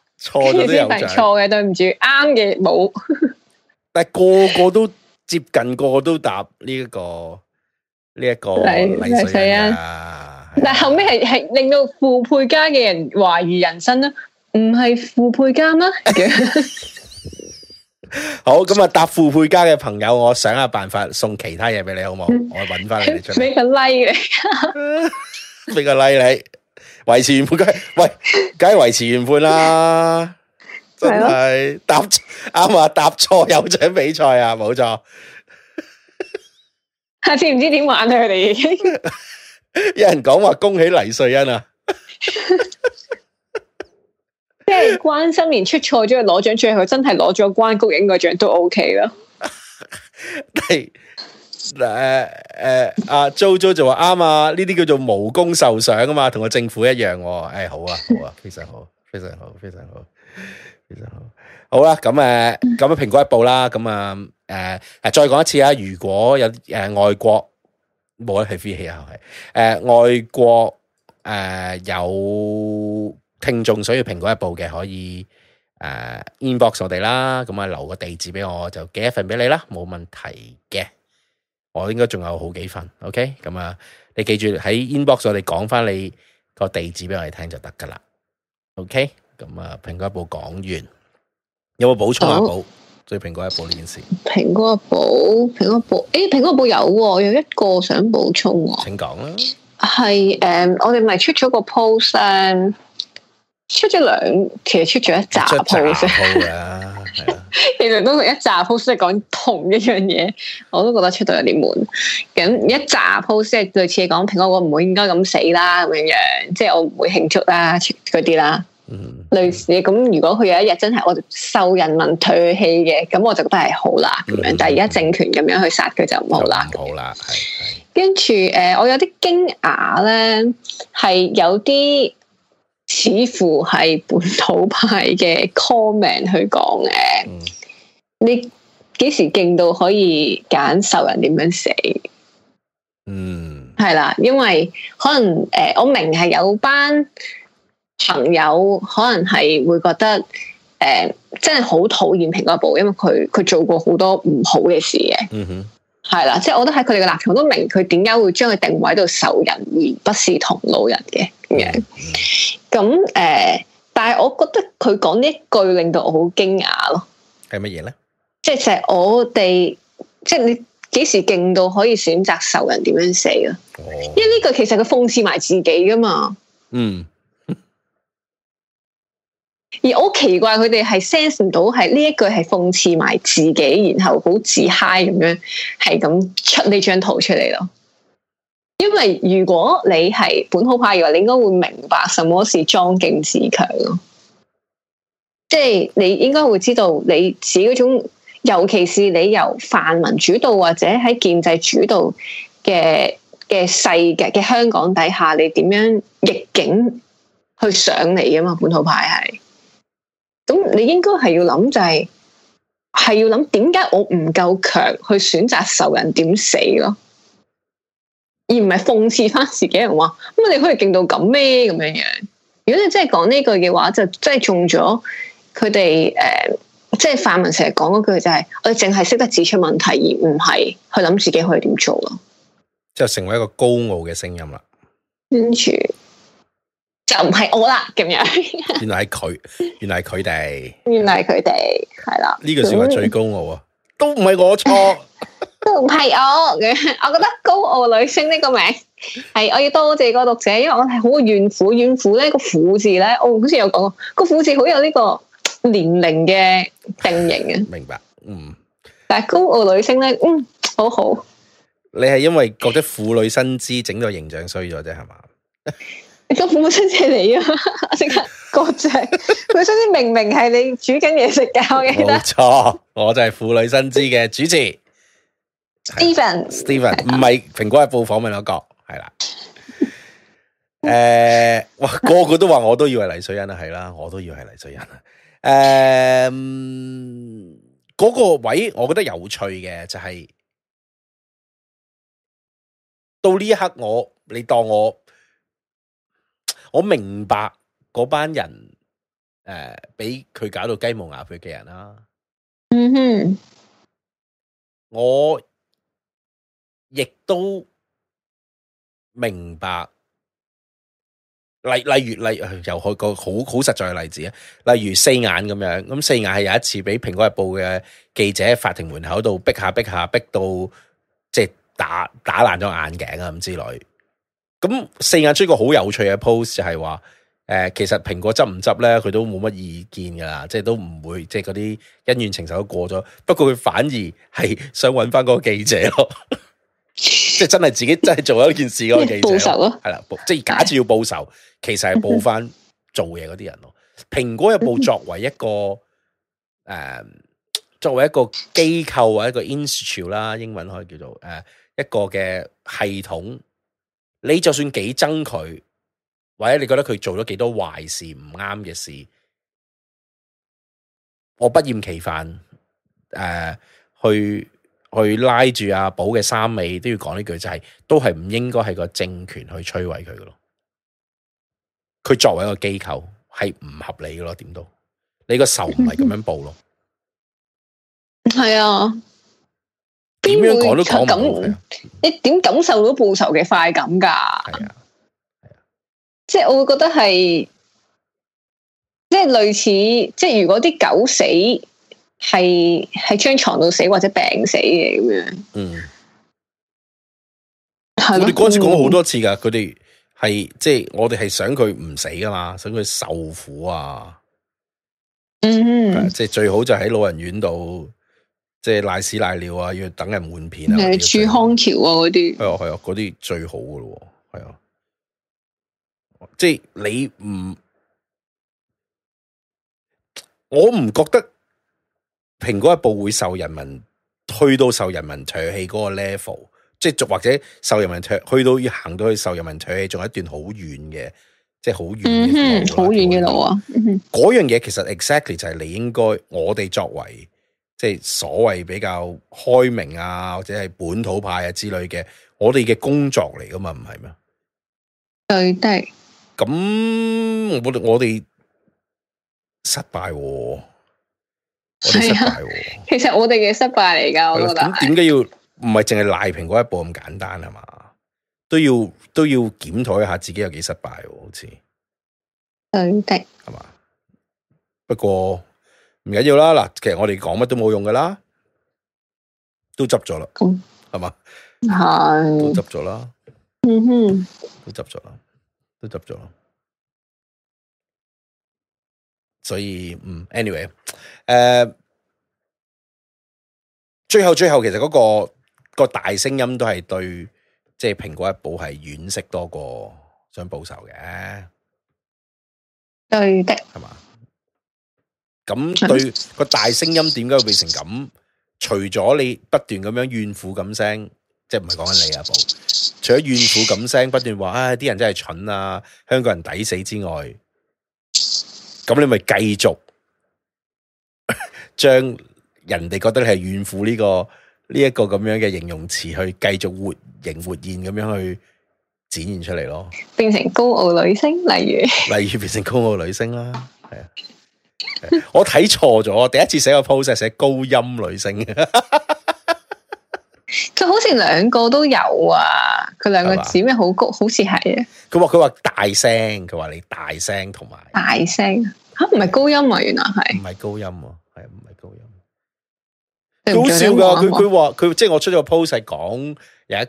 C: 錯嘅都有，有，錯嘅對唔住，啱嘅冇。
B: 但係個個都接近，個個都答呢一個呢一個。係、這、係、個、離啊。嗱、啊，
C: 但後尾係係令到富配家嘅人懷疑人生啦、啊，唔係富配家咩？
B: 好，咁啊，答富配家嘅朋友，我想下辦法送其他嘢俾你好冇？ 我揾翻你出。俾個 like 嘅，俾個 like 你。維持原判嘅，喂，梗係維持原判啦，真係答啱話答錯有獎比賽啊，冇錯。
C: 下次唔知點玩啊，佢哋已經
B: 有人講話恭喜黎瑞恩啊，
C: 即係關心妍出錯之後攞獎出去，佢真係攞咗關谷影嗰獎都 OK 啦。
B: 係。 誒誒，阿、uh, uh, JoJo 就話啱啊，呢啲叫做無功受賞啊嘛，同個政府一樣、哦。誒、哎，好啊，好啊，非常好，非常好，非常好，非常好。好、啊、啦，咁誒，咁啊，蘋果一部啦，咁啊，誒，再講一次啊，如果有誒、呃、外國冇得去飛起啊，係誒外國誒有聽眾，想要蘋果一部嘅可以誒、呃、inbox 我哋啦，咁啊留個地址俾我，就寄一份俾你啦，冇問題嘅。我應該仲有好幾份，OK？咁啊，你記住喺 inbox 我哋講翻你個地址俾我哋聽就得噶啦，OK？咁、哦、啊，蘋果日報講完，有冇補充啊？寶，對蘋果日報呢件事。
C: 蘋果日報？蘋果日報，誒，蘋果日報有、哦，有一個想補充、
B: 哦。請講啦。
C: 係誒，um, 我哋咪出咗個 post，出咗兩，其實出
B: 咗一集 post, post。
C: 啊、 其實都係一紮 post 嚟講同一樣嘢，我都覺得出到有啲悶。咁一紮 post 係類似講蘋果我唔會應該咁死啦咁樣樣，即係我唔會慶祝啦嗰啲啦。類似咁，如果佢有一日真係我受人民唾棄嘅，咁我就覺得係好啦咁樣。嗯嗯、但係而家政權咁樣去殺佢就唔好啦，好啦。跟住誒、呃，我有啲驚訝咧，係有啲。似乎係本土派嘅 comment 去講嘅，嗯、你幾時勁到可以揀仇人點樣死？嗯，係啦，因為可能誒、呃，我明係有班朋友可能係會覺得誒、呃，真係好討厭蘋果報，因為佢佢做過很多不好多唔好嘅事嘅。嗯哼。係啦，即係我，我都喺佢哋嘅立場都明佢點解會將佢定位到仇人而不是同路人嘅咁樣。咁誒、嗯，嗯、但係我覺得佢講呢一句令到我好驚訝咯。
B: 係乜嘢咧？
C: 即係就係我哋，即係你幾時勁到可以選擇仇人點樣死啊？因為呢個其實佢諷刺埋自己噶嘛。嗯。而好奇怪佢哋係 sense 唔到係呢一句係諷刺埋自己，然後好自嗨 i g 咁樣，係咁出呢張圖出嚟咯。因為如果你係本土派以，嘅話你應該會明白什麼是莊敬自強咯，即係你應該會知道你自己嗰種，尤其是你由泛民主導或者喺建制主導嘅嘅世界嘅嘅香港底下，你點樣逆境去上嚟㗎嘛，本土派係。咁你應該係要諗就係、是，係要諗點解我唔夠強去選擇仇人點死咯，而唔係諷刺翻自己人話咁你可以勁到咁咩咁樣樣？如果你真係講呢句嘅話，就真係中咗佢哋誒，即係泛民成日講嗰句就係、是，我哋淨係識得指出問題，而唔係去諗自己可以點做咯，
B: 就成為一個高傲嘅聲音啦。
C: 跟住。就唔係我啦，咁樣原，
B: 原來係佢，原來係佢哋，原
C: 來係佢哋係啦。呢個說話最
B: 高傲啊，嗯、都唔係我錯，
C: 都唔係我。 我覺得高傲女星呢個名，係我要多謝個讀者，因為我係好怨婦，怨婦呢個婦字咧，我好似有講過，個婦字好有呢個年齡嘅定型啊。
B: 明白，
C: 嗯。但係高傲女星咧，嗯，好好。
B: 你係因為覺得婦女身姿整到形象衰咗啫，係嘛？
C: 都感謝,謝你啊！阿正，多謝佢，雖然明明係你煮緊嘢食嘅，我記得。冇
B: 錯，我就係婦女新知嘅主持，Steven。Steven 唔係蘋果日報訪問嗰、那個，係啦。誒、 呃，哇！個個都話，我都以為黎水人啦，係、呃、啦，我都以為係黎水人啦。誒，嗰個位，我覺得有趣嘅就係、是、到呢一刻我，我你當我。我明白嗰班人，被他人，誒、mm，俾佢搞到雞毛鴨血嘅人啦。嗯
D: 哼，
B: 我亦都明白。例例如例，又去個好好實在嘅例子啊。例如四眼咁樣，咁四眼係有一次俾《蘋果日報》嘅記者喺法庭門口度逼下逼下，逼到即係打打爛咗眼鏡啊咁之類。咁四眼出一個好有趣嘅 post 就係話，誒、呃，其實蘋果執唔執咧，佢都冇乜意見噶啦，即係都唔會，即係嗰啲恩怨情仇都過咗。不過佢反而係想搵翻嗰個記者咯， 即係真係自己真係做咗一件事嗰個記者，係啦、啊，即係假設要報仇，其實係報翻做嘢嗰啲人咯。蘋 果日報作為一個誒、呃，作為一個機構或一個 institute 啦，英文可以叫做誒、呃、一個嘅系統。你就算幾憎佢，或者你覺得佢做咗幾多壞事唔啱嘅事，我不厭其煩，誒、呃，去去拉住阿寶嘅衫尾，都要講呢句，就係、是、都係唔應該係個政權去摧毀佢嘅咯。佢作為一個機構係唔合理嘅咯，點都你個仇唔係咁樣報咯。
D: 係啊。
B: 點樣講都講唔
C: 到，邊會感？你點感受到報仇嘅快感噶？係啊，係啊，即係我會覺得係，即、就、係、是、類似，即、就、係、是、如果啲狗死係喺張床度死或者病死嘅咁
D: 樣。嗯，係的。我哋嗰時
B: 講好多次噶，佢哋係即係我哋係想佢唔死噶嘛，想佢受苦啊。
D: 嗯
B: 哼，即係最好就喺老人院度。即係賴屎賴尿啊，要等人換
C: 片啊，住康橋啊嗰
B: 啲，係啊係啊，嗰啲最好噶咯，係啊，即係你唔，我唔覺得蘋果一步會受人民去到受人民唾棄嗰個 level，即係或者受人民唾去到要行到去受人民唾棄，仲有一段好遠嘅，即係好遠
C: 好、嗯、遠嘅路啊！
B: 嗰樣嘢、嗯、哼其實 exactly 就係你應該，我哋作為。即係所謂比較開明啊，或者係本土派啊之類嘅，我哋嘅工作嚟噶嘛，唔係咩？
C: 對的。
B: 咁我我哋失敗，的我哋失敗。其實我
C: 哋嘅失敗嚟噶，我覺得是。
B: 點解要唔係淨係賴蘋果一步咁簡單啊？嘛，都要都要檢討一下自己有幾失敗，好似。
C: 對的。係嘛？
B: 不過。唔緊要啦，嗱，其實我哋講乜都冇用㗎啦，都執咗啦，係嘛？
D: 係都執咗啦，嗯哼，
B: 都執咗啦，都執咗啦。所以嗯，anyway，誒、呃，最後最後其實嗰、嗰個、嗰個大聲音都係對，即係蘋果日報係惋惜多過想報仇嘅，
D: 對的，係嘛？
B: 咁對個大聲音點解會變成咁？除咗你不斷咁樣怨婦咁聲，即係唔係講緊你啊？寶，除咗怨婦咁聲，不斷話啊啲人真係蠢啊，香港人抵死之外，咁你咪繼續將人哋覺得你係怨婦呢個呢一個咁樣嘅形容詞去繼續活形活現咁樣去展現出嚟咯，
C: 變成高傲女星，例如
B: 例如變成高傲女星啦，係啊。 我睇錯咗，第一次寫個 post 係寫高音女性，
C: 佢好似兩個都有啊，佢兩個指咩吧好高，好似係啊。
B: 佢話佢話大聲，佢話你大聲同埋
C: 大聲吓，唔係高音啊，原來係
B: 唔係高音啊，係唔係高音、啊？好、啊、笑噶，佢佢話佢即係我出咗個 post 係講有一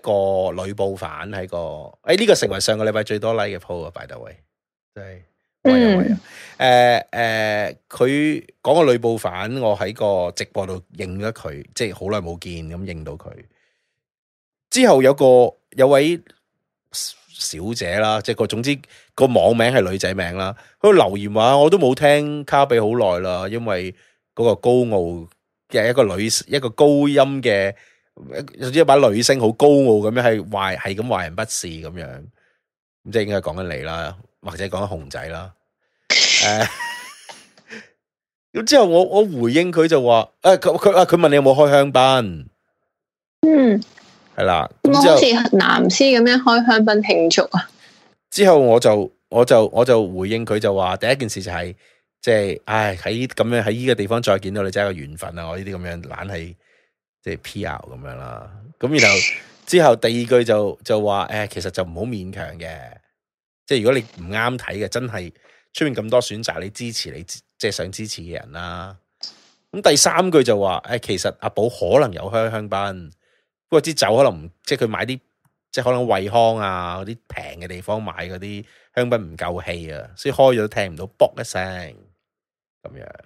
B: 個女暴犯喺個，誒、哎、呢、這個成為上個禮拜最多 like 嘅 post 啊 ，by the way，係。嗯，誒誒，佢講個女暴犯，我喺個直播度認咗佢，即係好耐冇見咁認到佢。之後有個有位小姐啦，即係個總之個網名係女仔名啦，佢留言話我都冇聽卡比好耐啦，因為嗰個高傲嘅一個女一個高音嘅，總之一把女聲好高傲咁樣，係壞係咁壞人不是咁樣，咁即係應該講緊你啦。或者講熊仔啦，咁之後我我回應佢就話，誒佢佢啊佢問你有冇開香檳，嗯，係啦，好似
C: 男士咁樣開香檳慶祝
B: 啊。之後我就我就我就回應佢就話，第一件事就係，即係，唉喺咁樣喺依個地方再見到你真係個緣分啊！我呢啲咁樣懶係即係 PR 咁樣啦。咁然後之後第二句就就話，誒其實就唔好勉強嘅。即係如果你唔啱睇嘅，真係出面咁多選擇，你支持你即係、就是、想支持嘅人啦、啊。咁第三句就話，誒、哎，其實阿寶可能有香香檳，不過支酒可能即係佢買啲，即係可能惠康啊嗰啲平嘅地方買嗰啲香檳唔夠氣啊，所以開咗都聽唔到卜一聲，咁樣。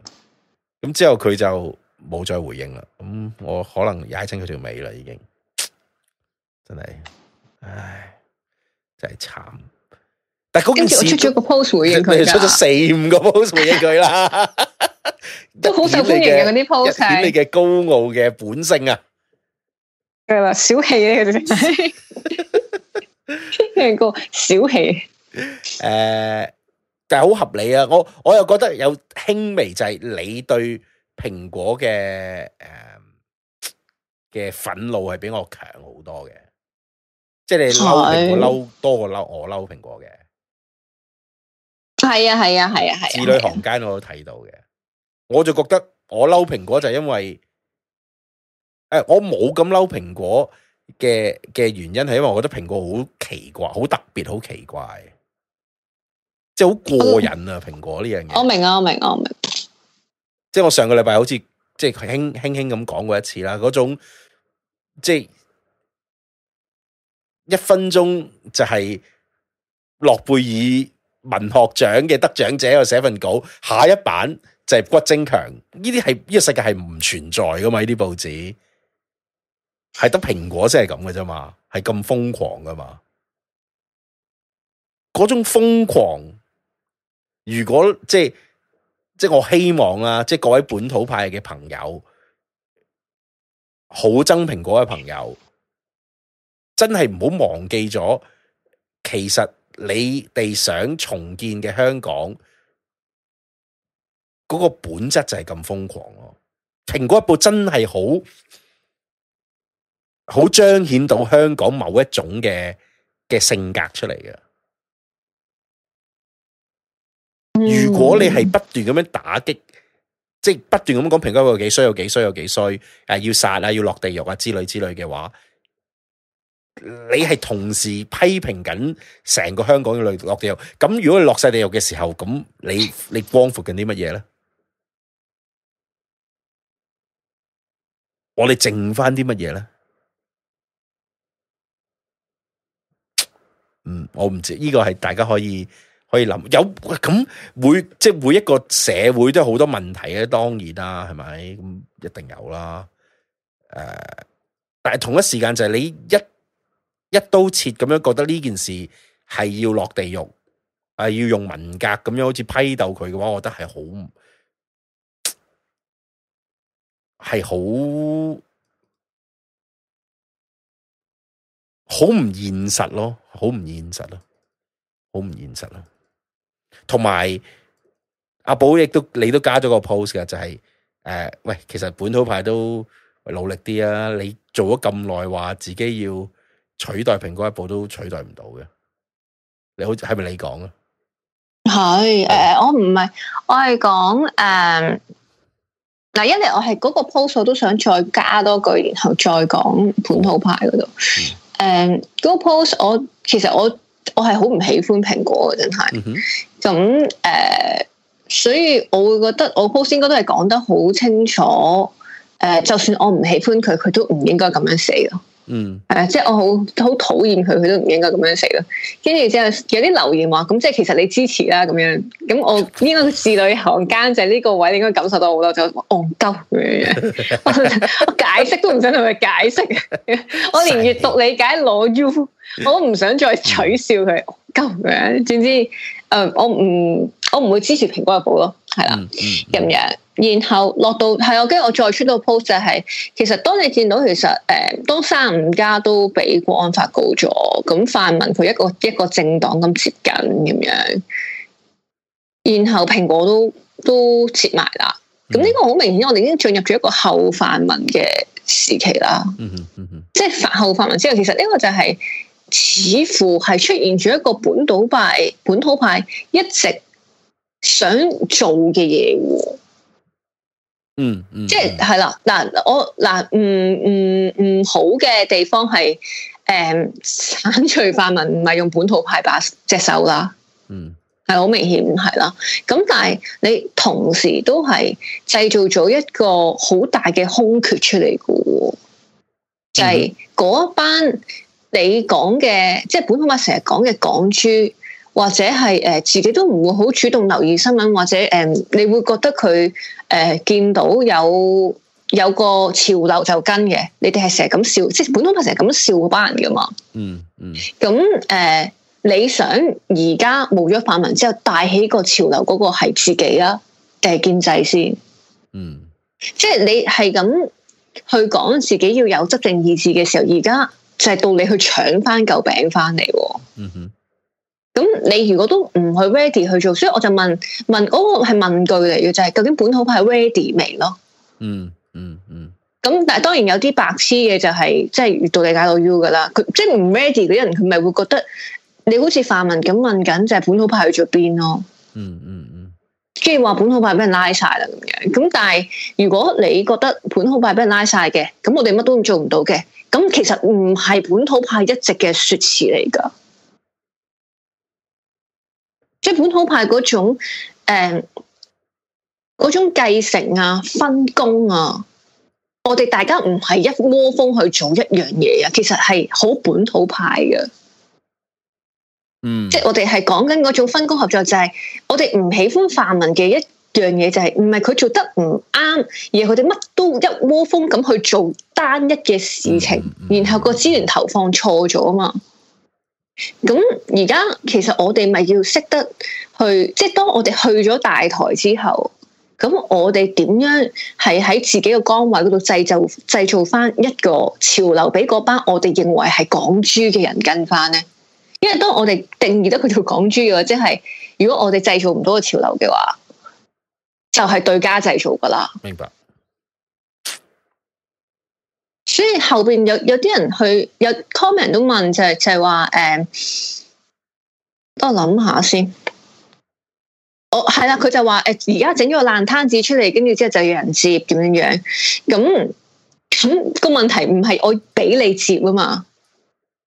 B: 咁之後佢就冇再回應啦。咁我可能踩親佢條尾啦，已經，真係，唉，真係慘。但究竟我出咗個 post 會啊，佢出咗四五個 post 會佢啦，都好受歡迎嘅嗰啲 post，一展你嘅高傲嘅本性啊！佢話小氣咧，個小氣誒，但係好合理啊！我我又覺得有輕微就係你對蘋果嘅誒嘅憤怒係比我強好多嘅，即係你嬲蘋果嬲多過嬲我嬲蘋果嘅。
D: 係啊，係啊，係啊，係、啊。子、
B: 啊、女行間我都睇到嘅，我就覺得我嬲蘋果就係因為，誒、哎，我冇咁嬲蘋果嘅嘅原因係因為我覺得蘋果好奇怪，好特別，好奇怪，即係好過癮啊！蘋果呢樣嘢，我
C: 明啊，我明，啊，我明。
B: 即係我上個禮拜好似即係佢輕輕輕咁講過一次啦，嗰種即係一分鐘就係諾貝爾文學獎嘅得獎者又寫份稿，下一版就係、是、骨精強，呢啲係呢個世界係唔存在噶嘛？呢啲報紙係得蘋果先係咁嘅啫嘛，係咁瘋狂噶嘛？嗰種瘋狂，如果即係即係我希望啊，即係各位本土派嘅朋友，好憎蘋果嘅朋友，真係唔好忘記咗，其實。你哋想重建嘅香港嗰個本質就係咁瘋狂咯。蘋果一部真係好好彰顯到香港某一種嘅嘅性格出嚟嘅。嗯、如果你係不斷咁樣打擊，即係不斷咁講蘋果一部幾衰有幾衰有幾衰，誒要殺啊要落地獄啊之類之類嘅話。你係同時批評緊成個香港嘅落地獄，咁如果你落晒地獄嘅時候，咁你你光復緊啲乜嘢咧？我哋剩翻啲乜嘢咧？嗯，我唔知，呢個係大家可以可以諗有咁每，即係每一個社會都有好多問題嘅，當然啦，係咪？咁一定有啦。誒，但係同一時間就係你一。一刀切咁樣覺得呢件事係要落地獄，係要用文革咁樣好似批鬥佢嘅話，我覺得係好係好
D: 好唔現實咯，好
B: 唔現實咯，好唔現實咯。同埋阿寶亦都你都加咗個 post 噶，就係、是、誒、呃，喂，其實本土派都努力啲啊，你做咗咁耐，話自己要。取代蘋果一步都取代唔到嘅，你好，係咪你講啊？
C: 係誒、呃，我唔係，我係講誒嗱，一、呃、嚟我係嗰個 post 都想再加多句，然後再講本土派嗰度。誒、嗯，嗰、呃嗰個 post 我其實我我係好唔喜歡蘋果嘅，真係
D: 咁
C: 誒，所以我會覺得我的 post 應該都係講得好清楚。誒、呃，就算我唔喜歡佢，佢都唔應該咁樣死咯。嗯，誒，即係我好，好討厭佢，佢都唔應該咁樣食咯。跟住之後有啲留言話，咁即係其實你支持啦、啊，咁樣。咁我應該、這個字女行奸就係呢個位你應該感受到好多就戇鳩咁
D: 樣 我，
C: 我解釋都唔想同佢解釋， 我連閱讀理解攞 U，我都唔想再取笑佢，戇鳩咁樣。總之，誒、呃，我唔，我唔會支持蘋果日報咯。係啦，咁樣，嗯嗯、然後落到係我跟住我再出到 post，就係、是、其實當你見到其實誒、呃，當三五家都俾國安法告咗，咁泛民佢一個一個政黨咁接緊，咁樣，然後蘋果都都接埋啦，咁呢個好明顯，我哋已經進入咗一個後泛民嘅時期啦。即係反後泛民之後，其實呢個就係似乎係出現咗一個本土派，本土派一直。想做嘅嘢喎，嗯，即係係啦，嗱、嗯、我嗱唔唔唔好嘅地方係，誒、嗯，鏟除泛民唔係用本土派把隻手啦，嗯，係好明顯係啦，咁但係你同時都係製造咗一個好大嘅空缺出嚟嘅，就係、是、嗰班你講嘅，嗯、即係本土派成日講嘅港豬。或者係誒自己都唔會好主動留意新聞，或者誒、嗯、你會覺得佢誒、呃、見到有有個潮流就跟嘅，你哋係成日咁笑，即係本土派成日咁笑嗰班人噶嘛？嗯嗯。咁、嗯、誒、呃，你想而家冇咗泛民之後帶起個潮流嗰個係自己啊定係建制先？嗯，即係你係咁去講自己要有執政意志嘅時候，而家就係到你去搶翻嚿餅翻嚟喎。嗯哼。咁你如果都唔去 ready 去做，所以我就問問嗰、那個係問句嚟嘅，就係、是、究竟本土派 ready 未咯、嗯？嗯嗯嗯。咁但係當然有啲白痴嘅就係、是、即係閱讀理解到 u 噶啦，佢即係唔 ready 嗰啲人，佢咪會覺得你好似泛民咁問緊，就係、是、本土派去咗邊咯？嗯嗯嗯。即係話本土派俾人拉晒啦咁樣。咁但係如果你覺得本土派俾人拉晒嘅，咁我哋乜都做唔到嘅。咁其實唔係本土派一直嘅說辭嚟噶。即係本土派嗰種誒，嗰、呃、種繼承啊、分工啊，我哋大家唔係一窩蜂去做一樣嘢啊，其實係好本土派嘅。嗯，即係我哋係講緊嗰種分工合作就係，我哋唔喜歡泛民嘅一樣嘢就係，唔係佢做得唔啱，而佢哋乜都一窩蜂咁去做單一嘅事情，嗯嗯嗯，然後個資源投放錯咗啊嘛。咁而家其實我哋咪要識得去，即係當我哋去咗大台之後，咁我哋點樣係喺自己嘅崗位嗰度製造製造翻一個潮流俾嗰班我哋認為係港珠嘅人跟翻咧？因為當我哋定義得佢做港珠嘅話，即係如果我哋製造唔到個潮流嘅話，就係、是、對家製造噶啦。明白。所以後邊有有啲人去有 comment 都問就係、是、就係話誒，多諗下先。我係啦，佢就話誒，而家整咗個爛攤子出嚟，跟住之後就有人接，點樣樣？咁咁個問題唔係我俾你接啊嘛，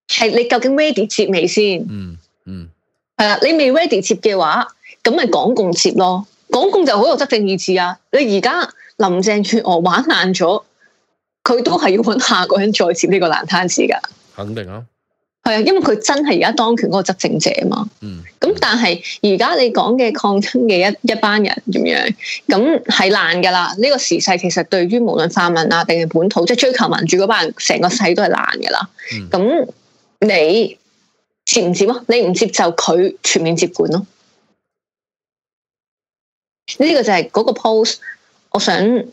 C: 係你究竟 ready 接未先、嗯？嗯嗯，係啦，你未 ready 接嘅話，咁咪港共接咯，港共就好有執政意志啊。你而家林鄭月娥玩爛咗。佢都係要揾下個人再接呢個爛攤子噶，肯定啊，係啊，因為佢真係而家當權嗰個執政者啊嘛嗯。嗯，咁但係而家你講嘅抗爭嘅一一班人咁樣？咁係爛噶啦，呢個時勢其實對於無論泛民啊定係本土，即係追求民主嗰班人，成個世都係爛噶啦。咁你接唔接咯？你唔接受佢全面接管咯。呢個就係嗰個 pose，我想。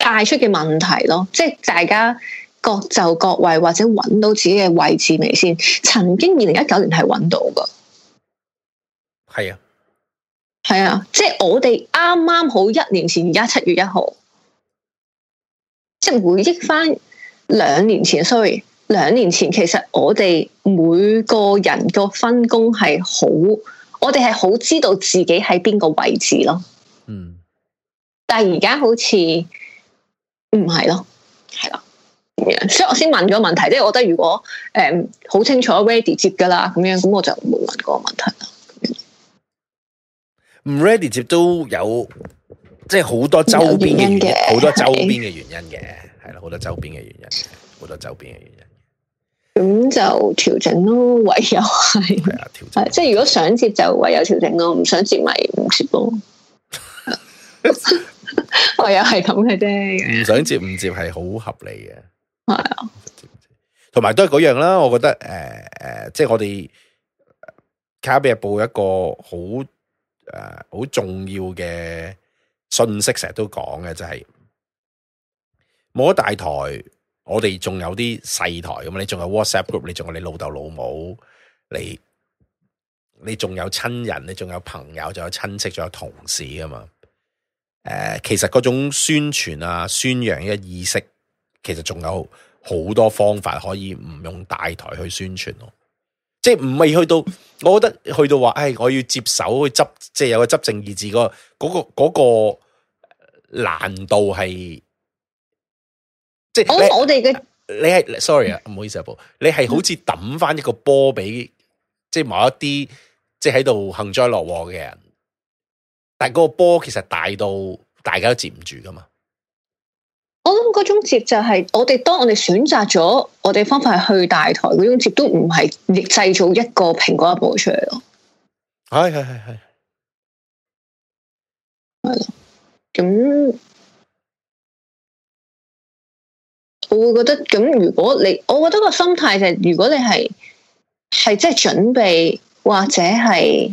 C: 帶出嘅問題咯，即係大家各就各位或者揾到自己嘅位置未先？曾經二零一九年係揾到㗎，係啊，
B: 係啊，
C: 即係我哋啱啱好一年前而家七月一號，即係回憶返兩年前，sorry，兩年前其實我哋每個人個分工係好，我哋係好知道自己喺邊個位置咯，嗯，但係而家好似。唔係咯，係咯，所以我先問咗問題，即係我覺得如果誒好、呃、清楚 ready 接噶啦，咁樣咁我就唔會問嗰個問題啦。
B: 唔 ready 接都有，即係好多周邊嘅原因，好多周邊嘅原因嘅，係咯的，好多周邊嘅原因，好的多周邊嘅原因。
C: 咁就調整咯，唯有係調整的即係如果想接就唯有調整咯，唔想接咪唔接咯。 唯有係
D: 咁
B: 嘅啫，唔想接唔接係好合理嘅，係啊，同埋都係嗰樣啦。我覺得誒誒、呃，即係我哋《卡比日報》一個好誒好重要嘅信息，成日都講嘅就係冇咗大台，我哋仲有啲細台咁嘛。你仲有 WhatsApp group，你仲有你老豆老母，你你仲有親人，你仲有朋友，仲有親戚，仲有同事啊嘛。誒、呃，其實嗰種宣傳啊、宣揚嘅意識，其實仲有好多方法可以唔用大台去宣傳咯。即係唔係去到， 我覺得去到話，誒、哎，我要接手去執，即係有個執政意志、嗰個個、嗰個難度係，即係我哋嘅你係 sorry 啊，唔好意思啊 你係好似抌翻一個波俾，即係某一啲即係喺度幸災樂禍嘅人。但係個波其實大到大家都接唔住噶嘛？
C: 我諗嗰種接就係我哋當我哋選擇咗我哋方法係去大台嗰種接都唔係亦製造一個
D: 蘋果一波出嚟咯。係係係係。係、哎、咯。咁、
C: 哎、我會覺得咁如果你，我覺得個心態就係、是、如果你係係即係準備或者係。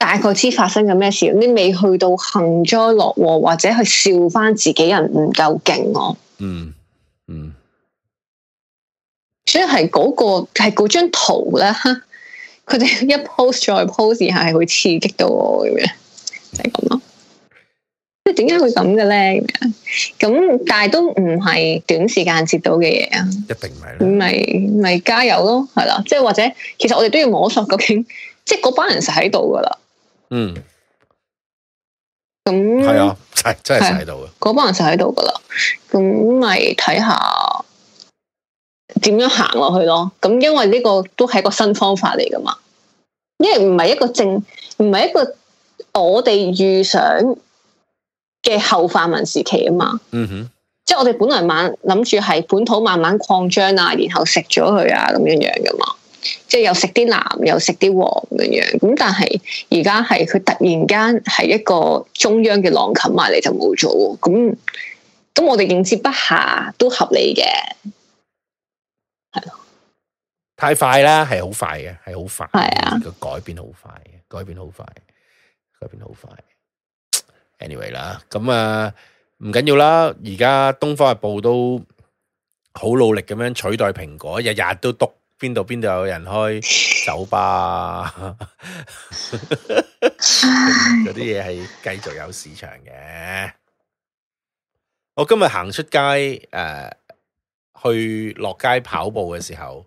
C: 大概知發生緊咩事，你未去到幸災樂禍或者去笑翻自己人唔夠勁我嗯嗯，嗯所以係嗰個係嗰張圖咧，佢哋一 post 再 post 係會刺激到我咁樣，係咁咯。即係點解會咁嘅咧？咁但係都唔係短時間接到嘅嘢啊，一定唔係，唔係唔係加油咯，係啦，即係或者其實我哋都要摸索究竟，即係嗰班人實喺度噶啦。嗯，咁係那啊，真
D: 係晒喺度嘅，
C: 嗰班人就喺度噶啦，咁咪睇下點樣行落去咯。咁因為呢個都係一個新方法嚟噶嘛，因為唔係一個正，唔係一個我哋預想嘅後泛民時期啊嘛。嗯哼，即係我哋本來諗諗住係本土慢慢擴張啊，然後食咗佢啊咁樣樣噶嘛。即係又食啲藍又食啲黃咁樣，咁但係而家係佢突然間係一個中央嘅浪冚埋嚟就冇咗，咁咁我哋認知不下都合理嘅，係
B: 咯，太快啦，係好快嘅，係好快，係啊的，個改變好快嘅，改變好快，改變好快，改變好快，anyway 啦，啊，咁啊唔緊要啦，而家東方日報都好努力咁樣取代蘋果，日日都讀。邊度邊度有人開酒吧啊？啲嘢係繼續有市場嘅。我今日行出街，誒、呃，去落街跑步嘅時候，誒、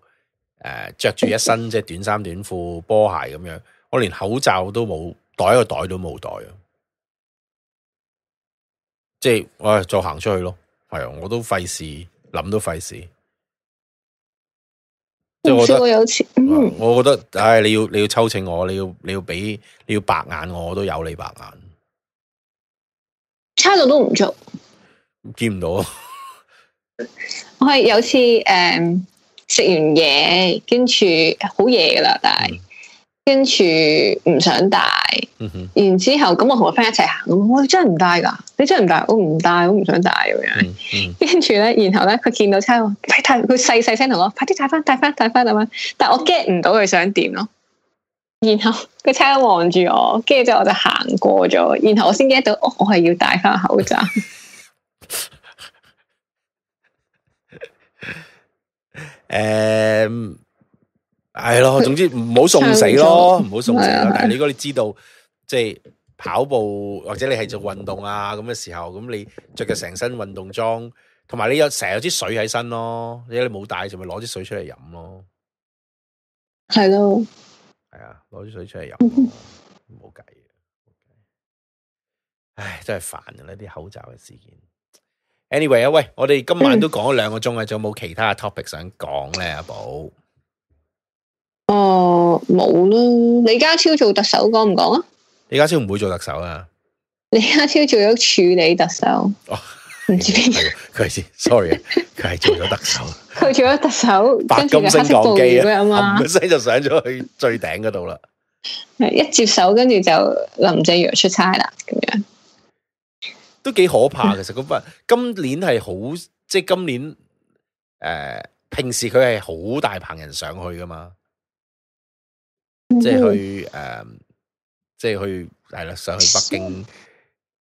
B: 呃，着住一身即係短衫短褲波鞋咁樣，我連口罩都冇，袋個袋都冇袋啊！即係，我就行出去咯。係啊，我都費事諗都費事。即
D: 係
B: 我覺得，嗯、我覺得，唉，你要你要抽請我，你要你要俾你要白眼我，我都有你白眼，
C: 差到都唔足，
B: 見唔到。
C: 我係有次誒，食完嘢跟住好夜㗎啦，但係。嗯跟住唔想戴，嗯、哼然之後咁我同我 friend 一齊行，我真係唔戴噶，你真係唔戴，我唔戴，我唔想戴咁、嗯嗯、樣。跟住咧，然後咧，佢見到差我，佢細細聲同我快啲戴翻，戴翻，戴翻咁樣。但係我 get 唔到佢想點咯。然後個差我望住我，跟住之後我就行過咗，然後我先 get 到，哦、我係要戴翻口罩。嗯 、
B: um。係咯，總之唔好送死咯，唔好送死咯。但係如果你知道，即係跑步或者你係做運動啊咁嘅時候，咁你着嘅成身運動裝，同埋你有成日有啲水喺身咯，你你冇帶，就咪攞啲水出嚟飲咯。
D: 係咯
B: 的，係啊，攞啲水出嚟飲，冇計嘅。唉，真係煩啊，呢啲口罩嘅事件。Anyway 啊，喂，我哋今晚都講咗兩個鐘啊，仲、嗯、有冇其他嘅 topic 想講咧？阿寶？
D: 哦，
C: 冇啦！李家超做特首講唔講啊？說
B: 不說李家超唔會做特首啊！
C: 李家超做咗處理特首哦，唔 知邊個
B: 佢先？Sorry，佢係做咗特首，
C: 佢 做咗特首，白金升降機啊嘛，咁即
B: 係就上咗去最頂嗰度啦。係
C: 一接手，跟住就林鄭月出差啦，咁樣
B: 都幾可怕的。其實嗰份今年係好，即係今年誒、呃，平時佢係好大棚人上去噶嘛。即係去誒、嗯，即係去係啦，上去北京。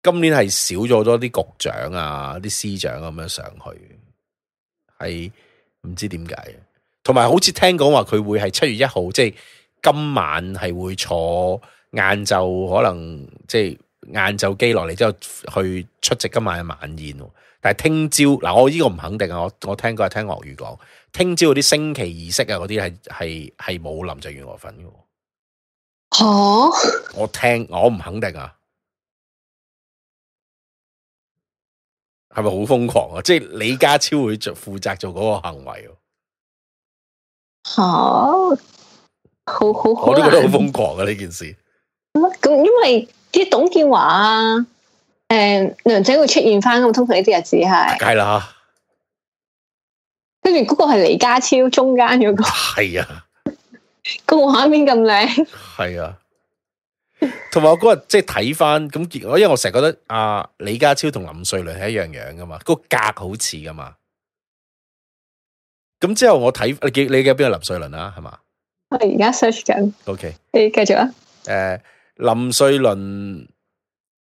B: 今年係少咗多啲局長啊，啲司長咁樣上去，係唔知點解。同埋好似聽講話佢會係七月一號，即係今晚係會坐晏晝，可能即係晏晝機落嚟之後去出席今晚嘅晚宴。但係聽朝嗱，我呢個唔肯定啊。我我聽過係聽鱷魚講，聽朝嗰啲升旗儀式啊，嗰啲係係係冇林鄭月娥份噶。哦，我聽，我唔肯定啊，係咪好瘋狂啊？即係李家超會做負責做嗰個行為哦。哦，
D: 好好，
B: 我都覺得好瘋狂啊！呢難件事
C: 咁，因為啲董建華啊，誒、呃，娘仔會出現返咁，通常呢啲日子係，係啦、啊，跟住嗰個係李家超中間嗰、那個，
B: 係啊。
C: 個畫面咁靚，
B: 係啊，同埋我嗰日即係睇翻咁，果，因為我成日覺得啊，李家超同林瑞麟係一樣樣噶嘛，那個格好似噶嘛。咁之後我睇你你記邊個林瑞麟啊？係嘛？
C: 我哋而家 search 緊。
B: OK，你繼續啊。誒、呃，林瑞麟，誒、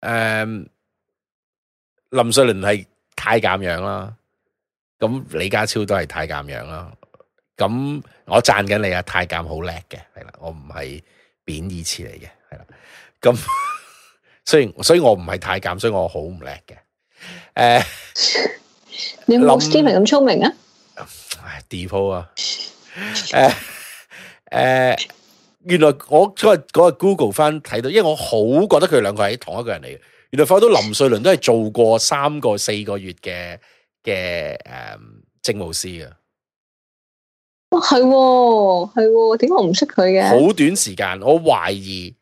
B: 呃，林瑞麟係太監樣啦。咁李家超都係太監樣啦。咁我讚緊你啊！太監好叻嘅，係啦，我唔係貶義詞嚟嘅，係啦。咁雖然，所以我唔係太監，所以我好唔叻嘅。誒，你老 s t e 咁聰明啊？唉，Depo 啊。誒誒、嗯，嗯、原來我嗰日 Google 翻睇到，因為我好覺得佢兩個係同一個人嚟嘅。原來發覺到林瑞麟都係做過三個四個月嘅嘅誒，政務司
D: 哇，係喎，係喎，點解我唔識佢嘅？好
B: 短時間，我懷疑，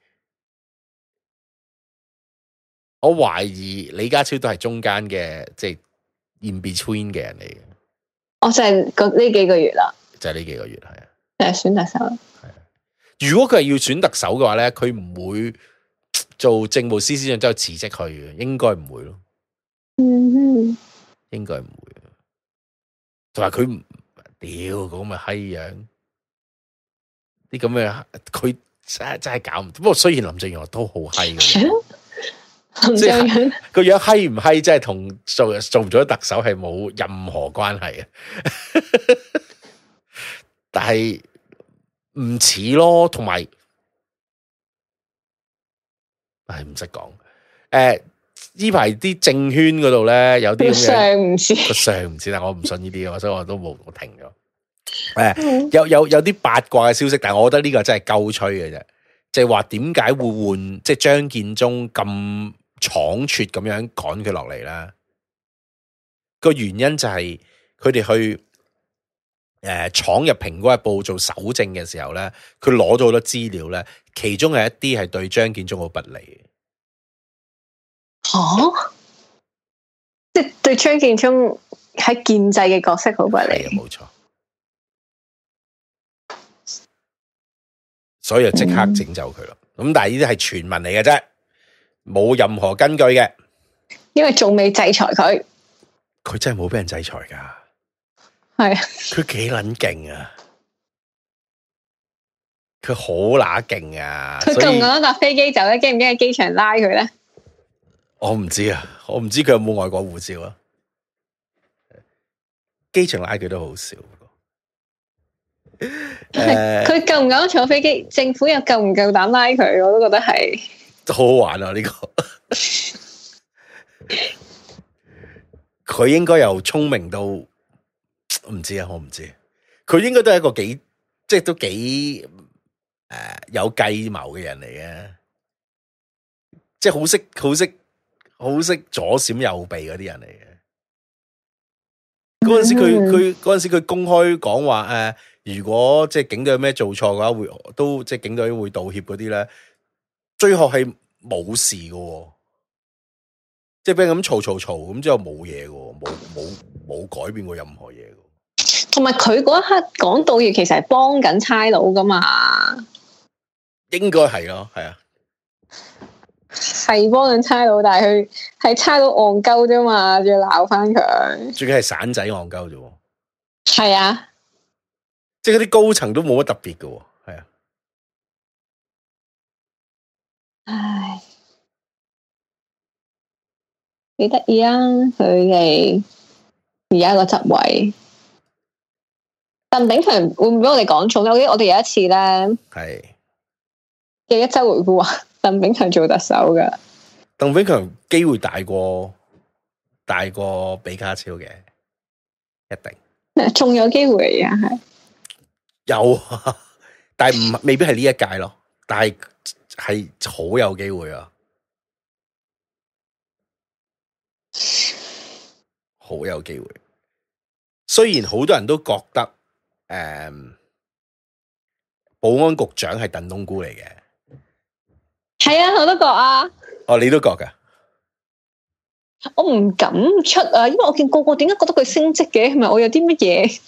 B: 我懷疑李家超都係中間嘅，即係 in between 嘅人嚟嘅。我
C: 就係呢幾個月啦，
B: 就係呢幾個月係啊，
C: 係選特首。係啊，
B: 如果佢係要選特首嘅話咧，佢唔會做政務司司長之後辭職去嘅，應該唔會
D: 咯。
B: 嗯哼，應該唔會啊。同埋佢唔。屌，咁咪閪樣，啲咁嘅佢真真係搞唔，不過雖然林鄭月娥都好閪，即係個樣閪唔閪，真係同做做咗特首係冇任何關係嘅， 但係唔似咯，同埋，唉，唔識講，誒、呃。呢排啲政圈嗰度咧，有啲上唔知，上唔知， 但我唔信呢啲嘅，所以我都冇停咗。誒，有有有啲八卦嘅消息，但係我覺得呢個真係鳩吹嘅啫，即係話點解會換，即係張建宗咁倉促咁樣趕佢落嚟啦？個原因就係佢哋去誒闖、呃、入蘋果日報做搜證嘅時候咧，佢攞咗好多資料咧，其中有一啲係對張建宗好不利。
D: 哦，即係對張建宗喺建制嘅角色好不利，係
B: 冇錯，所以就即刻整走佢咯。咁、嗯、但係呢啲係傳聞嚟嘅啫，冇任何根據嘅，
C: 因為仲未制裁佢，
B: 佢真係冇俾人制裁噶，係啊，佢幾捻勁啊，佢好乸勁啊，佢仲唔趕
C: 架飛機走咧？驚唔驚？喺機場拉佢咧？
B: 我唔知啊，我唔知佢有冇外國護照啊。機場拉佢都好少，啊。佢
C: 夠唔夠膽坐飛機？政府又夠唔夠膽拉佢？我都覺得係。
B: 就好玩啊！呢，這個佢 應該又聰明到，我唔知啊，我唔知。佢應該都係一個幾，即係都幾誒、呃、有計謀嘅人嚟嘅，即係好識，好識。好識左閃右避嗰啲人嚟嘅，嗰陣時佢佢陣時佢公開講話誒，如果即係警隊有咩做錯嘅話，會都即係警隊會道歉嗰啲咧，最後係冇事喎，即係畀佢咁嘈嘈嘈，咁之後冇嘢嘅，冇冇冇改變過任何嘢。
C: 同埋佢嗰一刻講道歉，其實係幫緊差佬噶嘛，
B: 應該係咯，係啊。
C: 係幫緊差佬，但係佢係差到戇鳩啫嘛，仲要鬧返佢。
B: 最緊係散仔戇鳩啫。係啊，即係嗰啲高層都冇乜特別㗎。係啊，唉，
D: 幾得意啊！佢哋而家個職位，
C: 鄧炳強會唔會俾我哋講錯咧？我哋有一次咧，
B: 係有
C: 是一周回顧啊。鄧炳強做特首嘅，
B: 鄧炳強機會大過大過比卡超嘅，一定。
C: 仲有機會啊，係
B: 有，但係唔未必係呢一屆咯，但係係好有機會啊，好有機會。雖然好多人都覺得，誒，嗯，保安局長係鄧東姑嚟嘅。
D: 係啊，我都覺啊。
B: 哦，你都覺噶、
C: 啊？我唔敢出啊，因為我見個個點解覺得佢升職嘅，係咪我有啲乜嘢？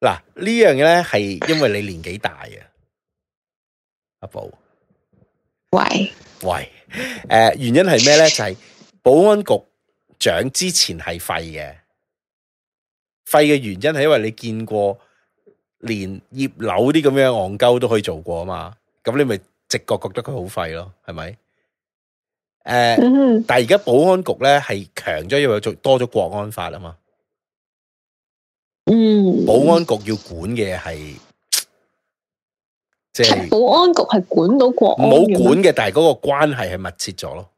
B: 嗱，呢樣嘢咧係因為你年紀大 啊，阿寶。
D: 喂
B: 喂，誒、呃，原因係咩咧？ 就係保安局長之前係廢嘅，廢嘅原因係因為你見過連葉劉啲咁樣戇鳩都可以做過啊嘛，咁你咪。直覺覺得佢好廢咯，係咪？誒，uh，但係而家保安局咧係強咗，因為做多咗國安法啊嘛。嗯，mm. 保安局要管嘅係即係
D: 保安局
C: 係管到國安，冇管
B: 嘅，但係嗰個關係係密切咗咯。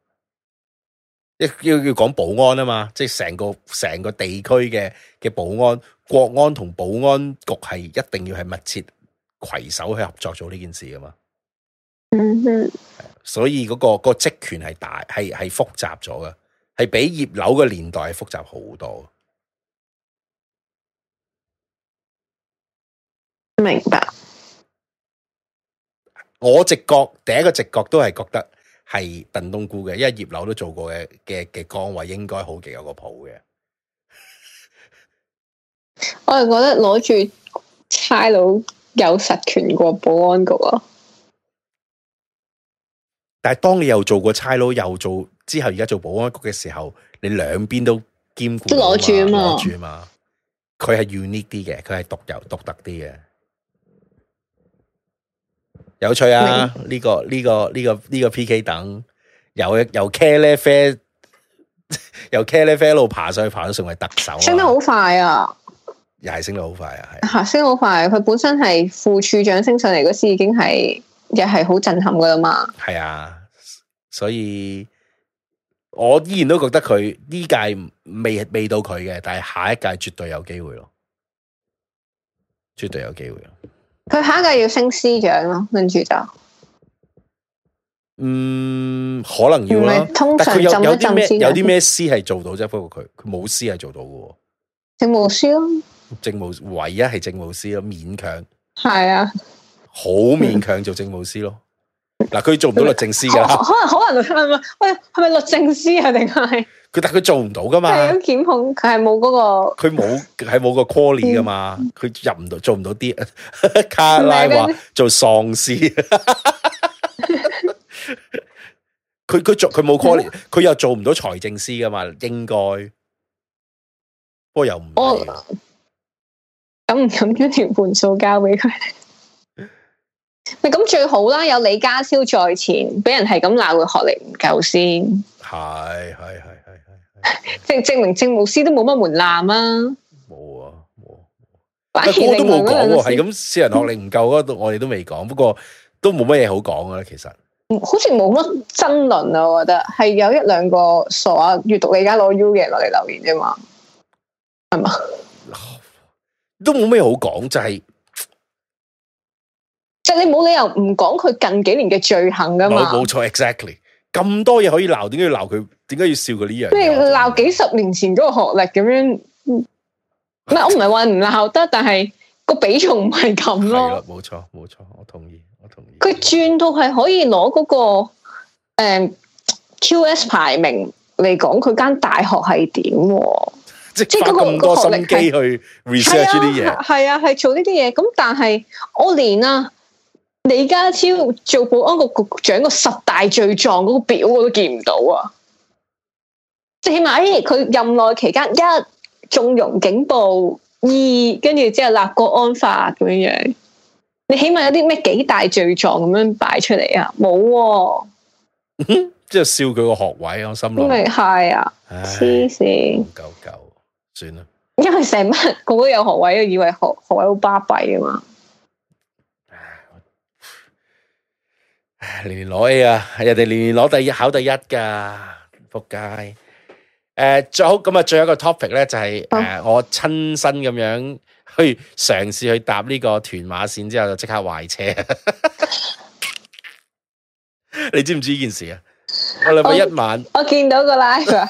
B: 一要要講保安啊嘛，即係成個成個地區嘅嘅保安、國安同保安局係一定要係密切攜手去合作做呢件事噶嘛。嗯，所以嗰、嗰個、嗰個職權係大，係係複雜咗㗎，係比葉劉嘅年代係複雜好多。明白。我直覺第一個直覺都係覺得係鄧冬菇嘅，因為葉劉都做過嘅嘅嘅崗位，應該好幾有個譜嘅。
D: 我係
C: 覺得攞住差佬有實權過保安局啊。
B: 但係當你又做過差佬，又做之後而家做保安局嘅時候，你兩邊都兼顧，都攞住啊嘛，攞住嘛。佢係 unique 嘅，佢係獨有獨特啲嘅，有趣啊！呢、嗯呢個呢、呢個呢、呢個呢、呢個 PK 等，由由茄喱啡，由茄喱啡路爬上去，爬到成為特首、啊，升得
C: 好快啊！又
B: 係升得好快啊！
C: 係升得好快、啊，佢本身係副處長升上嚟嗰時，已經係又係好震撼噶啦嘛。
B: 係啊。所以，我依然都覺得佢呢屆未未到佢嘅，但係下一屆絕對有機會咯，絕對有機會咯。佢下一
C: 屆要升司長咯，跟住
B: 就，嗯，可能要啦。通常有啲咩有啲咩司係做到啫？不過佢佢冇司係做到嘅
C: 喎，
B: 政務司咯，政務唯一係政務司咯，勉強。係啊，好勉強做政務司咯。 嗱，佢做唔到律政司噶
C: 可能可能喂，係咪律政司？啊？定係
B: 佢但佢做唔到噶嘛，、那個、嘛？
C: 檢控佢係冇嗰個，
B: 佢冇係冇個 call 嘅嘛？佢入唔到，做唔到啲。嗯、卡拉話做喪屍、嗯，佢、嗯、佢 做佢冇 call，佢又做唔到財政司噶嘛？應該，不過又唔，我
C: 咁唔敢將條盤數交俾佢。咁最好啦，有李家超在前，俾人係咁鬧佢學歷唔夠先，係係係係係，即係 證明政務司都冇乜門檻啊，冇啊，
B: 冇、啊，就是、我都冇講喎，係咁私人學歷唔夠咯，我哋都未講，不過都冇乜嘢好講啊，其實，
C: 好似冇乜爭論啊，我覺得係有一兩個傻啊，閱讀理解攞 U 嘅落嚟留言啫嘛，
B: 係嘛，都冇咩好講，就係、是。
C: 你冇理由唔講佢近幾年嘅罪行噶嘛？冇
B: 錯，exactly，咁多嘢可以鬧，點解要鬧佢？點解要笑佢呢樣？即係
C: 鬧幾十年前嗰個學歷咁樣。唔係我唔係話唔鬧得，但係個比重唔係咁咯。
B: 冇錯，冇錯，我同
C: 意，我同意。佢轉到係可以攞嗰個誒 QS 排名嚟講，佢間大學係點？即係花咁多心機去
B: research 啲嘢，
C: 係啊，係做呢啲嘢。咁但係我連啊。李家超做保安局局長個十大罪狀嗰個表我都見唔到啊！即係起碼，誒，佢任內期間一縱容警暴，二跟住之後立國安法咁樣，你起碼有啲咩幾大罪狀咁樣擺出嚟？啊冇，
B: 即係笑佢個學位，我心諗，因為
C: 係啊，黐線，唔夠夠，算啦，因為成班個個有學位，又以為學學位好巴閉啊嘛。
B: 年年攞 A 啊！人哋年年攞第一，考第一噶，仆街！誒，最好咁啊，最後一個 topic 咧就係、是、誒、啊呃，我親身咁樣去嘗試去搭呢個屯馬綫之後就即刻壞車， 你知唔知呢件事啊？我，
C: 我諗咗一晚我，我見到個 l、啊、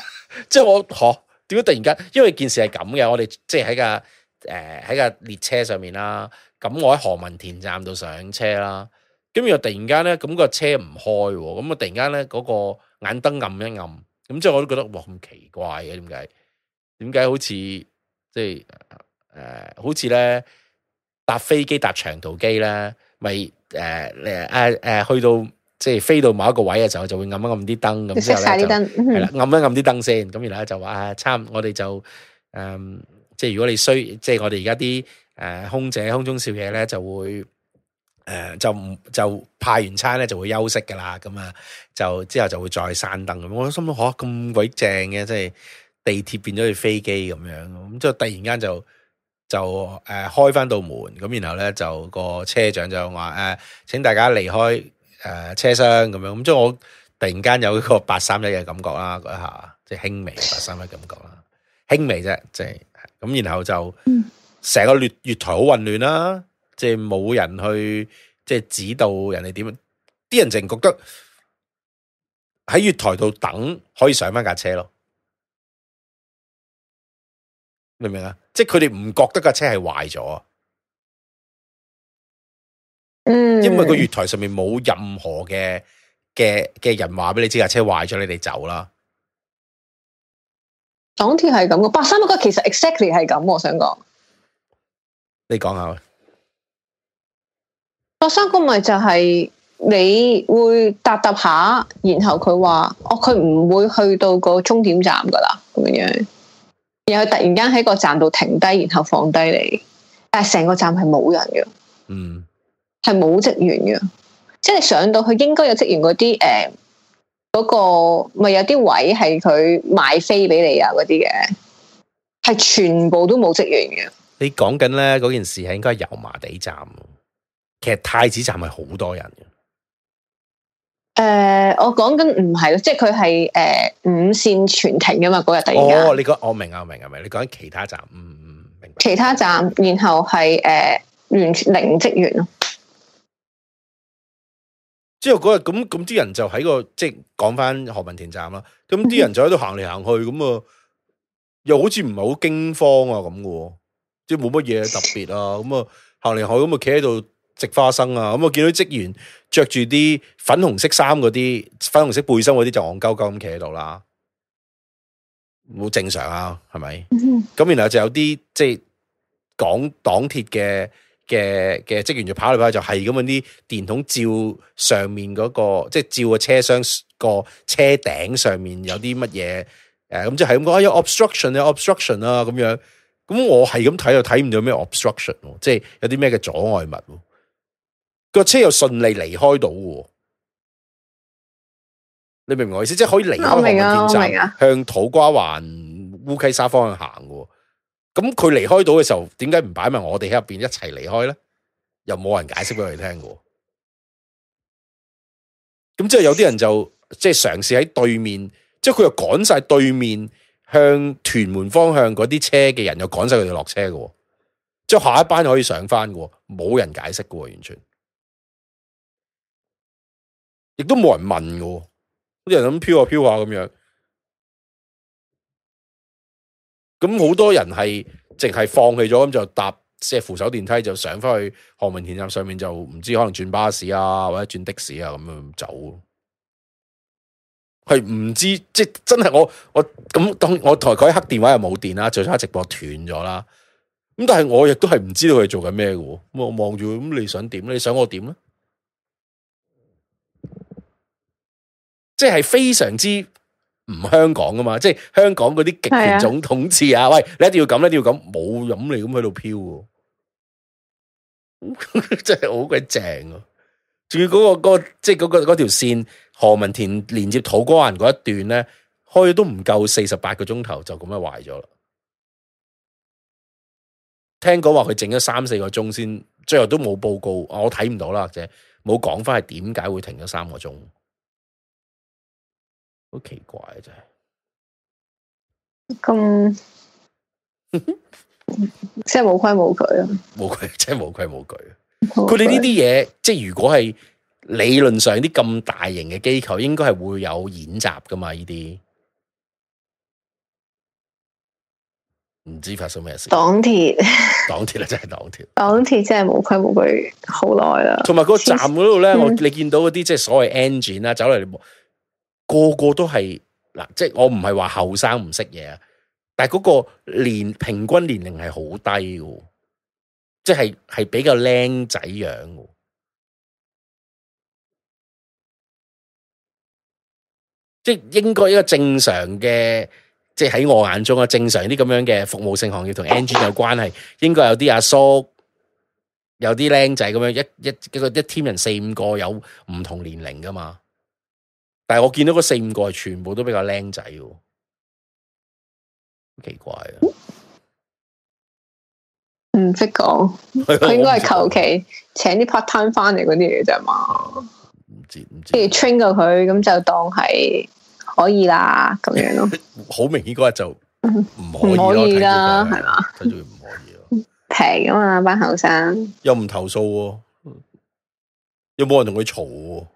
C: 即
B: 係我，嗬、哦？點解突然間？因為件事係咁嘅，我哋即係喺架，誒喺架列車上面啦。咁我喺何文田站度上，上車啦。咁又突然間咧，咁個車唔開喎，咁啊突然間咧嗰個眼燈暗一暗，咁即係我都覺得哇咁奇怪嘅、啊，點解？點解好似即係誒？好似咧搭飛機搭長途機咧，咪誒誒誒去到即係飛到某一個位嘅時候，就會暗一暗啲燈咁。熄晒啲燈，係啦、嗯，暗一暗啲燈先。咁然後就話啊，差唔多我哋就誒、呃，即係如果你需，即係我哋而家啲誒空姐空中少嘢咧，就會。誒，就唔就派完餐咧，就會休息噶啦，咁啊，就之後就會再閂燈。我心諗吓咁鬼正嘅，即係地鐵變咗似飛機咁樣，咁即係突然間就就誒、呃、開翻到門，咁然後咧就個車長就話誒、呃，請大家離開誒、呃、車廂咁樣，咁即係我突然間有一個八三一嘅感覺啦，嗰一下即係輕微八三一感覺啦，輕微啫，即係咁然後就成個月月台好混亂啦。即係冇人去，即係指導人哋點樣。啲人淨覺得喺月台度等可以上翻架車咯，明唔明啊？即係佢哋唔覺得架車係壞咗。
D: 嗯，因為個月
B: 台上面冇任何嘅嘅嘅人話俾你知架車壞咗，你哋走啦。
C: 港鐵係咁嘅，八三一嗰其實 exactly 係咁。我想講，
B: 你講下。
C: 發生個咪就係你會搭搭下，然後佢話哦，佢唔會去到個終點站噶啦，咁樣，然後突然間喺個站度停低，然後放低你，但係成個站係冇人嘅，嗯，係冇職員嘅，即係上到去應該有職員嗰啲誒，嗰、呃嗰個咪有啲位係佢賣飛俾你啊，嗰啲嘅，係全部都冇職員嘅。
B: 你講緊咧嗰件事係應該是油麻地站。其實太子站係好多人
C: 嘅，誒，我講緊唔係咯，即係佢係誒五線全停噶嘛，嗰日突然間。哦，
B: 你講我明啊，明啊，明。你講緊其他站，嗯嗯，
C: 明。其他站，然後係誒完全零職員咯。
B: 之後嗰日咁咁，啲人就喺個即係講翻何文田站啦。咁啲人就喺度行嚟行去，咁啊又好似唔係好驚慌啊咁嘅，即係冇乜嘢特別啊。咁啊行嚟行去，咁啊企喺度。食花生啊！咁我見到啲職員穿着住啲粉紅色衫嗰啲、粉紅色背心嗰啲就戇鳩鳩咁企喺度啦，好正常啊，係咪？咁、嗯、哼然後就有啲即係港港鐵嘅嘅嘅職員就跑嚟跑去，就係咁嗰啲電筒照上面嗰、那個，即、就、係、是、照個車廂個車頂上面有啲乜嘢？誒，咁即係咁講，有 obstruction 咧，obstruction 啊。咁樣。咁我係咁睇，又睇唔到咩 obstruction，即係有啲咩嘅阻礙物。個車又順利離開到，你明唔明我意思？即係可以離開紅磡站，向土瓜灣烏溪沙方向行嘅。咁佢離開到嘅時候，點解唔擺埋我哋喺入邊一齊離開咧？又冇人解釋俾佢聽嘅。咁即係有啲人就即係嘗試喺對面，即係佢又趕晒對面向屯門方向嗰啲車嘅人，又趕晒佢哋落車嘅。即係下一班可以上翻嘅，冇人解釋嘅，完全。亦都冇人問嘅，啲人咁飄下飄下咁樣，咁好多人係淨係放棄咗，咁就搭即扶手電梯就上翻去何文田站上面就，就唔知可能轉巴士啊，或者轉的士啊咁樣走。係唔知，即真係我我咁當我台嗰一刻電話又冇電啦，最差直播斷咗啦。咁但係我亦都係唔知道佢做緊咩。咁我望住咁你想點咧？你想我點咧？即係非常之唔香港㗎嘛，即係香港嗰啲極權總統治啊！是的 喂，你一定要咁，一定要咁，冇飲嚟咁喺度飄， 真係好鬼正啊！仲要嗰個、嗰個、即係嗰、嗰個嗰條線，何文田連接土瓜灣嗰一段咧，開都唔夠四十八個鐘頭就咁樣壞咗啦！聽講話佢整咗三四個鐘先，最後都冇報告，我睇唔到啦，或者冇講翻係點解會停咗三個鐘。好奇怪啊！真
D: 係咁，嗯、 即係無
B: 規無矩啊！無規真係無規無矩。佢哋呢啲嘢，即係歸如果係理論上啲咁大型嘅機構，應該係會有演習噶嘛？呢啲唔知發生咩事？港鐵黨鐵，港鐵啊，真係港
C: 鐵，港鐵真係無規無矩，好耐啦。
B: 同埋嗰個站嗰度咧，我你見到嗰啲即係所謂 engine 啦，走嚟。個個都係嗱，即係我唔係話後生唔識嘢，但係嗰個年平均年齡係好低嘅，即係係比較僆仔樣嘅，即係應該一個正常嘅，即係喺我眼中啊，正常啲咁樣嘅服務性行業同 engine 有關係，應該有啲阿叔，有啲僆仔咁樣，一一一個一 team 人四五個有唔同年齡噶嘛。但係我見到個四五個係全部都比較僆仔，好奇怪啊
D: 知！唔識講，佢應該係求其
C: 請啲 part time 翻嚟嗰啲嘢啫嘛。唔知唔知。即係 train 過佢，咁 就當係可以啦，咁樣
B: 咯。好 明顯嗰日就唔可以啦，
C: 係嘛？睇到唔可以啊！平啊嗎嘛，班後生
B: 又唔投訴、啊，又冇人同佢嘈？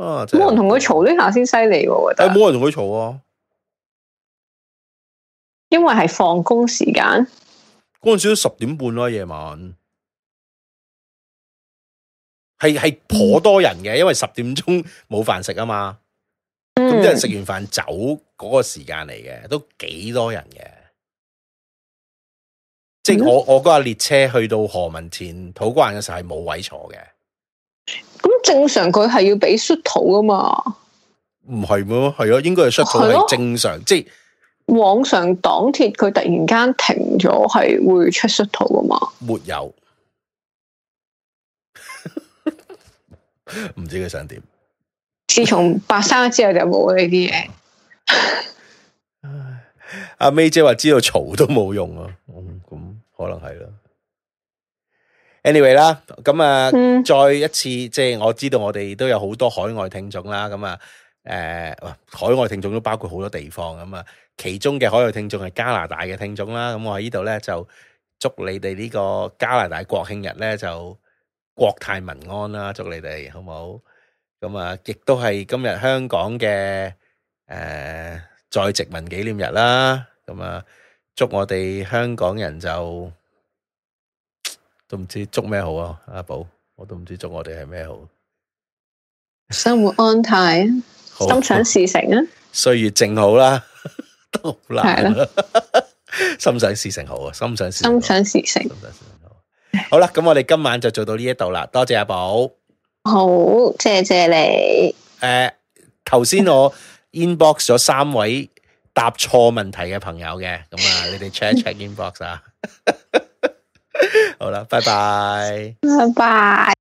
C: 冇人同佢嘈，呢下先犀利喎，
B: 但係冇人同佢嘈啊，吵吵啊因為
D: 係放工時間，嗰
B: 陣時都十點半咯，夜晚係係頗多人嘅，因為十點鐘冇飯食啊嘛，咁啲、嗯、人食完飯走嗰個時間嚟嘅，都幾多人嘅，嗯、即係我我嗰日列車去到何文田土瓜灣嘅時候係冇位坐嘅。
D: 正常佢係
C: 要俾 shuttle 啊嘛，
B: 唔係喎，係咯，應該係 shuttle 係正常，的即
C: 係往上黨鐵，佢突然間停咗，係會出 shuttle 啊嘛。
B: 沒有，唔 知佢想點。
C: 自從白生之後就冇呢啲嘢。
B: 阿 May 姐話知道嘈都冇用啊，嗯，咁可能係啦。Anyway 啦，咁啊、嗯，再一次即係我知道我哋都有好多海外聽眾啦，咁啊，誒、呃，海外聽眾都包括好多地方，咁啊，其中嘅海外聽眾係加拿大嘅聽眾啦，咁我喺呢度咧就祝你哋呢個加拿大國慶日咧就國泰民安啦，祝你哋好唔好？咁啊，亦都係今日香港嘅誒、呃、再殖民紀念日啦，咁啊，祝我哋香港人就～都唔知祝咩好啊，阿寶，我都唔知祝我哋係咩好，
C: 啊。生活安泰啊， 好心想事成啊，
B: 歲月靜好啦，啊，都好難，啊。係的 心想事成好啊，心想事成，啊、心想事成。心
C: 想事成
B: 好啦，咁 我哋今晚就做到呢一度啦，多謝阿寶，
C: 好，謝謝
D: 你。
B: 誒、呃，頭先我 inbox 咗三位答錯問題嘅朋友嘅，咁 啊，你哋 check 一 check inbox 啊。 好啦，拜拜，
D: 拜拜。